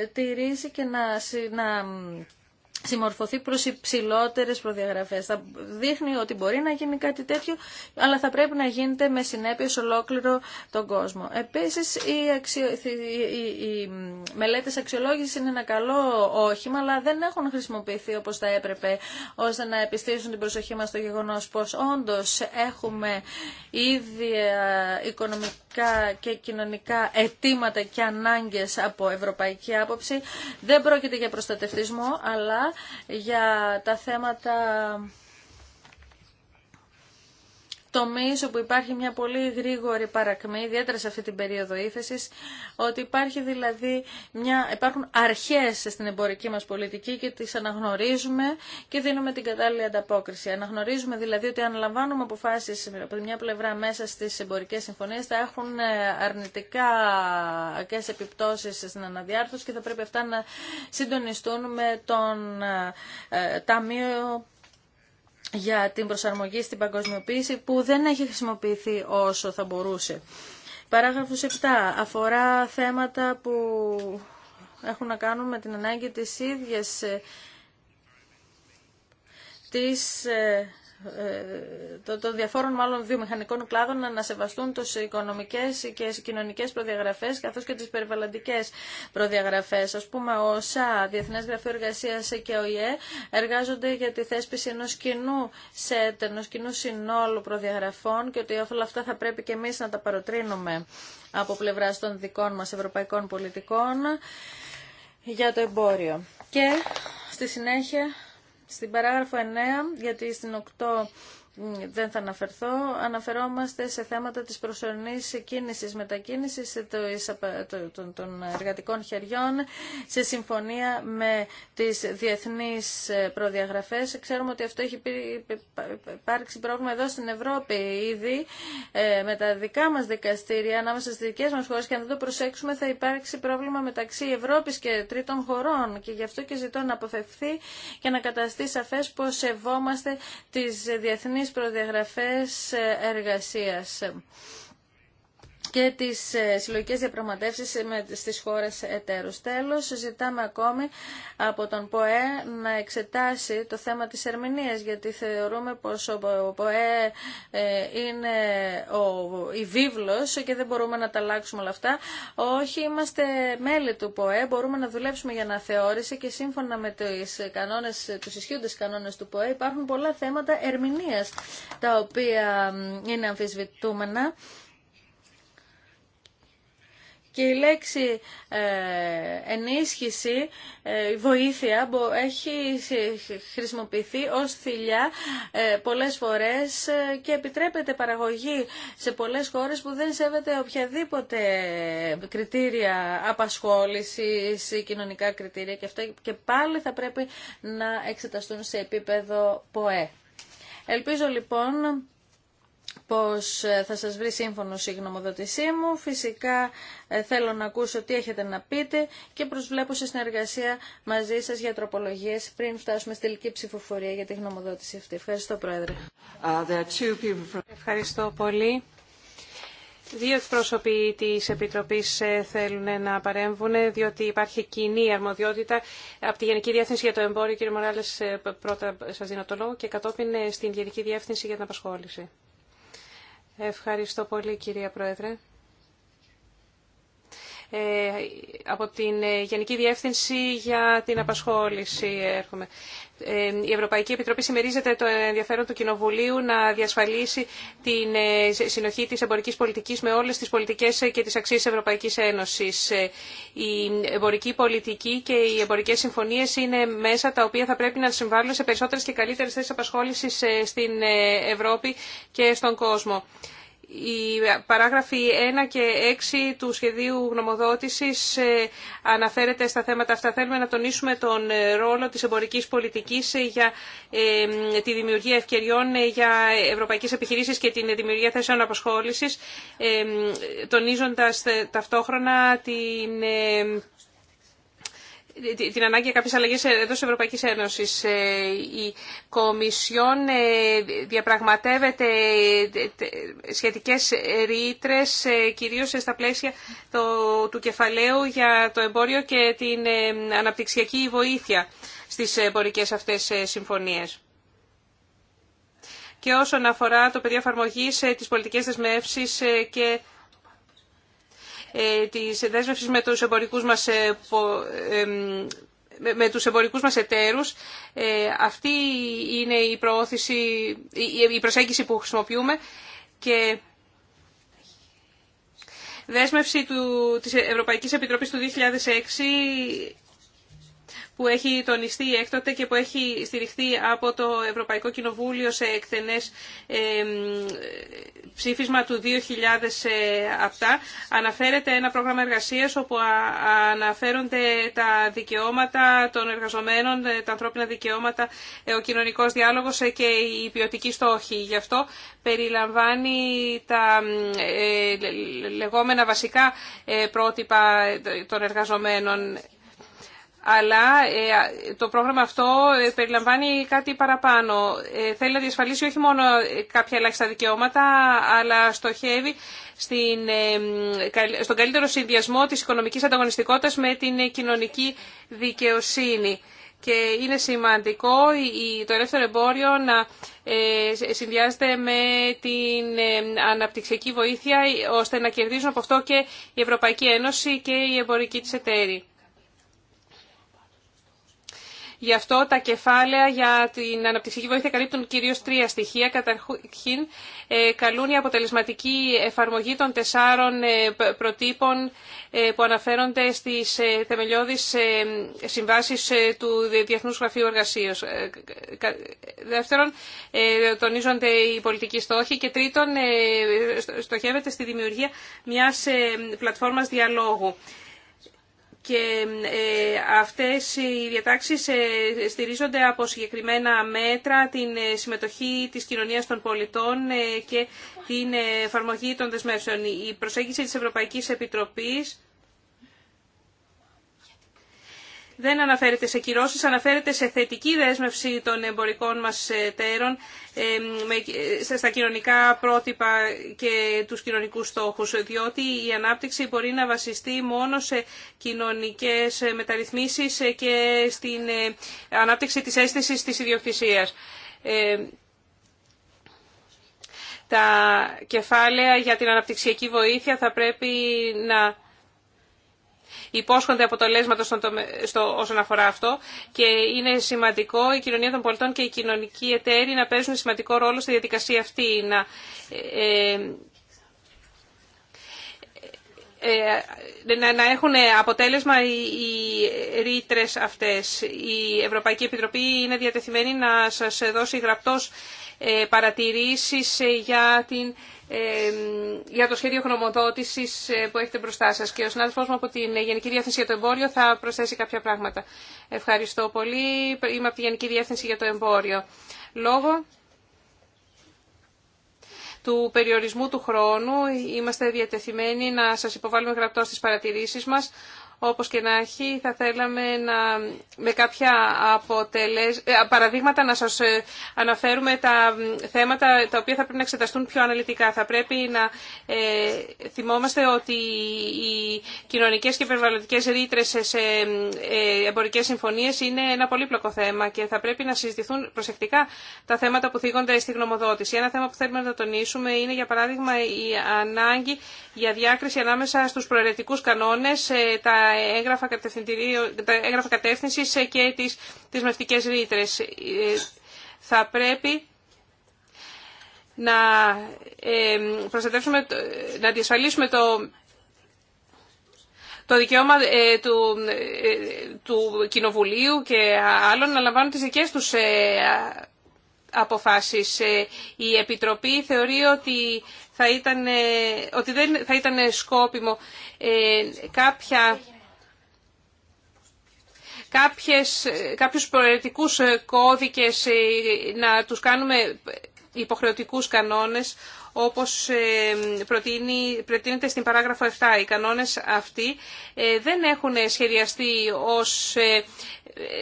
Speaker 2: ε, τηρήσει και να, να συμμορφωθεί προς υψηλότερες προδιαγραφές. Θα δείχνει ότι μπορεί να γίνει κάτι τέτοιο, αλλά θα πρέπει να γίνεται με συνέπειες ολόκληρο τον κόσμο. Επίσης, οι, αξιο... οι... μελέτες αξιολόγησης είναι ένα καλό όχημα, αλλά δεν έχουν χρησιμοποιηθεί όπως θα έπρεπε, ώστε να επιστήσουν την προσοχή μας στο γεγονός πως όντως έχουμε ίδια ε, οικονομικά και κοινωνικά αιτήματα και ανάγκες από ευρωπαϊκή άποψη. Δεν πρόκειται για προστατευτισμό, αλλά για τα θέματα τομείς όπου υπάρχει μια πολύ γρήγορη παρακμή, ιδιαίτερα σε αυτή την περίοδο ύφεσης, ότι υπάρχει δηλαδή μια, υπάρχουν αρχές στην εμπορική μας πολιτική και τις αναγνωρίζουμε και δίνουμε την κατάλληλη ανταπόκριση. Αναγνωρίζουμε δηλαδή ότι αν λαμβάνουμε αποφάσεις από μια πλευρά μέσα στις εμπορικές συμφωνίες θα έχουν ε, αρνητικά και σε επιπτώσεις στην αναδιάρθρωση και θα πρέπει αυτά να συντονιστούν με τον ε, ε, Ταμείο για την προσαρμογή στην παγκοσμιοποίηση που δεν έχει χρησιμοποιηθεί όσο θα μπορούσε. Παράγραφος 7 αφορά θέματα που έχουν να κάνουν με την ανάγκη της ίδιας ε, της ε, των, διαφόρων μάλλον βιομηχανικών κλάδων να σεβαστούν τις οικονομικές και κοινωνικές προδιαγραφές καθώς και τις περιβαλλοντικές προδιαγραφές. α πούμε, ο ΣΑ, Διεθνές Γραφείο Εργασίας και ο ΙΕ εργάζονται για τη θέσπιση ενός κοινού σετ, ενός κοινού συνόλου προδιαγραφών και ότι όλα αυτά θα πρέπει και εμείς να τα παροτρύνουμε από πλευρά των δικών μας ευρωπαϊκών πολιτικών για το εμπόριο. Και στη συνέχεια στην παράγραφο 9, γιατί στην 8 δεν θα αναφερθώ. Αναφερόμαστε σε θέματα της προσωρινής κίνησης, μετακίνησης των εργατικών χεριών σε συμφωνία με τις διεθνείς προδιαγραφές. Ξέρουμε ότι αυτό έχει υπάρξει πρόβλημα εδώ στην Ευρώπη ήδη ε, με τα δικά μας δικαστήρια ανάμεσα στις δικές μας χώρες και αν δεν το προσέξουμε θα υπάρξει πρόβλημα μεταξύ Ευρώπης και τρίτων χωρών και γι' αυτό και ζητώ να αποφευθεί και να καταστεί σαφές πως σεβόμαστε τις διεθνείς προδιαγραφές εργασίας και τις ε, συλλογικές διαπραγματεύσεις στις χώρες εταίρους. Τέλος, ζητάμε ακόμη από τον ΠΟΕ να εξετάσει το θέμα της ερμηνείας, γιατί θεωρούμε πως ο ΠΟΕ ε, είναι ο, η βίβλος και δεν μπορούμε να τα αλλάξουμε όλα αυτά. Όχι, είμαστε μέλη του ΠΟΕ, μπορούμε να δουλέψουμε για να αναθεώρηση και σύμφωνα με τους, κανόνες, τους ισχύοντες κανόνες του ΠΟΕ υπάρχουν πολλά θέματα ερμηνείας, τα οποία είναι αμφισβητούμενα. Και η λέξη ε, ενίσχυση, ε, βοήθεια, έχει χρησιμοποιηθεί ως θηλιά ε, πολλές φορές και επιτρέπεται παραγωγή σε πολλές χώρες που δεν σέβεται οποιαδήποτε κριτήρια απασχόλησης ή κοινωνικά κριτήρια και αυτά και πάλι θα πρέπει να εξεταστούν σε επίπεδο ΠΟΕ. Ελπίζω λοιπόν πως ε, θα σας βρει σύμφωνο η γνωμοδότησή μου. Φυσικά ε, θέλω να ακούσω τι έχετε να πείτε και προσβλέπω σε συνεργασία μαζί σας για τροπολογίες πριν φτάσουμε στη τελική ψηφοφορία για τη γνωμοδότηση αυτή. Ευχαριστώ Πρόεδρε.
Speaker 4: Uh, Ευχαριστώ πολύ. Δύο εκπρόσωποι της Επιτροπής ε, θέλουν να παρέμβουν, διότι υπάρχει κοινή αρμοδιότητα από τη Γενική Διεύθυνση για το Εμπόριο. Κύριε Μοράλες, πρώτα σας δίνω το λόγο και κατόπιν στην Γενική Διεύθυνση για την Απασχόληση. Ευχαριστώ πολύ κυρία Πρόεδρε. Ε, από την ε, Γενική Διεύθυνση για την Απασχόληση έρχομαι. Ε, η Ευρωπαϊκή Επιτροπή συμμερίζεται το ενδιαφέρον του Κοινοβουλίου να διασφαλίσει την συνοχή της εμπορικής πολιτικής με όλες τις πολιτικές και τις αξίες της Ευρωπαϊκής Ένωσης. Η εμπορική πολιτική και οι εμπορικές συμφωνίες είναι μέσα τα οποία θα πρέπει να συμβάλλουν σε περισσότερες και καλύτερες θέσεις απασχόλησης στην Ευρώπη και στον κόσμο. Η παράγραφοι 1 και 6 του σχεδίου γνωμοδότησης ε, αναφέρεται στα θέματα αυτά. Θέλουμε να τονίσουμε τον ε, ρόλο της εμπορικής πολιτικής για ε, τη δημιουργία ευκαιριών για ευρωπαϊκές επιχειρήσεις και την δημιουργία θέσεων απασχόλησης, τονίζοντας ταυτόχρονα την την ανάγκη για κάποιες αλλαγές εδώ της Ευρωπαϊκής Ένωσης. Ε, η Κομισιόν ε, διαπραγματεύεται ε, σχετικές ρήτρε, κυρίως στα πλαίσια του κεφαλαίου για το εμπόριο και την αναπτυξιακή βοήθεια στις εμπορικές αυτές συμφωνίες. Και όσον αφορά το πεδίο εφαρμογή, τις πολιτικές δεσμεύσεις και ε, τη δέσμευσης με τους εμπορικούς μας ε, ε, με τους εμπορικούς μας εταίρους. αυτή είναι η, η προσέγγιση που χρησιμοποιούμε και δέσμευση του, της Ευρωπαϊκής Επιτροπής του 2006 που έχει τονιστεί έκτοτε και που έχει στηριχθεί από το Ευρωπαϊκό Κοινοβούλιο σε εκτενές ψήφισμα του 2007 αναφέρεται ένα πρόγραμμα εργασίας όπου αναφέρονται τα δικαιώματα των εργαζομένων, ε, τα ανθρώπινα δικαιώματα, ε, ο κοινωνικός διάλογος ε, και η ποιοτική στόχη. Γι' αυτό περιλαμβάνει τα λεγόμενα βασικά πρότυπα των εργαζομένων αλλά ε, το πρόγραμμα αυτό ε, περιλαμβάνει κάτι παραπάνω. Ε, θέλει να διασφαλίσει όχι μόνο κάποια ελάχιστα δικαιώματα, αλλά στοχεύει στην, στον καλύτερο συνδυασμό της οικονομικής ανταγωνιστικότητας με την κοινωνική δικαιοσύνη. Και είναι σημαντικό το ελεύθερο εμπόριο να συνδυάζεται με την αναπτυξιακή βοήθεια, ώστε να κερδίζουν από αυτό και η Ευρωπαϊκή Ένωση και η εμπορική της εταίροι. Γι' αυτό τα κεφάλαια για την αναπτυξιακή βοήθεια καλύπτουν κυρίω τρία στοιχεία. Καταρχήν, ε, καλούν η αποτελεσματική εφαρμογή των τεσσάρων ε, προτύπων ε, που αναφέρονται στι θεμελιώδει συμβάσει του Διεθνού Γραφείου Εργασία. Δεύτερον, τονίζονται οι πολιτικοί στόχοι. Και τρίτον, στοχεύεται στη δημιουργία μια πλατφόρμα διαλόγου και ε, αυτές οι διατάξεις ε, στηρίζονται από συγκεκριμένα μέτρα, την ε, συμμετοχή της κοινωνίας των πολιτών και την εφαρμογή των δεσμεύσεων. Η προσέγγιση της Ευρωπαϊκής Επιτροπής δεν αναφέρεται σε κυρώσεις, αναφέρεται σε θετική δέσμευση των εμπορικών μας εταίρων ε, στα κοινωνικά πρότυπα και τους κοινωνικούς στόχους, διότι η ανάπτυξη μπορεί να βασιστεί μόνο σε κοινωνικές μεταρρυθμίσεις και στην ε, ανάπτυξη της αίσθησης της ιδιοκτησίας. Τα κεφάλαια για την αναπτυξιακή βοήθεια θα πρέπει να υπόσχονται αποτελέσματα στον στο, όσον αφορά αυτό και είναι σημαντικό η κοινωνία των πολιτών και οι κοινωνικοί εταίροι να παίζουν σημαντικό ρόλο στη διαδικασία αυτή. Να, ε, ε, ε, να έχουν αποτέλεσμα οι ρήτρε αυτές. Η Ευρωπαϊκή Επιτροπή είναι διατεθειμένη να σας δώσει γραπτός παρατηρήσεις για την για το σχέδιο χρονομοδότησης ε, που έχετε μπροστά σα. και ο συνάδελφό μου από την Γενική Διεύθυνση για το Εμπόριο θα προσθέσει κάποια πράγματα. Ευχαριστώ πολύ. Είμαι από τη Γενική Διεύθυνση για το Εμπόριο. Λόγω του περιορισμού του χρόνου είμαστε διατεθειμένοι να σας υποβάλουμε γραπτό στις παρατηρήσεις μας όπως και να έχει, θα θέλαμε να, με κάποια ε, παραδείγματα να σας ε, αναφέρουμε τα θέματα τα οποία θα πρέπει να εξεταστούν πιο αναλυτικά. Θα πρέπει να ε, θυμόμαστε ότι οι κοινωνικές και περιβαλλοντικές ρήτρε σε εμπορικές συμφωνίες είναι ένα πολύπλοκο θέμα και θα πρέπει να συζητηθούν προσεκτικά τα θέματα που θίγονται στη γνωμοδότηση. Ένα θέμα που θέλουμε να τονίσουμε είναι, για παράδειγμα, η ανάγκη για διάκριση ανάμεσα στους προαιρετικούς κανόνες, τα έγγραφα, κατεύθυνση κατεύθυνσης και τις δεσμευτικές ρήτρες. Ε, θα πρέπει να ε, προστατεύσουμε, να διασφαλίσουμε το το δικαίωμα ε, του, του Κοινοβουλίου και άλλων να λαμβάνουν τις δικές τους ε, αποφάσεις. Η Επιτροπή θεωρεί ότι, θα ήταν, ότι δεν θα ήταν σκόπιμο κάποια κάποιες, κάποιους προαιρετικούς ε, κώδικες, ε, να τους κάνουμε υποχρεωτικούς κανόνες, όπως ε, προτείνεται στην παράγραφο 7. Οι κανόνες αυτοί δεν έχουν σχεδιαστεί ως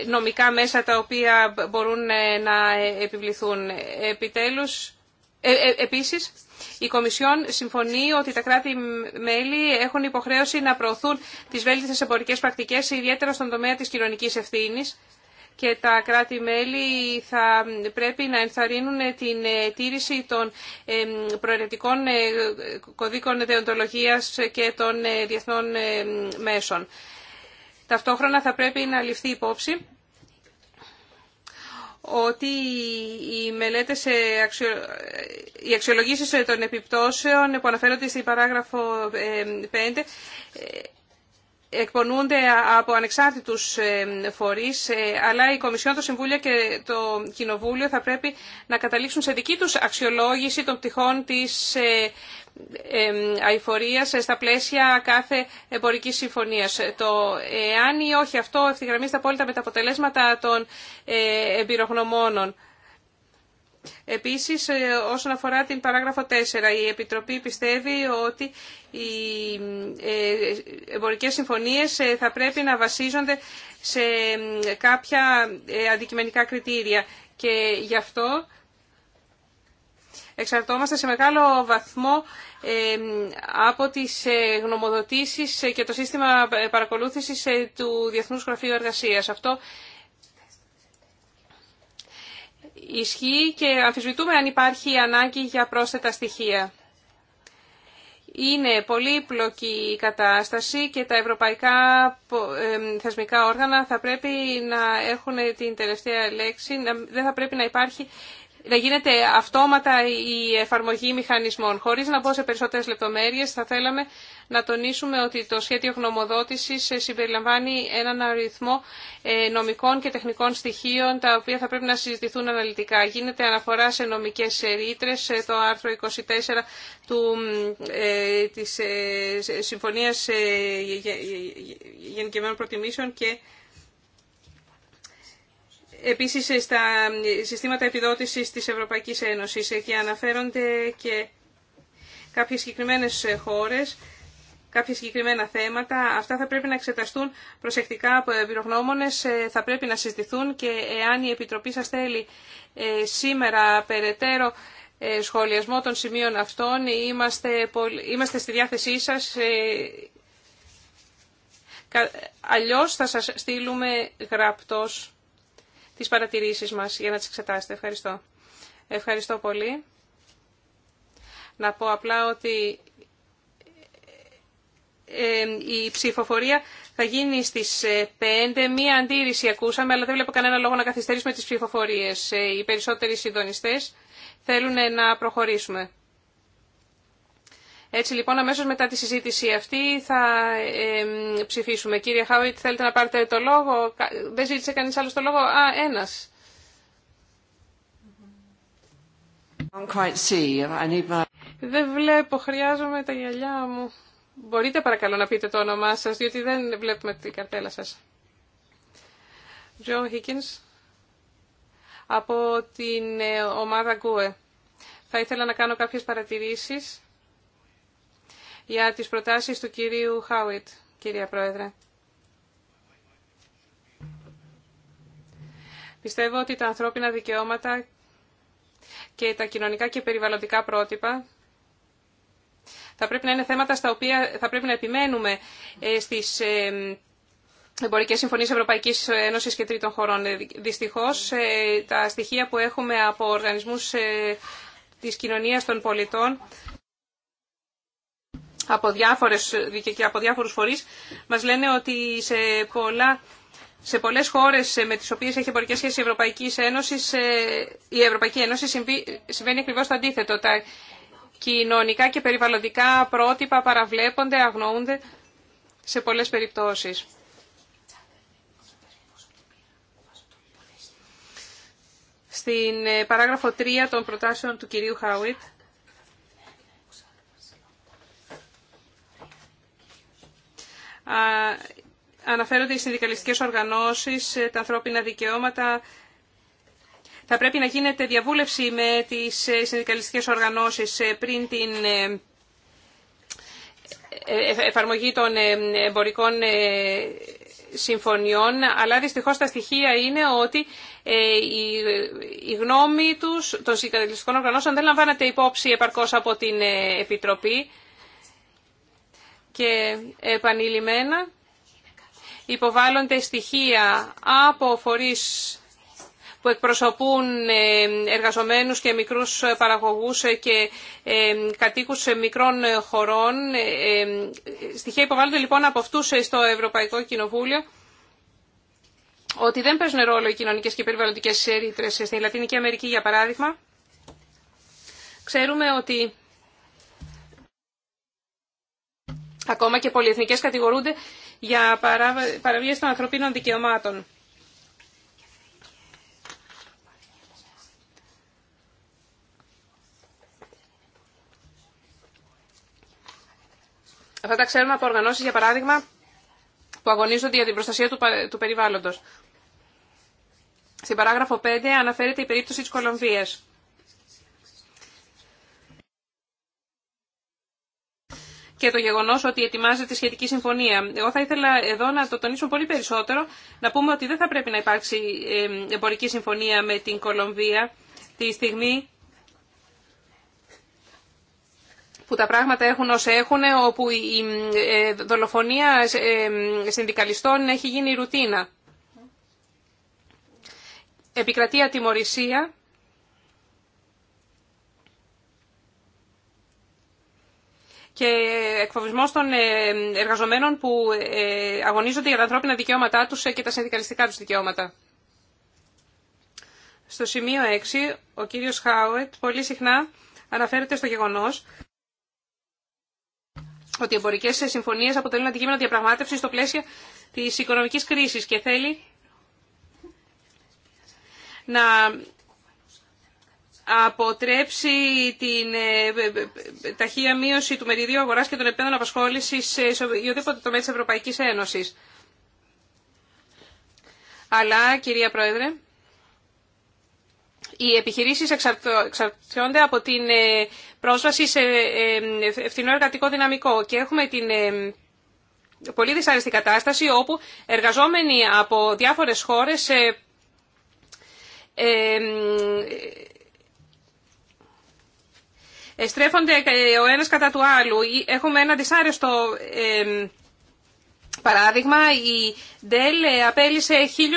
Speaker 4: νομικά μέσα τα οποία μπορούν να επιβληθούν. Επιτέλους, επίσης, η Κομισιόν συμφωνεί ότι τα κράτη-μέλη έχουν υποχρέωση να προωθούν τις βέλτιστες εμπορικές πρακτικές, ιδιαίτερα στον τομέα της κοινωνική ευθύνη και τα κράτη-μέλη θα πρέπει να ενθαρρύνουν την τήρηση των προαιρετικών ε, κωδίκων δεοντολογίας και των ε, διεθνών ε, μέσων. Ταυτόχρονα θα πρέπει να ληφθεί υπόψη ότι οι μελέτες, ε, οι αξιολογήσεις ε, των επιπτώσεων που αναφέρονται στην παράγραφο 5 ε, εκπονούνται από ανεξάρτητους φορείς, αλλά η Κομισιόν, το Συμβούλιο και το Κοινοβούλιο θα πρέπει να καταλήξουν σε δική τους αξιολόγηση των πτυχών της αηφορίας στα πλαίσια κάθε εμπορική συμφωνίας. Το εάν ή όχι αυτό ευθυγραμμίζεται απόλυτα με τα αποτελέσματα των ε, εμπειρογνωμόνων. Επίσης, ε, όσον αφορά την παράγραφο 4, η Επιτροπή πιστεύει ότι οι ε, εμπορικές συμφωνίες θα πρέπει να βασίζονται σε κάποια αντικειμενικά κριτήρια και γι' αυτό εξαρτώμαστε σε μεγάλο βαθμό από τις ε, γνωμοδοτήσεις και το σύστημα ε, παρακολούθησης ε, του Διεθνούς Γραφείου Εργασίας. Αυτό ισχύει και αμφισβητούμε αν υπάρχει ανάγκη για πρόσθετα στοιχεία. Είναι πολύπλοκη η κατάσταση και τα ευρωπαϊκά θεσμικά όργανα θα πρέπει να έχουν την τελευταία λέξη, δεν θα πρέπει να υπάρχει να γίνεται αυτόματα η εφαρμογή μηχανισμών. Χωρίς να μπω σε περισσότερες λεπτομέρειες, θα θέλαμε να τονίσουμε ότι το σχέδιο γνωμοδότησης ε, συμπεριλαμβάνει έναν αριθμό ε, νομικών και τεχνικών στοιχείων, τα οποία θα πρέπει να συζητηθούν αναλυτικά. Γίνεται αναφορά σε νομικές ρήτρες, ε, το άρθρο 24 του, ε, της Συμφωνίας ε, Προτιμήσεων και επίσης στα συστήματα επιδότησης της Ευρωπαϊκής Ένωσης εκεί αναφέρονται και κάποιες συγκεκριμένες χώρες, κάποια συγκεκριμένα θέματα. Αυτά θα πρέπει να εξεταστούν προσεκτικά από εμπειρογνώμονες, ε, θα πρέπει να συζητηθούν και εάν η Επιτροπή σας θέλει ε, σήμερα περαιτέρω ε, σχολιασμό των σημείων αυτών, είμαστε, είμαστε στη διάθεσή σας. Αλλιώς θα σας στείλουμε γραπτός τις παρατηρήσεις μας για να τις εξετάσετε. Ευχαριστώ. Ευχαριστώ πολύ. Να πω απλά ότι ε, ε, η ψηφοφορία θα γίνει στις 5. Ε, Μία αντίρρηση ακούσαμε, αλλά δεν βλέπω κανένα λόγο να καθυστερήσουμε τις ψηφοφορίες. Οι περισσότεροι συντονιστές θέλουν να προχωρήσουμε. Έτσι λοιπόν αμέσως μετά τη συζήτηση αυτή θα ψηφίσουμε. Κύριε Χάουιτ θέλετε να πάρετε το λόγο. Δεν ζήτησε κανείς άλλος το λόγο. Α, ένας.
Speaker 3: Δεν βλέπω, χρειάζομαι τα γυαλιά μου.
Speaker 4: Μπορείτε παρακαλώ να πείτε το όνομά σας, διότι δεν βλέπουμε την καρτέλα σας. Τζον Higgins από την ε, ομάδα Γκουε. Θα ήθελα να κάνω κάποιες παρατηρήσεις για τις προτάσεις του κυρίου Χάουιτ, κυρία Πρόεδρε. Πιστεύω ότι τα ανθρώπινα δικαιώματα και τα κοινωνικά και περιβαλλοντικά πρότυπα θα πρέπει να είναι θέματα στα οποία θα πρέπει να επιμένουμε ε, στις ε, εμπορικές συμφωνίες Ευρωπαϊκής Ένωσης και τρίτων χωρών. Ε, δυστυχώς, τα στοιχεία που έχουμε από οργανισμούς της κοινωνίας των πολιτών από, διάφορες, και από διάφορους φορείς μας λένε ότι σε, πολλά, σε πολλές χώρες με τις οποίες έχει εμπορικές σχέσεις η Ευρωπαϊκή Ένωση, η Ευρωπαϊκή Ένωση συμβαίνει ακριβώς το αντίθετο. Τα κοινωνικά και περιβαλλοντικά πρότυπα παραβλέπονται, αγνοούνται σε πολλές περιπτώσεις. Στην ε, παράγραφο 3 των προτάσεων του κυρίου Χάουιτ, αναφέρονται οι συνδικαλιστικές οργανώσεις, ε, τα ανθρώπινα δικαιώματα. Θα πρέπει να γίνεται διαβούλευση με τις ε, συνδικαλιστικές οργανώσεις ε, πριν την εφαρμογή των εμπορικών συμφωνιών, αλλά δυστυχώς τα στοιχεία είναι ότι η γνώμη τους των συνδικαλιστικών οργανώσεων δεν λαμβάνεται υπόψη επαρκώς από την Επιτροπή και επανειλημμένα υποβάλλονται στοιχεία από φορείς που εκπροσωπούν ε, εργαζομένους και μικρούς παραγωγούς και ε, κατοίκους μικρών χωρών. Ε, στοιχεία υποβάλλονται λοιπόν από αυτούς στο Ευρωπαϊκό Κοινοβούλιο ότι δεν παίζουν ρόλο οι κοινωνικές και περιβαλλοντικές ρήτρες στην Λατινική Αμερική για παράδειγμα. Ξέρουμε ότι Ακόμα και πολυεθνικές κατηγορούνται για παραβίαση των ανθρωπίνων δικαιωμάτων. Αυτά τα ξέρουμε από οργανώσεις, για παράδειγμα, που αγωνίζονται για την προστασία του, του περιβάλλοντος. Στην παράγραφο 5 αναφέρεται η περίπτωση της Κολομβίας. και το γεγονός ότι ετοιμάζεται σχετική συμφωνία. Εγώ θα ήθελα εδώ να το τονίσω πολύ περισσότερο, να πούμε ότι δεν θα πρέπει να υπάρξει εμπορική συμφωνία με την Κολομβία τη στιγμή που τα πράγματα έχουν όσο έχουν, όπου η ε, δολοφονία ε, συνδικαλιστών έχει γίνει ρουτίνα. Επικρατεί ατιμορρησία και εκφοβισμός των ε, εργαζομένων που ε, αγωνίζονται για τα ανθρώπινα δικαιώματά τους ε, και τα συνδικαλιστικά τους δικαιώματα. Στο σημείο 6, ο κύριος Χάουετ πολύ συχνά αναφέρεται στο γεγονός ότι οι εμπορικέ συμφωνίε αποτελούν αντικείμενο διαπραγμάτευση στο πλαίσιο τη οικονομική κρίση και θέλει να αποτρέψει την ε, ε, ε, ταχεία μείωση του μεριδίου αγοράς και των επένδων απασχόληση σε οποιοδήποτε τομέα τη Ευρωπαϊκής Ένωση. Αλλά, κυρία Πρόεδρε, οι επιχειρήσεις εξαρτιόνται από την πρόσβαση σε φθηνό εργατικό δυναμικό και έχουμε την πολύ δυσάρεστη κατάσταση όπου εργαζόμενοι από διάφορες χώρες ε, στρέφονται ε, ο ένας κατά του άλλου. Έχουμε ένα δυσάρεστο παράδειγμα. Η Dell ε, απέλησε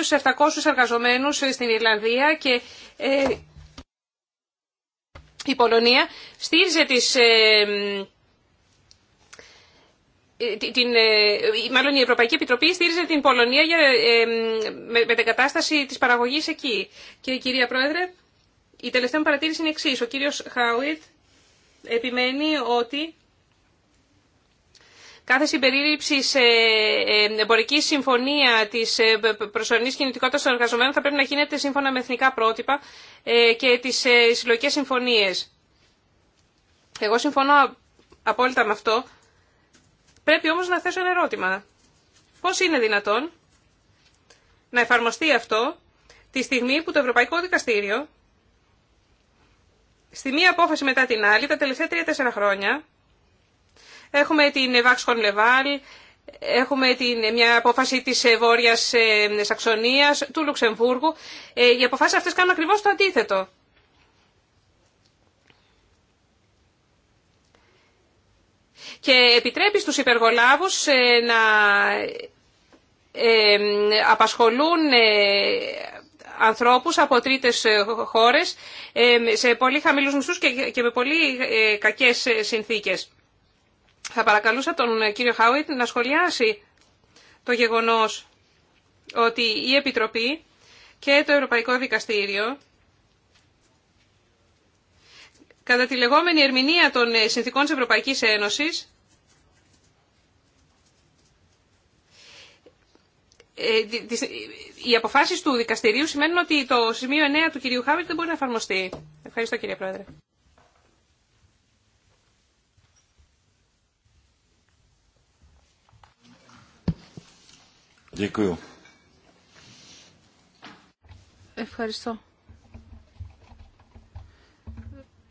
Speaker 4: 1.700 εργαζομένους στην Ιρλανδία και η Πολωνία στήριζε τις την, μάλλον η Ευρωπαϊκή Επιτροπή στήριζε την Πολωνία για, με, την κατάσταση της παραγωγής εκεί. Και κυρία Πρόεδρε, η τελευταία μου παρατήρηση είναι εξή. Ο κύριος Χάουιτ επιμένει ότι κάθε συμπερίληψη σε ε, εμπορική συμφωνία τη ε, προσωρινή κινητικότητα των εργαζομένων θα πρέπει να γίνεται σύμφωνα με εθνικά πρότυπα ε, και τι συλλογικέ συμφωνίε. Εγώ συμφωνώ απόλυτα με αυτό. Πρέπει όμως να θέσω ένα ερώτημα. Πώς είναι δυνατόν να εφαρμοστεί αυτό τη στιγμή που το Ευρωπαϊκό Δικαστήριο στη μία απόφαση μετά την άλλη, τα τελευταία τρία-τέσσερα χρόνια, έχουμε την Βάξχον Λεβάλ, Έχουμε την, μια απόφαση της ε, Βόρειας ε, Σαξονίας, του Λουξεμβούργου. Ε, οι αποφάσεις αυτές κάνουν ακριβώς το αντίθετο. Και επιτρέπει στους υπεργολάβους να απασχολούν ανθρώπους από τρίτες ε, χώρες ε, σε πολύ χαμηλούς μισθούς και με πολύ ε, κακές συνθήκες. Θα παρακαλούσα τον κύριο Χάουιτ να σχολιάσει το γεγονός ότι η Επιτροπή και το Ευρωπαϊκό Δικαστήριο κατά τη λεγόμενη ερμηνεία των συνθήκων της Ευρωπαϊκής Ένωσης Ε, οι αποφάσεις του δικαστηρίου σημαίνουν ότι το σημείο 9 του κυρίου Χάβερτ δεν μπορεί να εφαρμοστεί. Ευχαριστώ κύριε Πρόεδρε.
Speaker 1: Ευχαριστώ.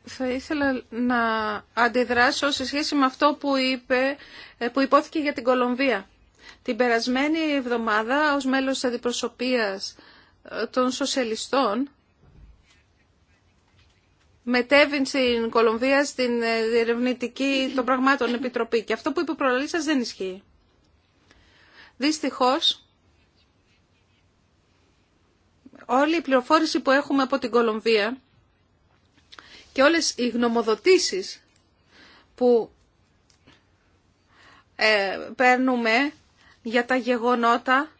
Speaker 1: Θα ήθελα να αντιδράσω σε σχέση με αυτό που, είπε, ε, που υπόθηκε για την Κολομβία. Την περασμένη εβδομάδα ως μέλος της αντιπροσωπείας ε, των σοσιαλιστών στην Κολομβία στην ε, διερευνητική των πραγμάτων επιτροπή. Και αυτό που είπε ο σα δεν ισχύει. Δυστυχώς, όλη η πληροφόρηση που έχουμε από την Κολομβία και όλες οι γνωμοδοτήσεις που ε, παίρνουμε για τα γεγονότα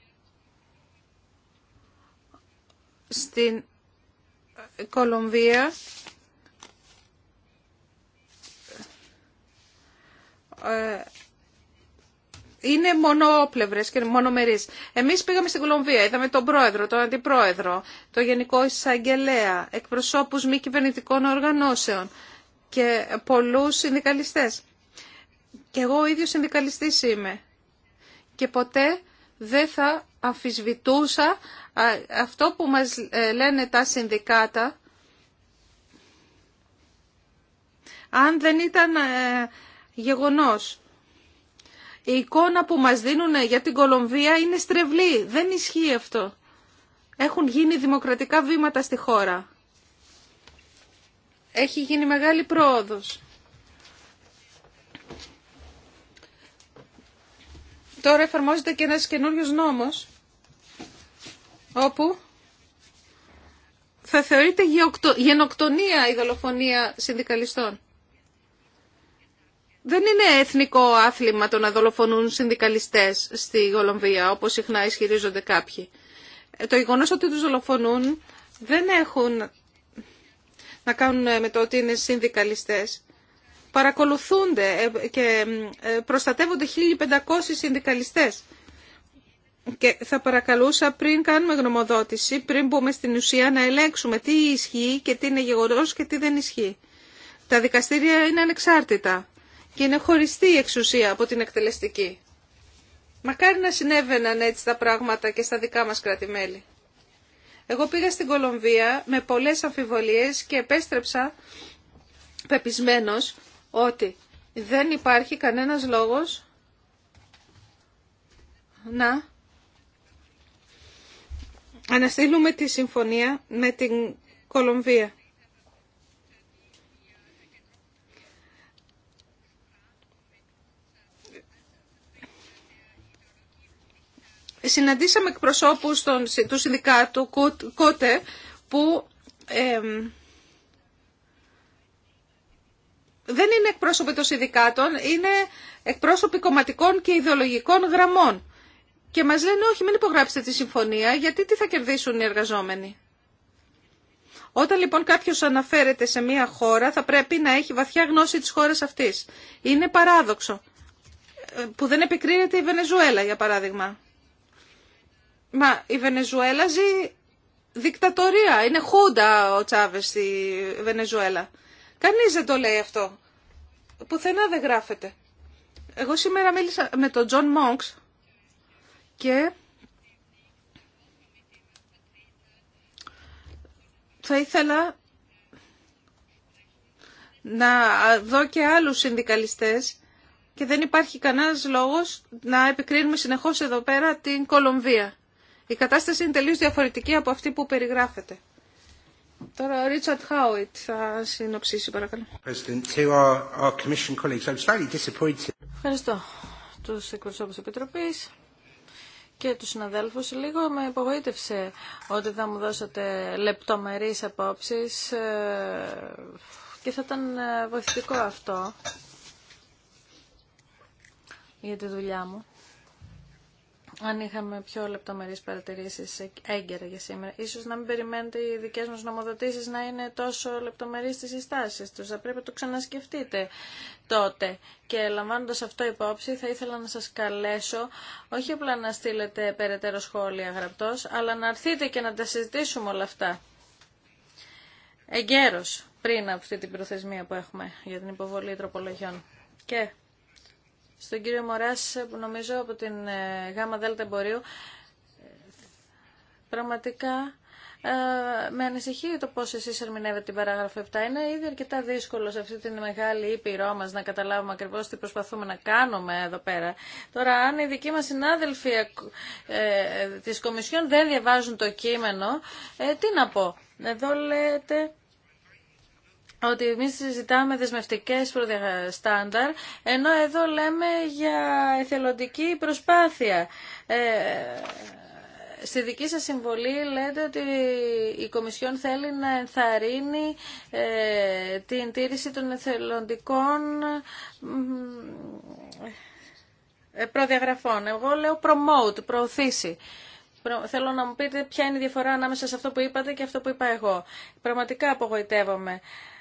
Speaker 1: στην Κολομβία ε, είναι μονόπλευρε και μονομερείς. Εμείς πήγαμε στην Κολομβία, είδαμε τον πρόεδρο, τον αντιπρόεδρο, το γενικό εισαγγελέα, εκπροσώπους μη κυβερνητικών οργανώσεων και πολλούς συνδικαλιστές. Και εγώ ο ίδιος συνδικαλιστής είμαι και ποτέ δεν θα αμφισβητούσα αυτό που μας ε, λένε τα συνδικάτα αν δεν ήταν ε, γεγονός. Η εικόνα που μας δίνουν ε, για την Κολομβία είναι στρεβλή. Δεν ισχύει αυτό. Έχουν γίνει δημοκρατικά βήματα στη χώρα. Έχει γίνει μεγάλη πρόοδος. Τώρα εφαρμόζεται και ένας καινούριος νόμος όπου θα θεωρείται γενοκτονία η δολοφονία συνδικαλιστών. Δεν είναι εθνικό άθλημα το να δολοφονούν συνδικαλιστές στη Γολομβία όπως συχνά ισχυρίζονται κάποιοι. Ε, το γεγονό ότι τους δολοφονούν δεν έχουν να κάνουν με το ότι είναι συνδικαλιστές παρακολουθούνται ε, και ε, προστατεύονται 1.500 συνδικαλιστές. Και θα παρακαλούσα πριν κάνουμε γνωμοδότηση, πριν μπούμε στην ουσία να ελέγξουμε τι ισχύει και τι είναι γεγονός και τι δεν ισχύει. Τα δικαστήρια είναι ανεξάρτητα και είναι χωριστή η εξουσία από την εκτελεστική. Μακάρι να συνέβαιναν έτσι τα πράγματα και στα δικά μας κρατη Εγώ πήγα στην Κολομβία με πολλές αμφιβολίες και επέστρεψα πεπισμένος ότι δεν υπάρχει κανένας λόγος να αναστείλουμε τη συμφωνία με την Κολομβία. Συναντήσαμε εκπροσώπους των, του Συνδικάτου Κότε που δεν είναι εκπρόσωποι των συνδικάτων, είναι εκπρόσωποι κομματικών και ιδεολογικών γραμμών. Και μας λένε όχι, μην υπογράψετε τη συμφωνία, γιατί τι θα κερδίσουν οι εργαζόμενοι. Όταν λοιπόν κάποιο αναφέρεται σε μια χώρα, θα πρέπει να έχει βαθιά γνώση της χώρας αυτής. Είναι παράδοξο. Ε, που δεν επικρίνεται η Βενεζουέλα, για παράδειγμα. Μα η Βενεζουέλα ζει δικτατορία. Είναι χούντα ο Τσάβε στη Βενεζουέλα. Κανείς δεν το λέει αυτό. Πουθενά δεν γράφεται. Εγώ σήμερα μίλησα με τον Τζον Μόγκ και θα ήθελα να δω και άλλους συνδικαλιστές και δεν υπάρχει κανένας λόγος να επικρίνουμε συνεχώς εδώ πέρα την Κολομβία. Η κατάσταση είναι τελείως διαφορετική από αυτή που περιγράφεται. Τώρα ο Ρίτσαρτ Χάουιτ θα συνοψίσει παρακαλώ.
Speaker 2: Ευχαριστώ τους εκπροσώπους Επίτροπή και του συναδέλφου λίγο με απογοήτευσε ότι θα μου δώσατε λεπτομερεί απόψει ε, και θα ήταν ε, βοηθητικό αυτό για τη δουλειά μου αν είχαμε πιο λεπτομερείς παρατηρήσεις έγκαιρα για σήμερα. Ίσως να μην περιμένετε οι δικές μας νομοδοτήσεις να είναι τόσο λεπτομερείς στις συστάσεις τους. Θα πρέπει να το ξανασκεφτείτε τότε. Και λαμβάνοντας αυτό υπόψη θα ήθελα να σας καλέσω όχι απλά να στείλετε περαιτέρω σχόλια γραπτός, αλλά να έρθετε και να τα συζητήσουμε όλα αυτά. Εγκαίρως πριν από αυτή την προθεσμία που έχουμε για την υποβολή τροπολογιών. Και στον κύριο Μωράς που νομίζω από την ε, ΓΑΜΑ ΔΕΛΤΑ Εμπορίου πραγματικά ε, με ανησυχεί το πώς εσείς ερμηνεύετε την παράγραφο 7. Είναι ήδη αρκετά δύσκολο σε αυτή τη μεγάλη ήπειρό μας να καταλάβουμε ακριβώς τι προσπαθούμε να κάνουμε εδώ πέρα. Τώρα, αν οι δικοί μας συνάδελφοι ε, ε της Κομισιόν δεν διαβάζουν το κείμενο, τι να πω. Εδώ λέτε ότι εμείς συζητάμε δεσμευτικές στάνταρ, ενώ εδώ λέμε για εθελοντική προσπάθεια. Ε, στη δική σας συμβολή λέτε ότι η Κομισιόν θέλει να ενθαρρύνει ε, την τήρηση των εθελοντικών ε, προδιαγραφών. Εγώ λέω promote, προωθήσει. Θέλω να μου πείτε ποια είναι η διαφορά ανάμεσα σε αυτό που είπατε και αυτό που είπα εγώ. Πραγματικά απογοητεύομαι.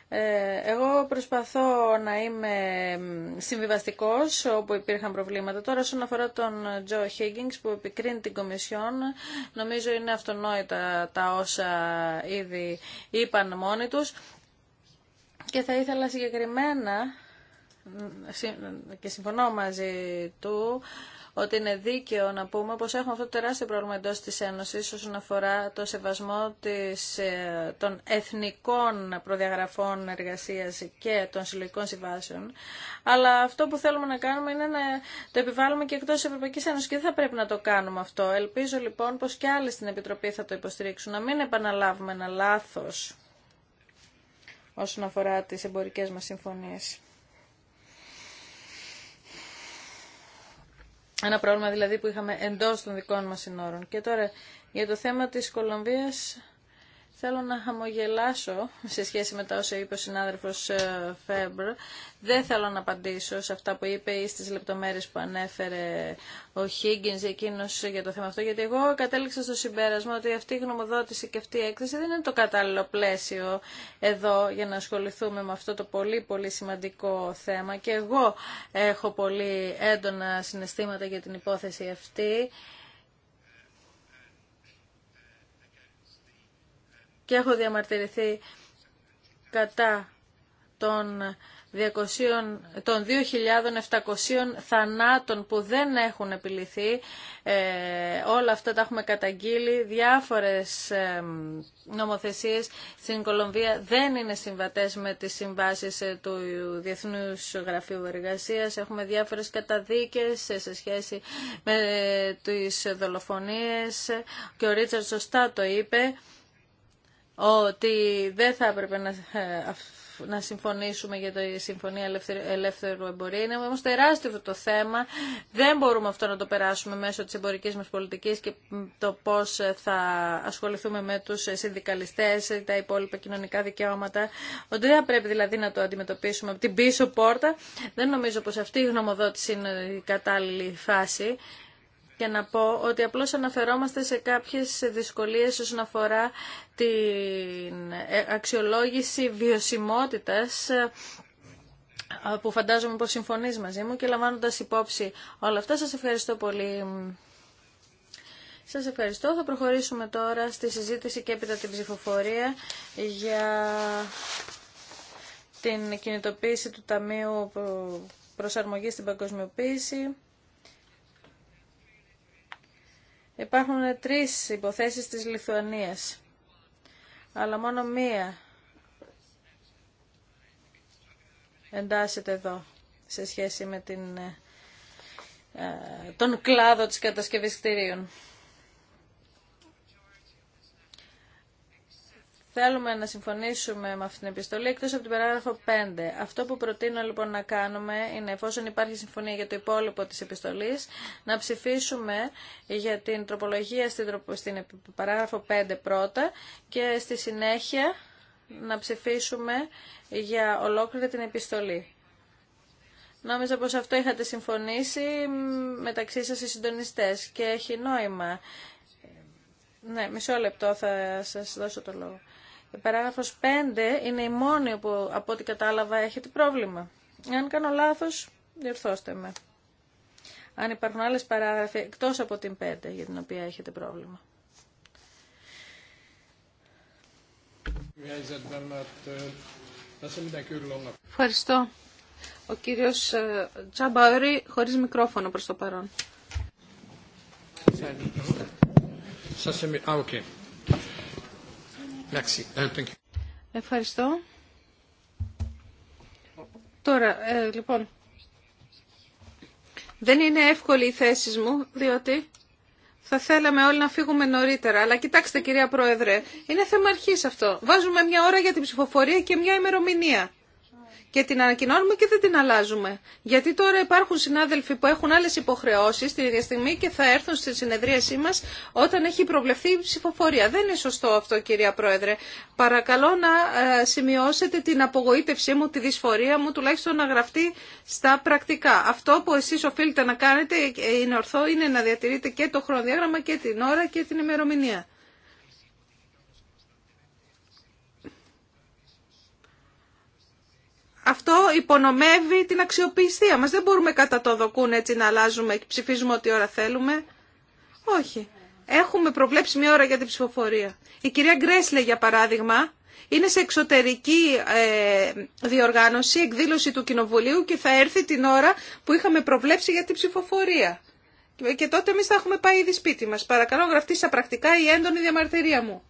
Speaker 2: Ε, εγώ προσπαθώ να είμαι συμβιβαστικός όπου υπήρχαν προβλήματα. Τώρα, όσον αφορά τον Τζο Higgins που επικρίνει την Κομισιόν, νομίζω είναι αυτονόητα τα όσα ήδη είπαν μόνοι τους. Και θα ήθελα συγκεκριμένα και συμφωνώ μαζί του ότι είναι δίκαιο να πούμε πως έχουμε αυτό το τεράστιο πρόβλημα εντός της Ένωσης όσον αφορά το σεβασμό της, ε, των εθνικών προδιαγραφών εργασίας και των συλλογικών συμβάσεων. Αλλά αυτό που θέλουμε να κάνουμε είναι να το επιβάλλουμε και εκτός της Ευρωπαϊκής Ένωσης και δεν θα πρέπει να το κάνουμε αυτό. Ελπίζω λοιπόν πως και άλλοι στην Επιτροπή θα το υποστηρίξουν, να μην επαναλάβουμε ένα λάθος όσον αφορά τις εμπορικές μας συμφωνίες. Ένα πρόβλημα δηλαδή που είχαμε εντός των δικών μας συνόρων. Και τώρα για το θέμα της Κολομβίας θέλω να χαμογελάσω σε σχέση με τα όσα είπε ο συνάδελφος ε, Φέμπρ. Δεν θέλω να απαντήσω σε αυτά που είπε ή στις λεπτομέρειες που ανέφερε ο Χίγκινς εκείνος για το θέμα αυτό, γιατί εγώ κατέληξα στο συμπέρασμα ότι αυτή η γνωμοδότηση και αυτή η έκθεση δεν είναι το κατάλληλο πλαίσιο εδώ για να ασχοληθούμε με αυτό το πολύ πολύ σημαντικό θέμα και εγώ έχω πολύ έντονα συναισθήματα για την υπόθεση αυτή. και έχω διαμαρτυρηθεί κατά των των 2.700 θανάτων που δεν έχουν επιληθεί. Ε, όλα αυτά τα έχουμε καταγγείλει. Διάφορες ε, νομοθεσίες στην Κολομβία δεν είναι συμβατές με τις συμβάσεις ε, του Διεθνούς Γραφείου Εργασίας. Έχουμε διάφορες καταδίκες ε, σε σχέση με τις δολοφονίες και ο Ρίτσαρτ σωστά το είπε ότι δεν θα έπρεπε να, ε, να συμφωνήσουμε για τη Συμφωνία Ελεύθερου Εμπορία. Είναι όμως τεράστιο το θέμα. Δεν μπορούμε αυτό να το περάσουμε μέσω της εμπορικής μας πολιτικής και το πώς ε, θα ασχοληθούμε με τους συνδικαλιστές, τα υπόλοιπα κοινωνικά δικαιώματα. Ότι δεν πρέπει δηλαδή να το αντιμετωπίσουμε από την πίσω πόρτα. Δεν νομίζω πως αυτή η γνωμοδότηση είναι η κατάλληλη φάση για να πω ότι απλώς αναφερόμαστε σε κάποιες δυσκολίες όσον αφορά την ε, αξιολόγηση βιωσιμότητας ε, που φαντάζομαι πως συμφωνείς μαζί μου και λαμβάνοντας υπόψη όλα αυτά σας ευχαριστώ πολύ. Σας ευχαριστώ. Θα προχωρήσουμε τώρα στη συζήτηση και έπειτα την ψηφοφορία για την κινητοποίηση του Ταμείου Προσαρμογής στην Παγκοσμιοποίηση. Υπάρχουν τρεις υποθέσεις της Λιθουανίας, αλλά μόνο μία εντάσσεται εδώ σε σχέση με την, ε, τον κλάδο της κατασκευής κτηρίων. Θέλουμε να συμφωνήσουμε με αυτή την επιστολή εκτός από την παράγραφο 5. Αυτό που προτείνω λοιπόν να κάνουμε είναι εφόσον υπάρχει συμφωνία για το υπόλοιπο της επιστολής να ψηφίσουμε για την τροπολογία στην, στην παράγραφο 5 πρώτα και στη συνέχεια να ψηφίσουμε για ολόκληρη την επιστολή. Νόμιζα πως αυτό είχατε συμφωνήσει μεταξύ σας οι συντονιστές και έχει νόημα. Ναι, μισό λεπτό θα σας δώσω το λόγο παράγραφος 5 είναι η μόνη που, από ό,τι κατάλαβα έχετε πρόβλημα. Αν κάνω λάθος, διορθώστε με. Αν υπάρχουν άλλες παράγραφοι εκτός από την 5 για την οποία έχετε πρόβλημα.
Speaker 1: Ευχαριστώ. Ο κύριος ε, Τσαμπαόρη χωρίς μικρόφωνο προς το παρόν.
Speaker 3: Ah, okay. Uh,
Speaker 1: Ευχαριστώ. Τώρα, ε, λοιπόν, δεν είναι εύκολη η θέση μου, διότι θα θέλαμε όλοι να φύγουμε νωρίτερα. Αλλά κοιτάξτε, κυρία Πρόεδρε, είναι θέμα αρχής αυτό. Βάζουμε μια ώρα για την ψηφοφορία και μια ημερομηνία και την ανακοινώνουμε και δεν την αλλάζουμε. Γιατί τώρα υπάρχουν συνάδελφοι που έχουν άλλε υποχρεώσει την ίδια στιγμή και θα έρθουν στη συνεδρίασή μα όταν έχει προβλεφθεί η ψηφοφορία. Δεν είναι σωστό αυτό κυρία Πρόεδρε. Παρακαλώ να ε, σημειώσετε την απογοήτευσή μου, τη δυσφορία μου, τουλάχιστον να γραφτεί στα πρακτικά. Αυτό που εσεί οφείλετε να κάνετε ε, είναι ορθό, είναι να διατηρείτε και το χρονοδιάγραμμα και την ώρα και την ημερομηνία. αυτό υπονομεύει την αξιοπιστία μας. Δεν μπορούμε κατά το δοκούν έτσι να αλλάζουμε και ψηφίζουμε ό,τι ώρα θέλουμε. Όχι. Έχουμε προβλέψει μια ώρα για την ψηφοφορία. Η κυρία Γκρέσλε, για παράδειγμα, είναι σε εξωτερική ε, διοργάνωση, εκδήλωση του Κοινοβουλίου και θα έρθει την ώρα που είχαμε προβλέψει για την ψηφοφορία. Και τότε εμεί θα έχουμε πάει ήδη σπίτι μας. Παρακαλώ γραφτεί στα πρακτικά η έντονη διαμαρτυρία μου.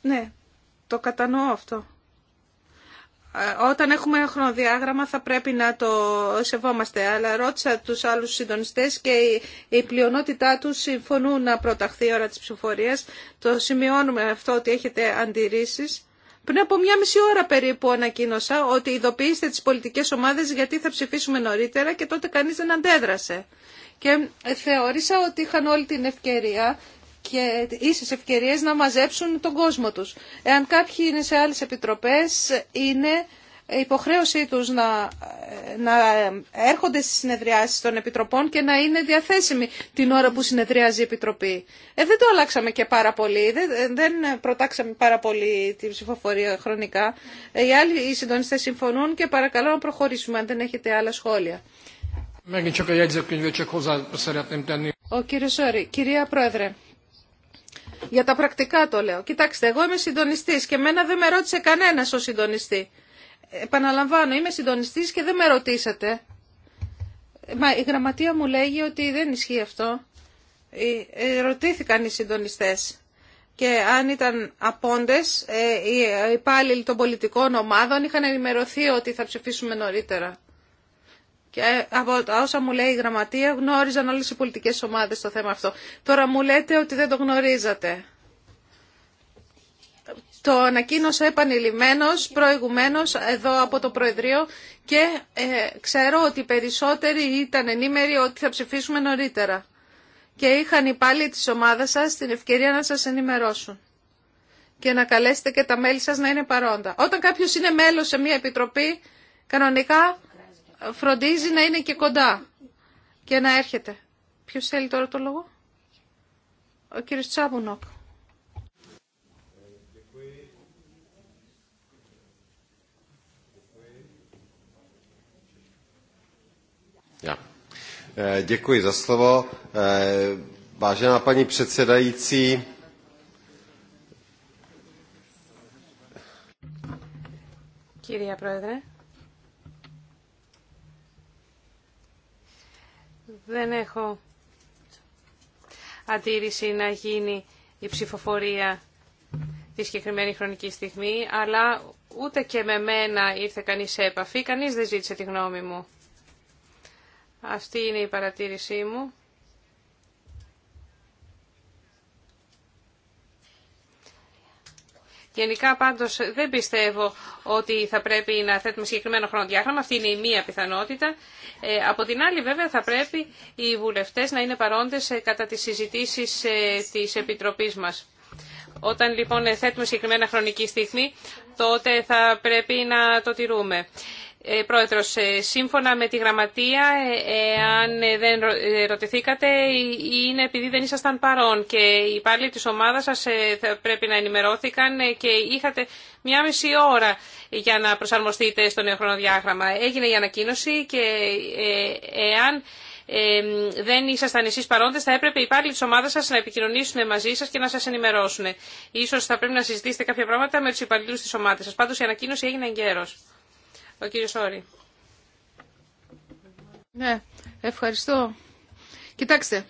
Speaker 1: Ναι. Το κατανοώ αυτό. Ε, όταν έχουμε ένα χρονοδιάγραμμα θα πρέπει να το σεβόμαστε. Αλλά ρώτησα τους άλλους συντονιστές και η πλειονότητά τους συμφωνούν να προταχθεί η ώρα της ψηφοφορίας. Το σημειώνουμε αυτό ότι έχετε αντιρρήσεις. Πριν από μια μισή ώρα περίπου ανακοίνωσα ότι ειδοποιήστε τις πολιτικές ομάδες γιατί θα ψηφίσουμε νωρίτερα και τότε κανείς δεν αντέδρασε. Και θεώρησα ότι είχαν όλη την ευκαιρία και ίσες ευκαιρίες να μαζέψουν τον κόσμο τους. Εάν κάποιοι είναι σε άλλες επιτροπές, είναι υποχρέωσή τους να, να έρχονται στις συνεδριάσεις των επιτροπών και να είναι διαθέσιμοι την ώρα που συνεδριάζει η Επιτροπή. Ε, δεν το αλλάξαμε και πάρα πολύ, δεν, προτάξαμε πάρα πολύ την ψηφοφορία χρονικά. Ε, οι άλλοι οι συντονιστές συμφωνούν και παρακαλώ να προχωρήσουμε αν δεν έχετε άλλα σχόλια. Ο κύριος Σόρη, κυρία Πρόεδρε. Για τα πρακτικά το λέω. Κοιτάξτε, εγώ είμαι συντονιστή και εμένα δεν με ρώτησε κανένα ο συντονιστή. Επαναλαμβάνω, είμαι συντονιστή και δεν με ρωτήσατε. Μα η γραμματεία μου λέγει ότι δεν ισχύει αυτό. Ε, ε, ρωτήθηκαν οι συντονιστέ. και αν ήταν απόντες, ε, οι υπάλληλοι των πολιτικών ομάδων είχαν ενημερωθεί ότι θα ψηφίσουμε νωρίτερα. Και ε, από τα όσα μου λέει η γραμματεία γνώριζαν όλες οι πολιτικές ομάδες το θέμα αυτό. Τώρα μου λέτε ότι δεν το γνωρίζατε. Το ανακοίνωσα επανειλημμένος, προηγουμένως, εδώ από το Προεδρείο και ε, ξέρω ότι οι περισσότεροι ήταν ενήμεροι ότι θα ψηφίσουμε νωρίτερα. Και είχαν οι πάλι της ομάδας σας την ευκαιρία να σας ενημερώσουν και να καλέσετε και τα μέλη σας να είναι παρόντα. Όταν κάποιος είναι μέλος σε μια επιτροπή, κανονικά φροντίζει να είναι και κοντά και να έρχεται. Ποιος θέλει τώρα το λόγο? Ο κύριος Τσάμπουνοκ.
Speaker 3: Κύριε eh, děkuji za slovo. Eh, vážená paní předsedající,
Speaker 4: Κυρία Πρόεδρε, Δεν έχω αντίρρηση να γίνει η ψηφοφορία τη συγκεκριμένη χρονική στιγμή, αλλά ούτε και με μένα ήρθε κανείς σε επαφή, κανείς δεν ζήτησε τη γνώμη μου. Αυτή είναι η παρατήρησή μου. Γενικά πάντως δεν πιστεύω ότι θα πρέπει να θέτουμε συγκεκριμένο χρονοδιάγραμμα. Αυτή είναι η μία πιθανότητα. Ε, από την άλλη βέβαια θα πρέπει οι βουλευτές να είναι παρόντες ε, κατά τις συζητήσεις ε, της Επιτροπής μας. Όταν λοιπόν θέτουμε συγκεκριμένα χρονική στιγμή, τότε θα πρέπει να το τηρούμε. Ε, πρόεδρος, ε, σύμφωνα με τη γραμματεία, αν ε, δεν ρωτηθήκατε, είναι επειδή δεν ήσασταν παρόν και οι υπάλληλοι της ομάδας σας πρέπει να ενημερώθηκαν και είχατε μία μισή ώρα για να προσαρμοστείτε στο νέο χρονοδιάγραμμα. Έγινε η ανακοίνωση και εάν δεν ήσασταν εσείς παρόντε, θα έπρεπε οι υπάλληλοι τη ομάδα σα να επικοινωνήσουν μαζί σα και να σα ενημερώσουν. Ίσως θα πρέπει να συζητήσετε κάποια πράγματα με του υπαλλήλου τη ομάδα. Σα Πάντω η ανακοίνωση έγινε εγκαίρω. Ο κύριος Όρη.
Speaker 1: Ναι, ευχαριστώ. Κοιτάξτε.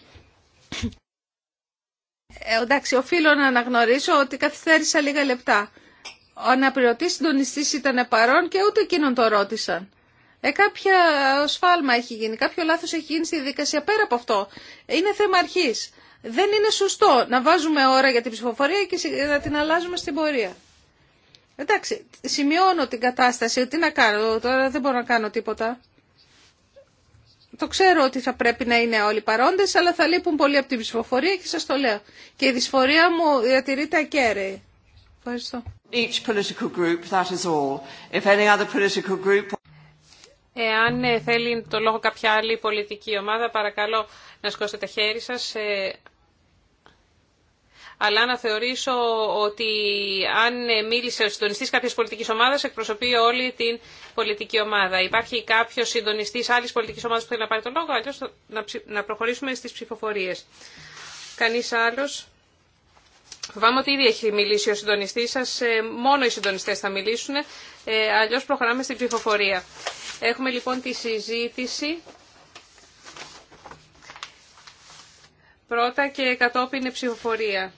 Speaker 1: Ε, εντάξει, οφείλω να αναγνωρίσω ότι καθυστέρησα λίγα λεπτά. Ο αναπληρωτής συντονιστή ήταν παρόν και ούτε εκείνον το ρώτησαν. Ε, κάποια σφάλμα έχει γίνει, κάποιο λάθος έχει γίνει στη δικασία πέρα από αυτό. Είναι θέμα αρχής. Δεν είναι σωστό να βάζουμε ώρα για την ψηφοφορία και να την αλλάζουμε στην πορεία. Εντάξει, σημειώνω την κατάσταση. Τι να κάνω, τώρα δεν μπορώ να κάνω τίποτα. Το ξέρω ότι θα πρέπει να είναι όλοι παρόντες, αλλά θα λείπουν πολύ από την ψηφοφορία και σας το λέω. Και η δυσφορία μου διατηρείται ακέραιη. Ευχαριστώ.
Speaker 3: Each political group, that is all. If any other political group...
Speaker 4: Εάν ε, θέλει το λόγο κάποια άλλη πολιτική ομάδα, παρακαλώ να σκόσετε τα χέρι σας. Ε, αλλά να θεωρήσω ότι αν μίλησε ο συντονιστή κάποια πολιτική ομάδα, εκπροσωπεί όλη την πολιτική ομάδα. Υπάρχει κάποιο συντονιστή άλλη πολιτική ομάδα που θέλει να πάρει τον λόγο, αλλιώ να προχωρήσουμε στι ψηφοφορίε. Κανεί άλλο. Φοβάμαι ότι ήδη έχει μιλήσει ο συντονιστή σα. Ε, μόνο οι συντονιστέ θα μιλήσουν. Ε, αλλιώ προχωράμε στην ψηφοφορία. Έχουμε λοιπόν τη συζήτηση. Πρώτα και κατόπιν ψηφοφορία.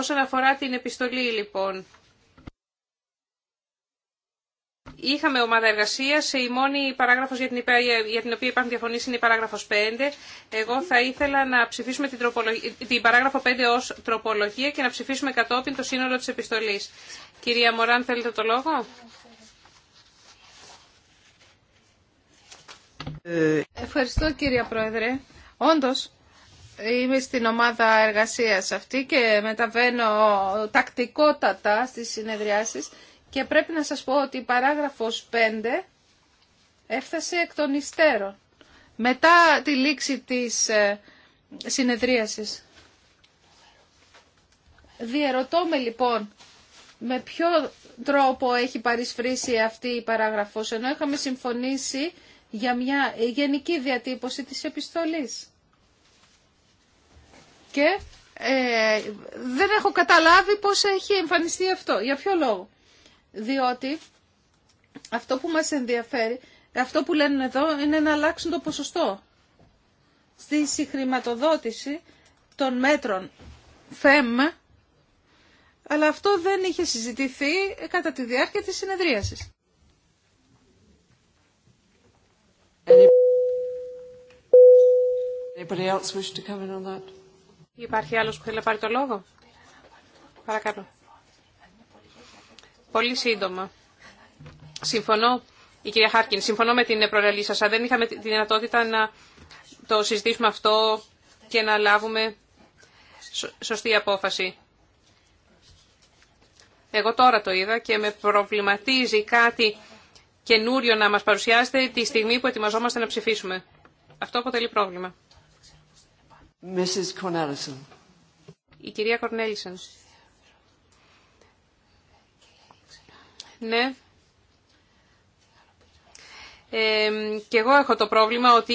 Speaker 4: Όσον αφορά την επιστολή λοιπόν, Είχαμε ομάδα εργασία. Η μόνη παράγραφο για, για την οποία υπάρχουν διαφωνίε είναι η παράγραφο 5. Εγώ θα ήθελα να ψηφίσουμε την, την παράγραφο 5 ω τροπολογία και να ψηφίσουμε κατόπιν το σύνολο τη επιστολή. Κυρία Μωράν, θέλετε το λόγο.
Speaker 3: Ε,
Speaker 1: Ευχαριστώ, κυρία Πρόεδρε. Όντως, Είμαι στην ομάδα εργασίας αυτή και μεταβαίνω τακτικότατα στις συνεδριάσεις και πρέπει να σας πω ότι η παράγραφος 5 έφτασε εκ των υστέρων μετά τη λήξη της ε, συνεδρίασης. Διερωτώ με λοιπόν με ποιο τρόπο έχει παρισφρήσει αυτή η παράγραφος ενώ είχαμε συμφωνήσει για μια γενική διατύπωση της επιστολής. Και ε, δεν έχω καταλάβει πώς έχει εμφανιστεί αυτό. Για ποιο λόγο. Διότι αυτό που μας ενδιαφέρει, αυτό που λένε εδώ είναι να αλλάξουν το ποσοστό στη συγχρηματοδότηση των μέτρων ΦΕΜ, e αλλά αυτό δεν είχε συζητηθεί κατά τη διάρκεια της συνεδρίασης.
Speaker 3: Anybody else wish to on
Speaker 4: that? Υπάρχει άλλος που θέλει να πάρει το λόγο. Παρακαλώ. Πολύ σύντομα. Συμφωνώ, η κυρία Χάρκιν, συμφωνώ με την προγραλή σας. Αν δεν είχαμε τη δυνατότητα να το συζητήσουμε αυτό και να λάβουμε σωστή απόφαση. Εγώ τώρα το είδα και με προβληματίζει κάτι καινούριο να μας παρουσιάσετε τη στιγμή που ετοιμαζόμαστε να ψηφίσουμε. Αυτό αποτελεί πρόβλημα. Η κυρία Κορνέλισον. Ναι. Ε, και εγώ έχω το πρόβλημα ότι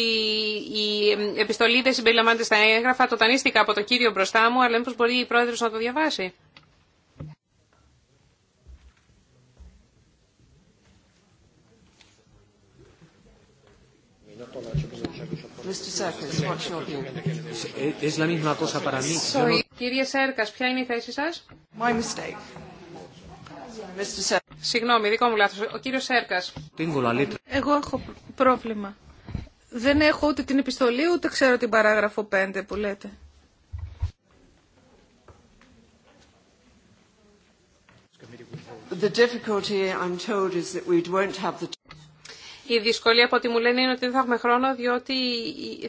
Speaker 4: η επιστολή δεν συμπεριλαμβάνεται στα έγγραφα. Το τανίστηκα από το κύριο μπροστά μου, αλλά μήπως μπορεί η πρόεδρος να το διαβάσει.
Speaker 3: Ναι. Ε,
Speaker 4: Κύριε Σέρκας, ποια είναι η θέση σας? My mistake. Mr. Συγγνώμη, δικό μου λάθος. Ο κύριος Σέρκας. Εγώ έχω
Speaker 1: πρόβλημα. Δεν έχω ούτε την επιστολή, ούτε ξέρω την παράγραφο 5 που λέτε.
Speaker 3: The difficulty, I'm told, is that we won't have the
Speaker 4: η δυσκολία από ό,τι μου λένε είναι ότι δεν θα έχουμε χρόνο, διότι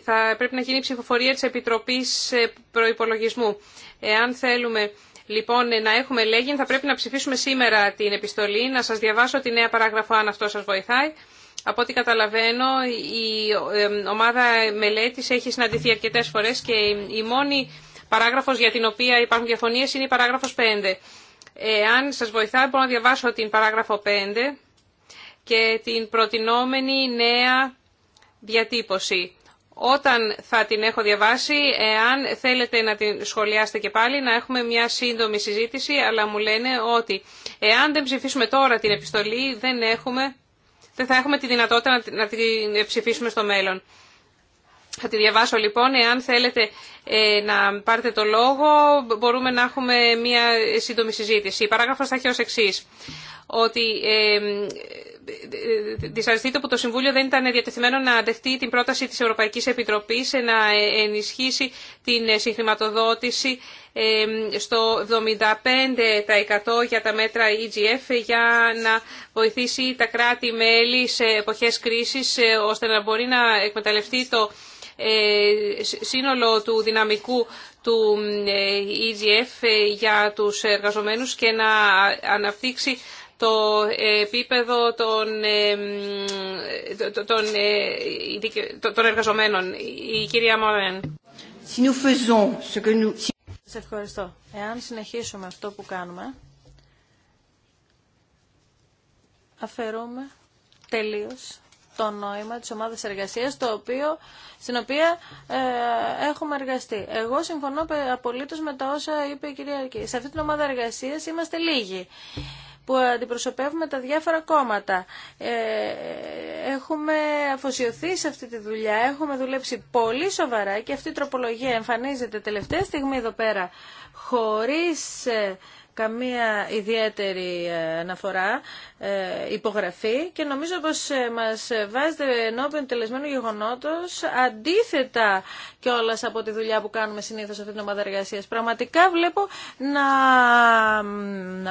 Speaker 4: θα πρέπει να γίνει η ψηφοφορία της Επιτροπής ε, Προϋπολογισμού. Εάν θέλουμε λοιπόν να έχουμε λέγει, θα πρέπει να ψηφίσουμε σήμερα την επιστολή, να σας διαβάσω τη νέα παράγραφο αν αυτό σας βοηθάει. Από ό,τι καταλαβαίνω, η ε, ομάδα μελέτης έχει συναντηθεί αρκετές φορές και η μόνη παράγραφος για την οποία υπάρχουν διαφωνίες είναι η παράγραφος 5. Εάν σας βοηθάει, μπορώ να διαβάσω την παράγραφο 5 και την προτινόμενη νέα διατύπωση. Όταν θα την έχω διαβάσει, εάν θέλετε να την σχολιάσετε και πάλι, να έχουμε μια σύντομη συζήτηση, αλλά μου λένε ότι εάν δεν ψηφίσουμε τώρα την επιστολή, δεν, έχουμε, θα έχουμε τη δυνατότητα να την ψηφίσουμε στο μέλλον. Θα τη διαβάσω λοιπόν. Εάν θέλετε ε, να πάρετε το λόγο, μπορούμε να έχουμε μία σύντομη συζήτηση. Η παράγραφος θα έχει ως εξής, ότι ε, δυσαρεστείτε που το Συμβούλιο δεν ήταν διατεθειμένο να δεχτεί την πρόταση της Ευρωπαϊκής Επιτροπής ε, να ε, ενισχύσει την ε, συγχρηματοδότηση στο 75% για τα μέτρα EGF για να βοηθήσει τα κράτη-μέλη σε εποχές κρίσης ώστε να μπορεί να εκμεταλλευτεί το σύνολο του δυναμικού του EGF για τους εργαζομένους και να αναπτύξει το επίπεδο των, ε, των, εργαζομένων. Η κυρία Μορέν.
Speaker 2: Σας ευχαριστώ. Εάν συνεχίσουμε αυτό που κάνουμε, αφαιρούμε τελείως το νόημα της ομάδας εργασίας το οποίο, στην οποία ε, έχουμε εργαστεί. Εγώ συμφωνώ απολύτως με τα όσα είπε η κυρία Αρκή. Σε αυτή την ομάδα εργασίας είμαστε λίγοι που αντιπροσωπεύουμε τα διάφορα κόμματα. Ε, έχουμε αφοσιωθεί σε αυτή τη δουλειά, έχουμε δουλέψει πολύ σοβαρά και αυτή η τροπολογία εμφανίζεται τελευταία στιγμή εδώ πέρα χωρίς ε, καμία ιδιαίτερη ε, αναφορά, ε, υπογραφή και νομίζω πως ε, μας βάζετε ενώπιον τελεσμένου γεγονότος αντίθετα κιόλα από τη δουλειά που κάνουμε συνήθως αυτή την ομάδα εργασίας. Πραγματικά βλέπω να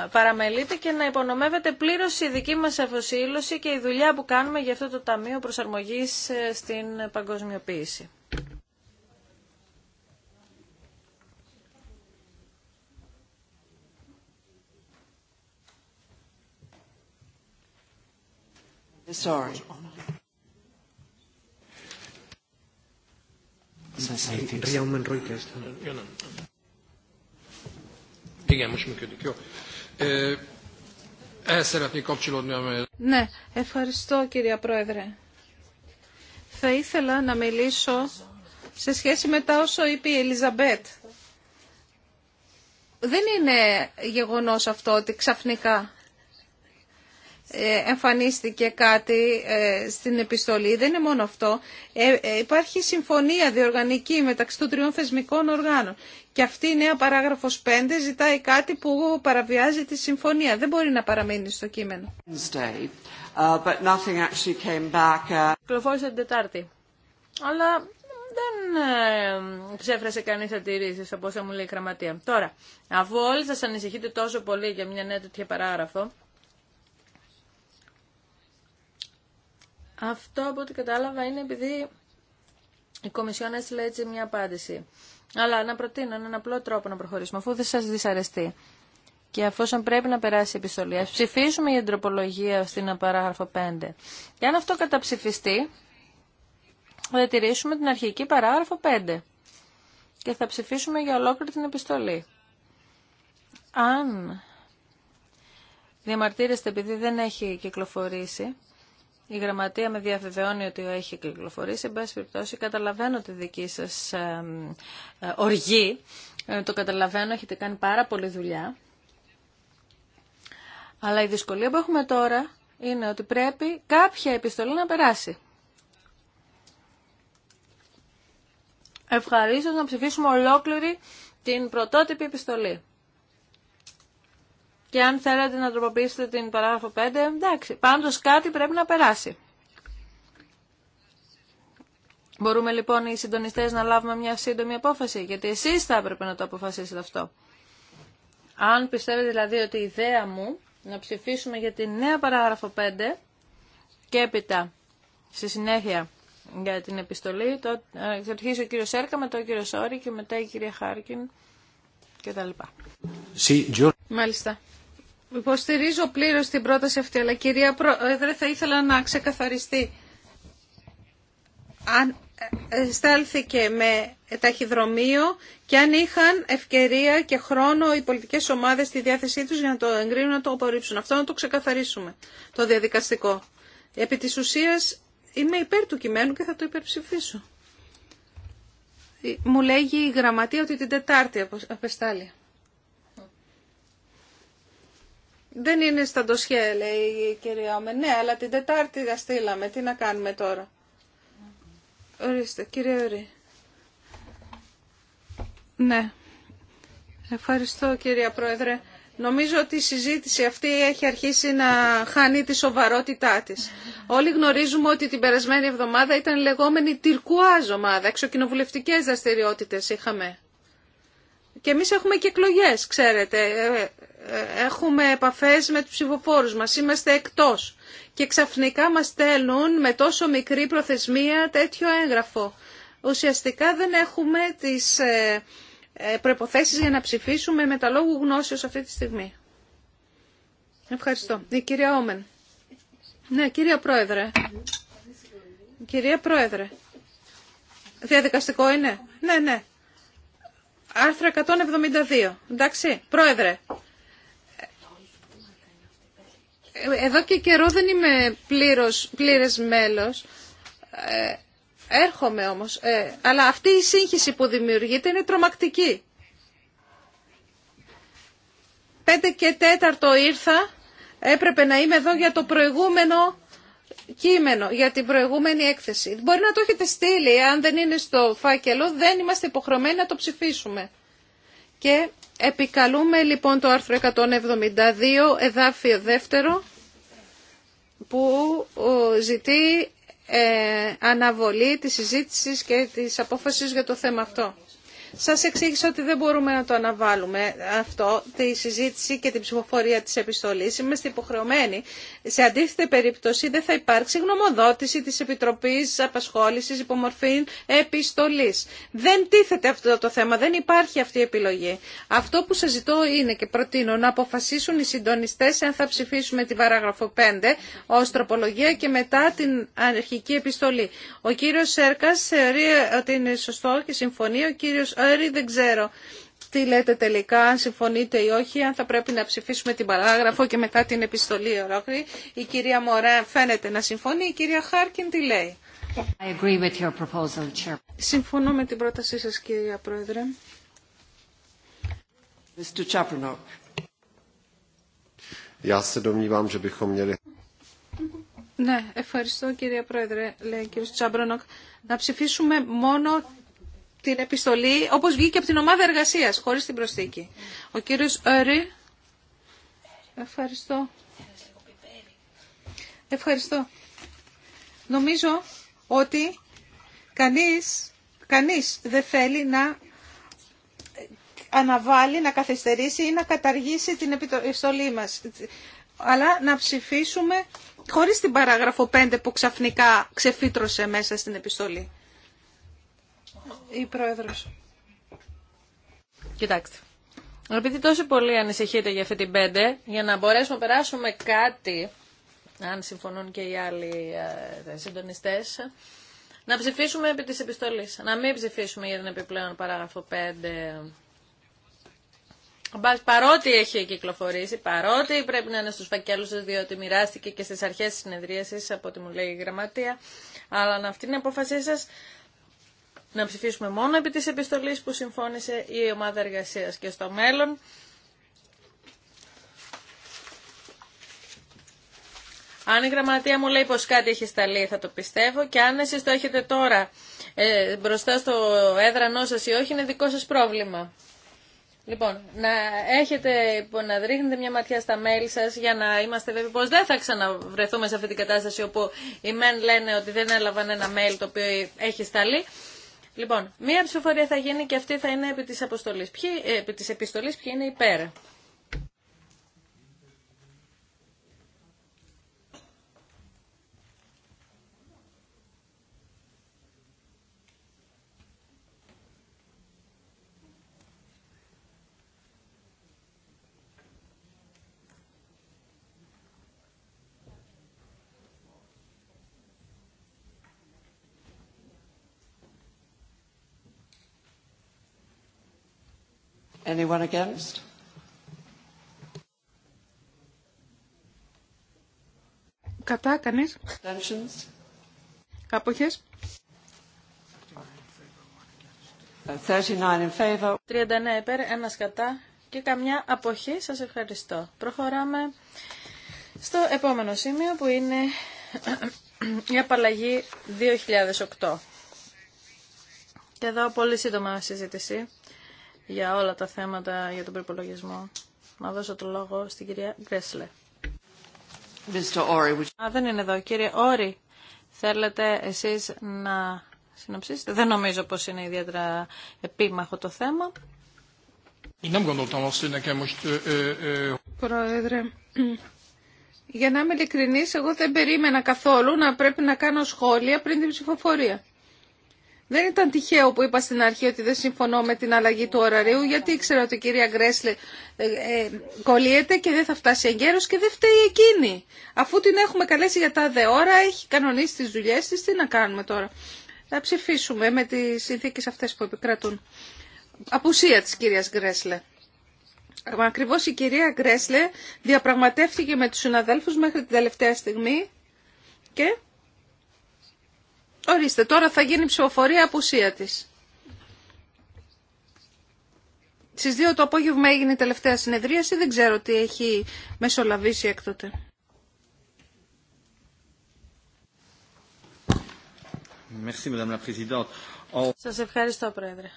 Speaker 2: παραμελείτε και να υπονομεύεται πλήρως η δική μας αφοσίλωση και η δουλειά που κάνουμε για αυτό το Ταμείο Προσαρμογής στην Παγκοσμιοποίηση.
Speaker 1: Ναι, ευχαριστώ κύριε Πρόεδρε. Θα ήθελα να μιλήσω σε σχέση με τα όσο είπε η Ελιζαμπέτ. Δεν είναι γεγονός αυτό ότι ξαφνικά ε, εμφανίστηκε κάτι ε, στην επιστολή. Δεν είναι μόνο αυτό. Ε, υπάρχει συμφωνία διοργανική μεταξύ των τριών θεσμικών οργάνων. Και αυτή η νέα παράγραφος 5 ζητάει κάτι που παραβιάζει τη συμφωνία.
Speaker 2: Δεν μπορεί να παραμείνει στο κείμενο.
Speaker 3: Uh, uh,
Speaker 2: Κυκλοφόρησε την Τετάρτη. Αλλά δεν ξέφρασε κανεί αντιρρήσει, όπω μου λέει η Γραμματεία. Τώρα, αφού όλοι σα ανησυχείτε τόσο πολύ για μια νέα τέτοια παράγραφο, Αυτό από ό,τι κατάλαβα είναι επειδή η Κομισιόν έστειλε έτσι μια απάντηση. Αλλά να προτείνω έναν απλό τρόπο να προχωρήσουμε, αφού δεν σα δυσαρεστεί. Και αφόσον πρέπει να περάσει η επιστολή, α ψηφίσουμε για την τροπολογία στην παράγραφο 5. Και αν αυτό καταψηφιστεί, θα τηρήσουμε την αρχική παράγραφο 5 και θα ψηφίσουμε για ολόκληρη την επιστολή. Αν διαμαρτύρεστε επειδή δεν έχει κυκλοφορήσει, η γραμματεία με διαβεβαιώνει ότι έχει κυκλοφορήσει. Εν πάση περιπτώσει, καταλαβαίνω τη δική σας ε, οργή. Ε, το καταλαβαίνω, έχετε κάνει πάρα πολλή δουλειά. Αλλά η δυσκολία που έχουμε τώρα είναι ότι πρέπει κάποια επιστολή να περάσει. Ευχαρίστω να ψηφίσουμε ολόκληρη την πρωτότυπη επιστολή. Και αν θέλετε να τροποποιήσετε την παράγραφο 5, εντάξει, πάντως κάτι πρέπει να περάσει. Μπορούμε λοιπόν οι συντονιστές να λάβουμε μια σύντομη απόφαση, γιατί εσείς θα έπρεπε να το αποφασίσετε αυτό. Αν πιστεύετε δηλαδή ότι η ιδέα μου να ψηφίσουμε για τη νέα παράγραφο 5 και έπειτα στη συνέχεια για την επιστολή, το, ε, θα αρχίσει ο κύριο Σέρκα, μετά ο κύριο Σόρη και μετά η κυρία Χάρκιν κτλ. Μάλιστα.
Speaker 1: Υποστηρίζω πλήρως την πρόταση αυτή, αλλά κυρία Πρόεδρε θα ήθελα να ξεκαθαριστεί. Αν ε, ε, στάλθηκε με ταχυδρομείο και αν είχαν ευκαιρία και χρόνο οι πολιτικές ομάδες στη διάθεσή τους για να το εγκρίνουν, να το απορρίψουν. Αυτό να το ξεκαθαρίσουμε, το διαδικαστικό. Επί της ουσίας είμαι υπέρ του κειμένου και θα το υπερψηφίσω. Μου λέγει η γραμματεία ότι την Τετάρτη απεστάλλει. Δεν είναι στα ντοσιέ, λέει η κυρία Όμεν. Ναι, αλλά την Τετάρτη τα στείλαμε. Τι να κάνουμε τώρα. Ορίστε, κύριε Ωρή. Ναι. Ευχαριστώ, κυρία Πρόεδρε. Νομίζω ότι η συζήτηση αυτή έχει αρχίσει να χάνει τη σοβαρότητά της. Όλοι γνωρίζουμε ότι την περασμένη εβδομάδα ήταν λεγόμενη τυρκουάζ ομάδα, εξοκοινοβουλευτικές δραστηριότητες είχαμε. Και εμείς έχουμε και εκλογέ, ξέρετε. Ε, ε, έχουμε επαφές με τους ψηφοφόρους μας, είμαστε εκτός και ξαφνικά μας στέλνουν με τόσο μικρή προθεσμία τέτοιο έγγραφο. Ουσιαστικά δεν έχουμε τις ε, ε, προϋποθέσεις για να ψηφίσουμε με τα λόγου γνώσεως αυτή τη στιγμή. Ευχαριστώ. Η κυρία Όμεν. Ναι, κυρία Πρόεδρε. Κυρία Πρόεδρε. Διαδικαστικό είναι. Ναι, ναι. Άρθρο 172. Εντάξει, Πρόεδρε εδώ και καιρό δεν είμαι πλήρως, πλήρες μέλος. Ε, έρχομαι όμως. Ε, αλλά αυτή η σύγχυση που δημιουργείται είναι τρομακτική. Πέντε και τέταρτο ήρθα. Έπρεπε να είμαι εδώ για το προηγούμενο κείμενο, για την προηγούμενη έκθεση. Μπορεί να το έχετε στείλει. Αν δεν είναι στο φάκελο δεν είμαστε υποχρεωμένοι να το ψηφίσουμε. Και Επικαλούμε λοιπόν το άρθρο 172 εδάφιο δεύτερο που ζητεί ε, αναβολή της συζήτησης και της απόφασης για το θέμα αυτό. Σας εξήγησα ότι δεν μπορούμε να το αναβάλουμε αυτό, τη συζήτηση και την ψηφοφορία της επιστολής. Είμαστε υποχρεωμένοι. Σε αντίθετη περίπτωση δεν θα υπάρξει γνωμοδότηση της Επιτροπής Απασχόλησης υπομορφή επιστολής. Δεν τίθεται αυτό το θέμα, δεν υπάρχει αυτή η επιλογή. Αυτό που σας ζητώ είναι και προτείνω να αποφασίσουν οι συντονιστές αν θα ψηφίσουμε την παράγραφο 5 ως τροπολογία και μετά την αρχική επιστολή. Ο κύριος Σέρκας θεωρεί ότι είναι σωστό και συμφωνεί. Ο κύριος Άρη δεν ξέρω τι λέτε τελικά, αν συμφωνείτε ή όχι, αν θα πρέπει να ψηφίσουμε την παράγραφο και μετά την επιστολή ολόκληρη. Η κυρία Μωρέ φαίνεται να συμφωνεί, η κυρία Χάρκιν τι λέει. Συμφωνώ με
Speaker 3: την πρότασή σας, κυρία Πρόεδρε. se domnívám, že bychom
Speaker 1: Ναι, ευχαριστώ κύριε Πρόεδρε, λέει ο κύριος Τσάμπρονοκ. Να ψηφίσουμε μόνο την επιστολή όπως βγήκε από την ομάδα εργασίας, χωρίς την προσθήκη. Ο κύριος Έρι Ευχαριστώ. Ευχαριστώ. Νομίζω ότι κανείς, κανείς δεν θέλει να αναβάλει, να καθυστερήσει ή να καταργήσει την επιστολή μας. Αλλά να ψηφίσουμε χωρίς την παράγραφο 5 που ξαφνικά ξεφύτρωσε
Speaker 2: μέσα στην επιστολή η Πρόεδρος. Κοιτάξτε. Επειδή τόσο πολύ ανησυχείτε για αυτή την πέντε, για να μπορέσουμε να περάσουμε κάτι, αν συμφωνούν και οι άλλοι ε, συντονιστέ, να ψηφίσουμε επί της επιστολής. Να μην ψηφίσουμε για την επιπλέον παράγραφο 5 Παρότι έχει κυκλοφορήσει, παρότι πρέπει να είναι στους φακέλους σας, διότι μοιράστηκε και στις αρχές της συνεδρίασης από ό,τι μου λέει η γραμματεία, αλλά αυτή είναι η απόφασή σας, να ψηφίσουμε μόνο επί της επιστολής που συμφώνησε η ομάδα εργασίας και στο μέλλον. Αν η γραμματεία μου λέει πως κάτι έχει σταλεί θα το πιστεύω και αν εσείς το έχετε τώρα ε, μπροστά στο έδρανό σας ή όχι είναι δικό σας πρόβλημα. Λοιπόν, να έχετε, να ρίχνετε μια ματιά στα mail σας για να είμαστε βέβαιοι πως δεν θα ξαναβρεθούμε σε αυτή την κατάσταση όπου οι μεν λένε ότι δεν έλαβαν ένα mail το οποίο έχει σταλεί Λοιπόν, μία ψηφοφορία θα γίνει και αυτή θα είναι επί της, αποστολής. Ποιοι, ε, επί της επιστολής ποιοι είναι υπέρ.
Speaker 3: Anyone against? Κατά κανείς. Abstentions.
Speaker 2: Αποχές. 39 uh, in favor. 39 υπέρ, ένας κατά και καμιά αποχή. Σας ευχαριστώ. Προχωράμε στο επόμενο σημείο που είναι η απαλλαγή 2008. Και εδώ πολύ σύντομα συζήτηση για όλα τα θέματα για τον προπολογισμό. Να δώσω το λόγο στην κυρία Γκρέσλε. Α, δεν είναι εδώ. Κύριε Όρη, θέλετε εσείς να συνοψίσετε. Δεν νομίζω πως είναι ιδιαίτερα επίμαχο το θέμα.
Speaker 3: Ε, ε, ε,
Speaker 2: Πρόεδρε,
Speaker 1: για να είμαι ειλικρινής, εγώ δεν περίμενα καθόλου να πρέπει να κάνω σχόλια πριν την ψηφοφορία. Δεν ήταν τυχαίο που είπα στην αρχή ότι δεν συμφωνώ με την αλλαγή του ωραρίου, γιατί ήξερα ότι η κυρία Γκρέσλε ε, ε και δεν θα φτάσει εγκαίρως και δεν φταίει εκείνη. Αφού την έχουμε καλέσει για τα δε ώρα, έχει κανονίσει τι δουλειέ, τη, τι να κάνουμε τώρα. Θα ψηφίσουμε με τι συνθήκε αυτέ που επικρατούν. Απουσία τη κυρία Γκρέσλε. Ακριβώ η κυρία Γκρέσλε διαπραγματεύτηκε με του συναδέλφου μέχρι την τελευταία στιγμή και Ορίστε, τώρα θα γίνει ψηφοφορία απουσία της. Στις 2 το απόγευμα έγινε η τελευταία συνεδρίαση, δεν ξέρω τι έχει μεσολαβήσει
Speaker 2: εκ τότε. Oh. Σας ευχαριστώ, Πρόεδρε.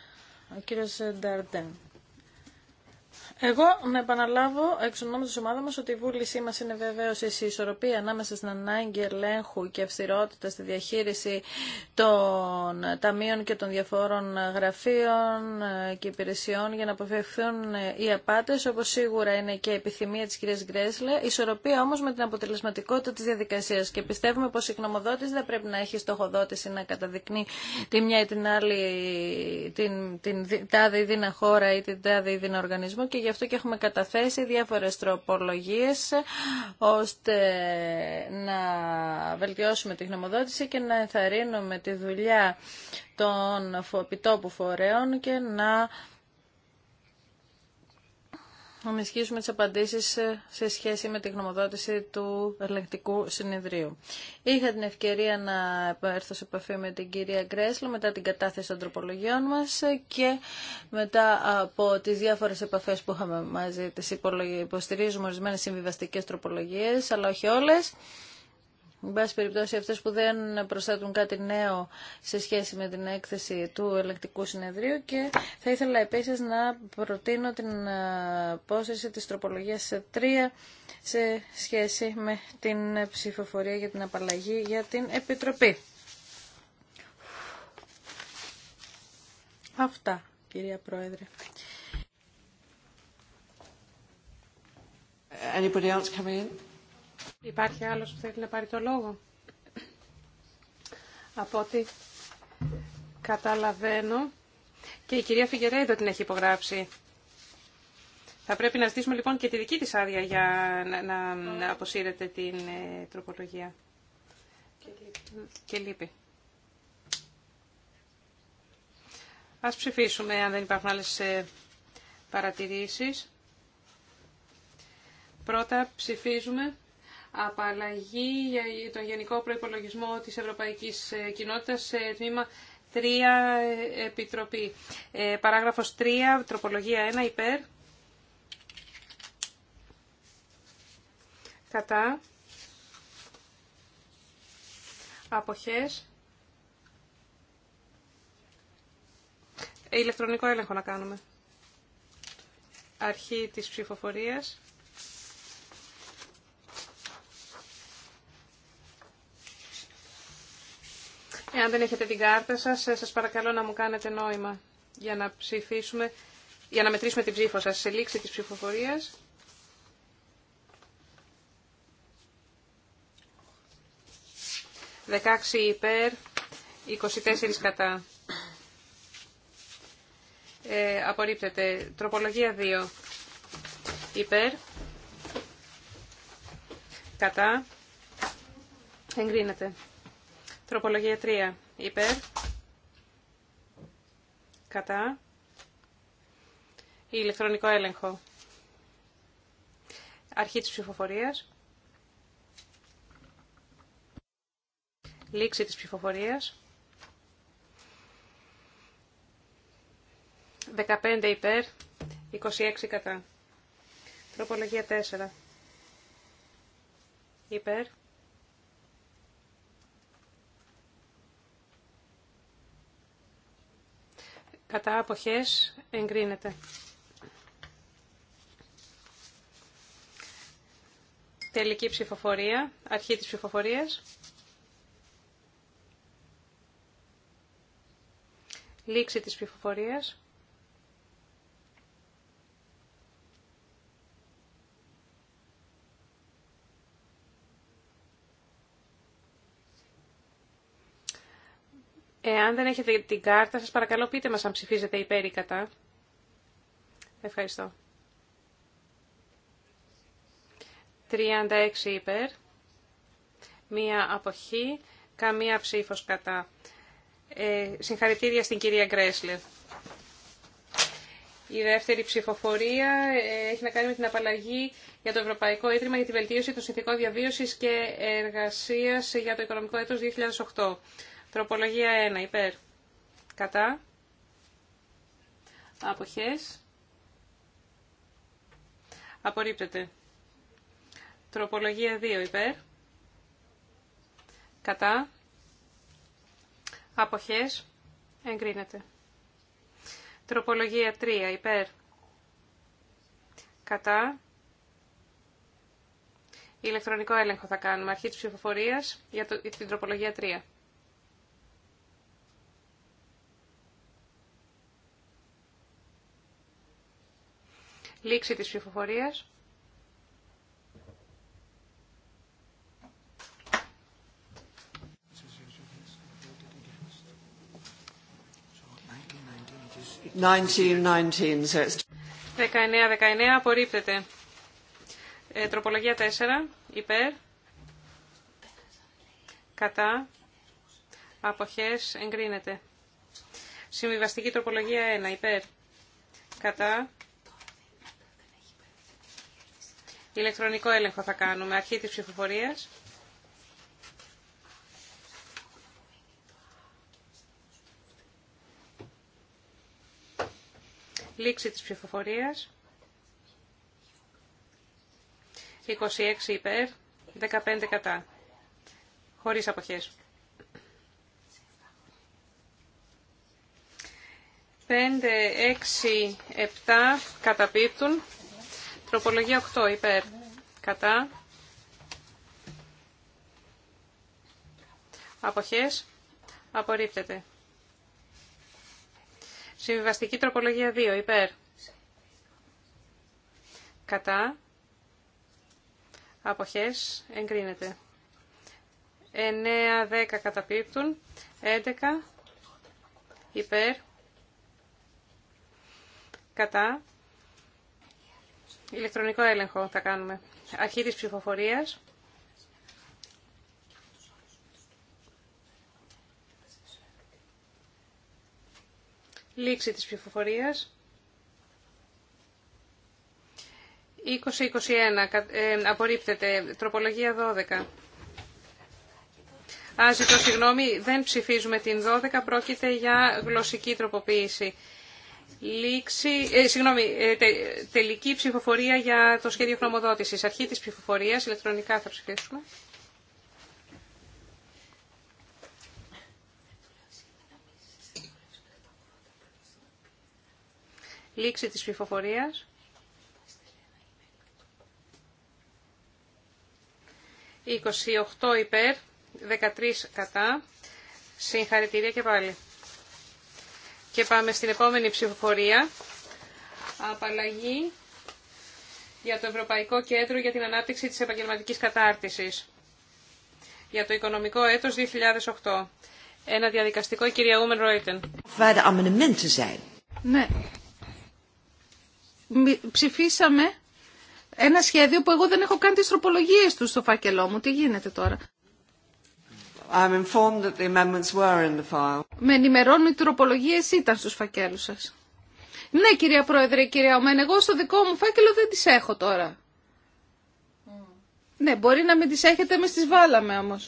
Speaker 2: Ο κύριος Νταρντέν. Εγώ να επαναλάβω εξ ονόματο τη ομάδα μα ότι η βούλησή μα είναι βεβαίω η ισορροπία ανάμεσα στην ανάγκη ελέγχου και αυστηρότητα στη διαχείριση των ταμείων και των διαφόρων γραφείων ε, και υπηρεσιών για να αποφευχθούν ε, οι απάτε, όπω σίγουρα είναι και η επιθυμία τη κυρία Γκρέσλε. Ισορροπία όμω με την αποτελεσματικότητα τη διαδικασία. Και πιστεύουμε πω η γνωμοδότηση δεν πρέπει να έχει στοχοδότηση να καταδεικνύει τη μια ή την άλλη την, την, την τάδε ή δίνα χώρα ή την τάδε ή δίνα οργανισμό. Και αυτό και έχουμε καταθέσει διάφορες τροπολογίες ώστε να βελτιώσουμε τη γνωμοδότηση και να ενθαρρύνουμε τη δουλειά των επιτόπου φορέων και να να ενισχύσουμε τις απαντήσεις ε, σε σχέση με τη γνωμοδότηση του ελεγκτικού συνεδρίου. Είχα την ευκαιρία να έρθω σε επαφή με την κυρία Γκρέσλο μετά την κατάθεση των τροπολογιών μας ε, και μετά από τις διάφορες επαφές που είχαμε μαζί τις υποστηρίζουμε ορισμένες συμβιβαστικές τροπολογίες αλλά όχι όλες. Εν πάση περιπτώσει, αυτές που δεν προσθέτουν κάτι νέο σε σχέση με την έκθεση του ελεκτικού συνεδρίου και θα ήθελα επίσης να προτείνω την ε, απόσυρση της τροπολογίας τρία σε σχέση με την ψηφοφορία για την απαλλαγή για την Επιτροπή. Αυτά, κυρία Πρόεδρε.
Speaker 3: Anybody else
Speaker 4: Υπάρχει άλλος που θέλει να πάρει το λόγο. Από ό,τι καταλαβαίνω και η κυρία Φιγερέντο την έχει υπογράψει. Θα πρέπει να ζητήσουμε λοιπόν και τη δική της άδεια για να, να, αποσύρετε την ε, τροπολογία. Και λείπει. Ας ψηφίσουμε αν δεν υπάρχουν άλλες ε, παρατηρήσεις. Πρώτα ψηφίζουμε απαλλαγή για τον Γενικό Προϋπολογισμό της Ευρωπαϊκής Κοινότητας σε τμήμα 3 ε, Επιτροπή. Ε, παράγραφος 3, τροπολογία 1, υπέρ. Κατά. Αποχές. Ε, ηλεκτρονικό έλεγχο να κάνουμε. Αρχή της ψηφοφορίας. Εάν δεν έχετε την κάρτα σας, σας παρακαλώ να μου κάνετε νόημα για να ψηφίσουμε, για να μετρήσουμε την ψήφο σα Σε λήξη τη ψηφοφορίας. Δεκάξι υπέρ, 24 κατά. Ε, απορρίπτεται. Τροπολογία 2. Υπέρ. Κατά. Εγκρίνεται. Τροπολογία 3. Υπέρ. Κατά. ηλεκτρονικό έλεγχο. Αρχή της ψηφοφορίας. Λήξη της ψηφοφορίας. 15 υπέρ, 26 κατά. Τροπολογία 4. Υπέρ. κατά αποχές εγκρίνεται. Τελική ψηφοφορία, αρχή της ψηφοφορίας. Λήξη της ψηφοφορίας. Εάν δεν έχετε την κάρτα, σας παρακαλώ πείτε μας αν ψηφίζετε υπέρ ή κατά. Ευχαριστώ. 36 υπέρ, μία αποχή, καμία ψήφος κατά. Ε, συγχαρητήρια στην κυρία Γκρέσλε. Η δεύτερη ψηφοφορία ε, έχει να κάνει με την απαλλαγή για το Ευρωπαϊκό Ίδρυμα για τη βελτίωση των συνθηκών διαβίωσης και εργασίας για το οικονομικό έτος 2008. Τροπολογία 1 υπέρ. Κατά. Αποχές. Απορρίπτεται. Τροπολογία 2 υπέρ. Κατά. Αποχές. Εγκρίνεται. Τροπολογία 3 υπέρ. Κατά. Ηλεκτρονικό έλεγχο θα κάνουμε. Αρχή της ψηφοφορίας για την τροπολογία 3. Λήξη της ψηφοφορίας. Δεκαεννέα, δεκαεννέα, απορρίπτεται. Ε, τροπολογία 4, υπέρ, κατά, αποχές, εγκρίνεται. Συμβιβαστική τροπολογία 1, υπέρ, κατά, Ηλεκτρονικό έλεγχο θα κάνουμε. Αρχή της ψηφοφορίας. Λήξη της ψηφοφορίας. 26 υπέρ, 15 κατά. Χωρίς αποχές. 5, 6, 7 καταπίπτουν. Τροπολογία 8 υπέρ. Κατά. Αποχές. Απορρίπτεται. Συμβιβαστική τροπολογία 2 υπέρ. Κατά. Αποχές. Εγκρίνεται. 9-10 καταπίπτουν. 11 υπέρ. Κατά. Ηλεκτρονικό έλεγχο θα κάνουμε. Αρχή της ψηφοφορίας. Λήξη της ψηφοφορίας. 20-21. Ε, απορρίπτεται. Τροπολογία 12. Α, ζητώ συγγνώμη, δεν ψηφίζουμε την 12, πρόκειται για γλωσσική τροποποίηση. Λήξη, ε, συγγνώμη, ε, τελική ψηφοφορία για το σχέδιο χρωμοδότησης. Αρχή της ψηφοφορίας, ηλεκτρονικά θα ψηφίσουμε. Λήξη της ψηφοφορίας. 28 υπέρ, 13 κατά. Συγχαρητήρια και πάλι. Και πάμε στην επόμενη ψηφοφορία. Απαλλαγή για το Ευρωπαϊκό Κέντρο για την Ανάπτυξη της Επαγγελματικής Κατάρτισης για το οικονομικό έτος 2008. Ένα διαδικαστικό, η Ούμεν Ρόιτεν.
Speaker 1: Ναι. Ψηφίσαμε ένα σχέδιο που εγώ δεν έχω κάνει τις τροπολογίες του στο φάκελό μου. Τι γίνεται τώρα. Με ενημερώνουν οι τροπολογίε ήταν στου φάκελου σας. Ναι, κυρία Πρόεδρε, κυρία Ομέν, εγώ στο δικό μου φάκελο δεν τι έχω τώρα. Mm. Ναι, μπορεί να μην τις έχετε, μες τις βάλαμε όμω.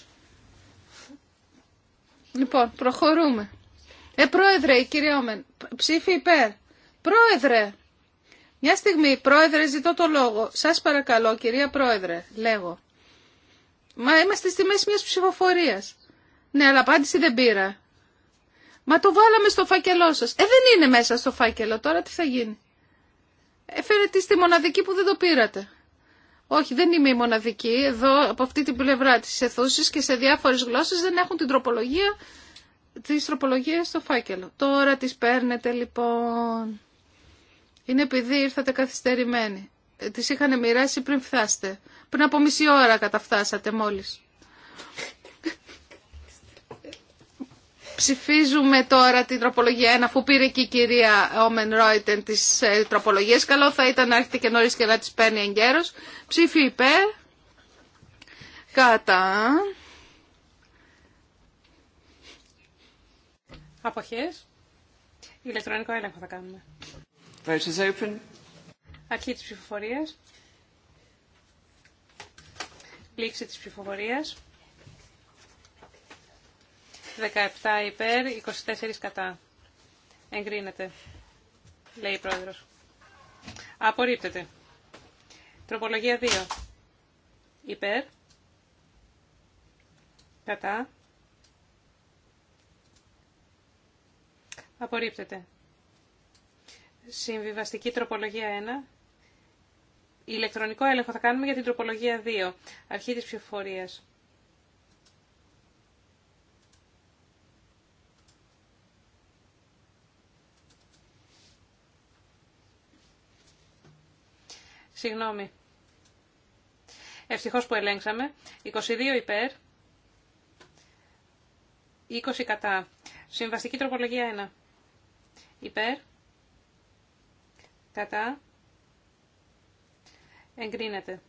Speaker 1: Λοιπόν, προχωρούμε. Ε, Πρόεδρε, η κυρία Ομέν, ψήφι υπέρ. Πρόεδρε, μια στιγμή, Πρόεδρε, ζητώ το λόγο. Σας παρακαλώ, κυρία Πρόεδρε, λέγω. Μα είμαστε στη μέση μιας ψηφοφορίας. Ναι, αλλά απάντηση δεν πήρα. Μα το βάλαμε στο φάκελό σας. Ε, δεν είναι μέσα στο φάκελο. Τώρα τι θα γίνει. Έφερε τη στη μοναδική που δεν το πήρατε. Όχι, δεν είμαι η μοναδική. Εδώ, από αυτή την πλευρά της αιθούσης και σε διάφορες γλώσσες δεν έχουν την τροπολογία, τη τροπολογία στο φάκελο. Τώρα τις παίρνετε λοιπόν. Είναι επειδή ήρθατε καθυστερημένοι τις είχαν μοιράσει πριν φτάσετε. Πριν από μισή ώρα καταφτάσατε μόλις. Ψηφίζουμε τώρα την τροπολογία 1, αφού πήρε και η κυρία Όμεν Ρόιτεν τις ε, τροπολογίες. Καλό θα ήταν να έρχεται και νωρί και να τις παίρνει εγκαίρως. Ψήφι υπέρ. Κατά.
Speaker 4: Αποχές. Ηλεκτρονικό έλεγχο θα κάνουμε.
Speaker 3: Vote
Speaker 4: Αρχή της ψηφοφορίας. Λήξη της ψηφοφορίας. 17 υπέρ, 24 κατά. Εγκρίνεται, λέει η πρόεδρος. Απορρίπτεται. Τροπολογία 2. Υπέρ. Κατά. Απορρίπτεται. Συμβιβαστική τροπολογία 1. Ηλεκτρονικό έλεγχο θα κάνουμε για την τροπολογία 2. Αρχή της ψηφοφορίας. Συγγνώμη. Ευτυχώς που ελέγξαμε. 22 υπέρ. 20 κατά. Συμβαστική τροπολογία 1. Υπέρ. Κατά εγκρίνεται.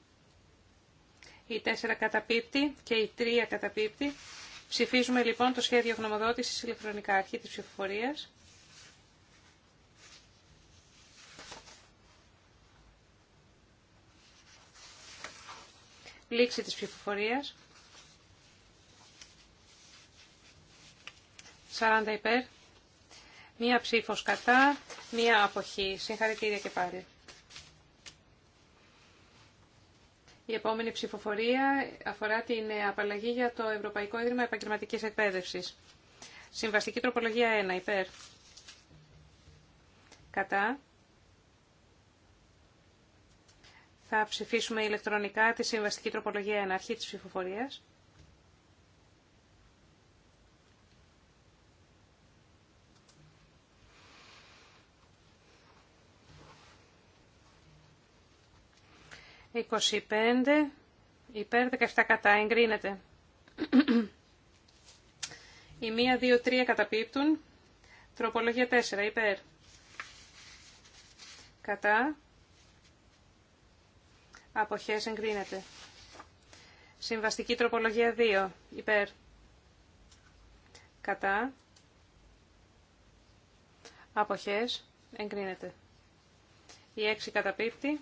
Speaker 4: Η τέσσερα καταπίπτει και η τρία καταπίπτει. Ψηφίζουμε λοιπόν το σχέδιο γνωμοδότησης ηλεκτρονικά αρχή της ψηφοφορίας. Λήξη της ψηφοφορίας. 40 υπέρ. Μία ψήφος κατά, μία αποχή. Συγχαρητήρια και πάλι. Η επόμενη ψηφοφορία αφορά την απαλλαγή για το Ευρωπαϊκό Ίδρυμα Επαγγελματικής Εκπαίδευσης. Συμβαστική τροπολογία 1. Υπέρ. Κατά. Θα ψηφίσουμε ηλεκτρονικά τη συμβαστική τροπολογία 1. Αρχή της ψηφοφορίας. 25 υπέρ 17 κατά εγκρίνεται. Η 1, 2, 3 καταπίπτουν. Τροπολογία 4 υπέρ. Κατά. Αποχές εγκρίνεται. Συμβαστική τροπολογία 2 υπέρ. Κατά. Αποχές εγκρίνεται. Η 6 καταπίπτει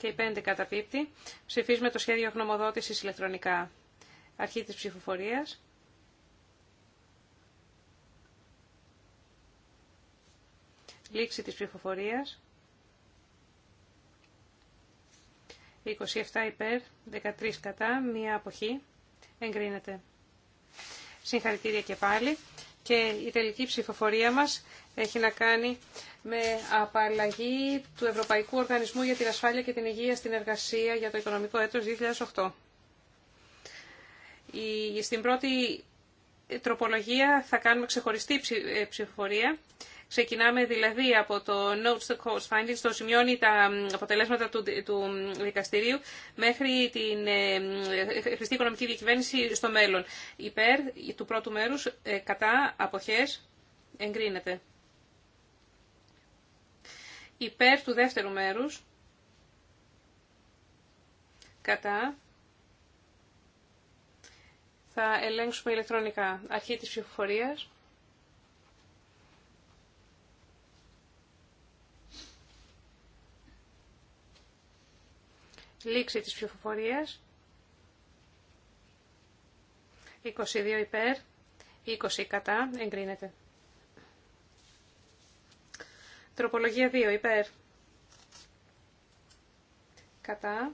Speaker 4: και η 5 καταπίπτει. Ψηφίζουμε το σχέδιο γνωμοδότησης ηλεκτρονικά. Αρχή της ψηφοφορίας. Λήξη της ψηφοφορίας. 27 υπέρ, 13 κατά, μία αποχή. Εγκρίνεται. Συγχαρητήρια και πάλι και η τελική ψηφοφορία μας έχει να κάνει με απαλλαγή του Ευρωπαϊκού Οργανισμού για την Ασφάλεια και την Υγεία στην Εργασία για το οικονομικό έτος 2008. Η, στην πρώτη τροπολογία θα κάνουμε ξεχωριστή ε, ψηφοφορία Ξεκινάμε δηλαδή από το Notes the Course Findings, το σημειώνει τα αποτελέσματα του, του δικαστηρίου μέχρι την ε, ε, χρηστή οικονομική διακυβέρνηση στο μέλλον. Υπέρ του πρώτου μέρους, ε, κατά, αποχές, εγκρίνεται. Υπέρ του δεύτερου μέρους, κατά, θα ελέγξουμε ηλεκτρονικά. Αρχή της ψηφοφορίας. Λήξη της ψηφοφορίας. 22 υπέρ, 20 κατά, εγκρίνεται. Τροπολογία 2 υπέρ. Κατά.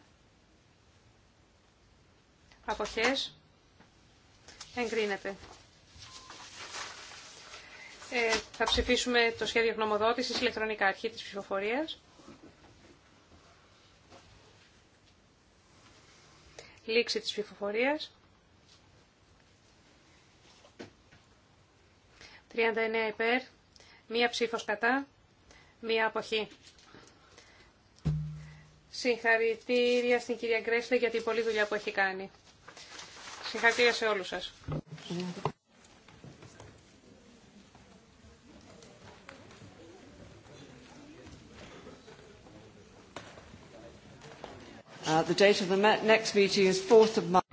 Speaker 4: Αποχές. Εγκρίνεται. Ε, θα ψηφίσουμε το σχέδιο γνωμοδότησης ηλεκτρονικά αρχή της ψηφοφορίας. Λήξη της ψηφοφορίας. 39 υπέρ, μία ψήφος κατά, μία αποχή. Συγχαρητήρια στην κυρία Γκρέσλε για την πολλή δουλειά που έχει κάνει. Συγχαρητήρια σε όλους σας.
Speaker 3: The date of the next meeting is 4th of March.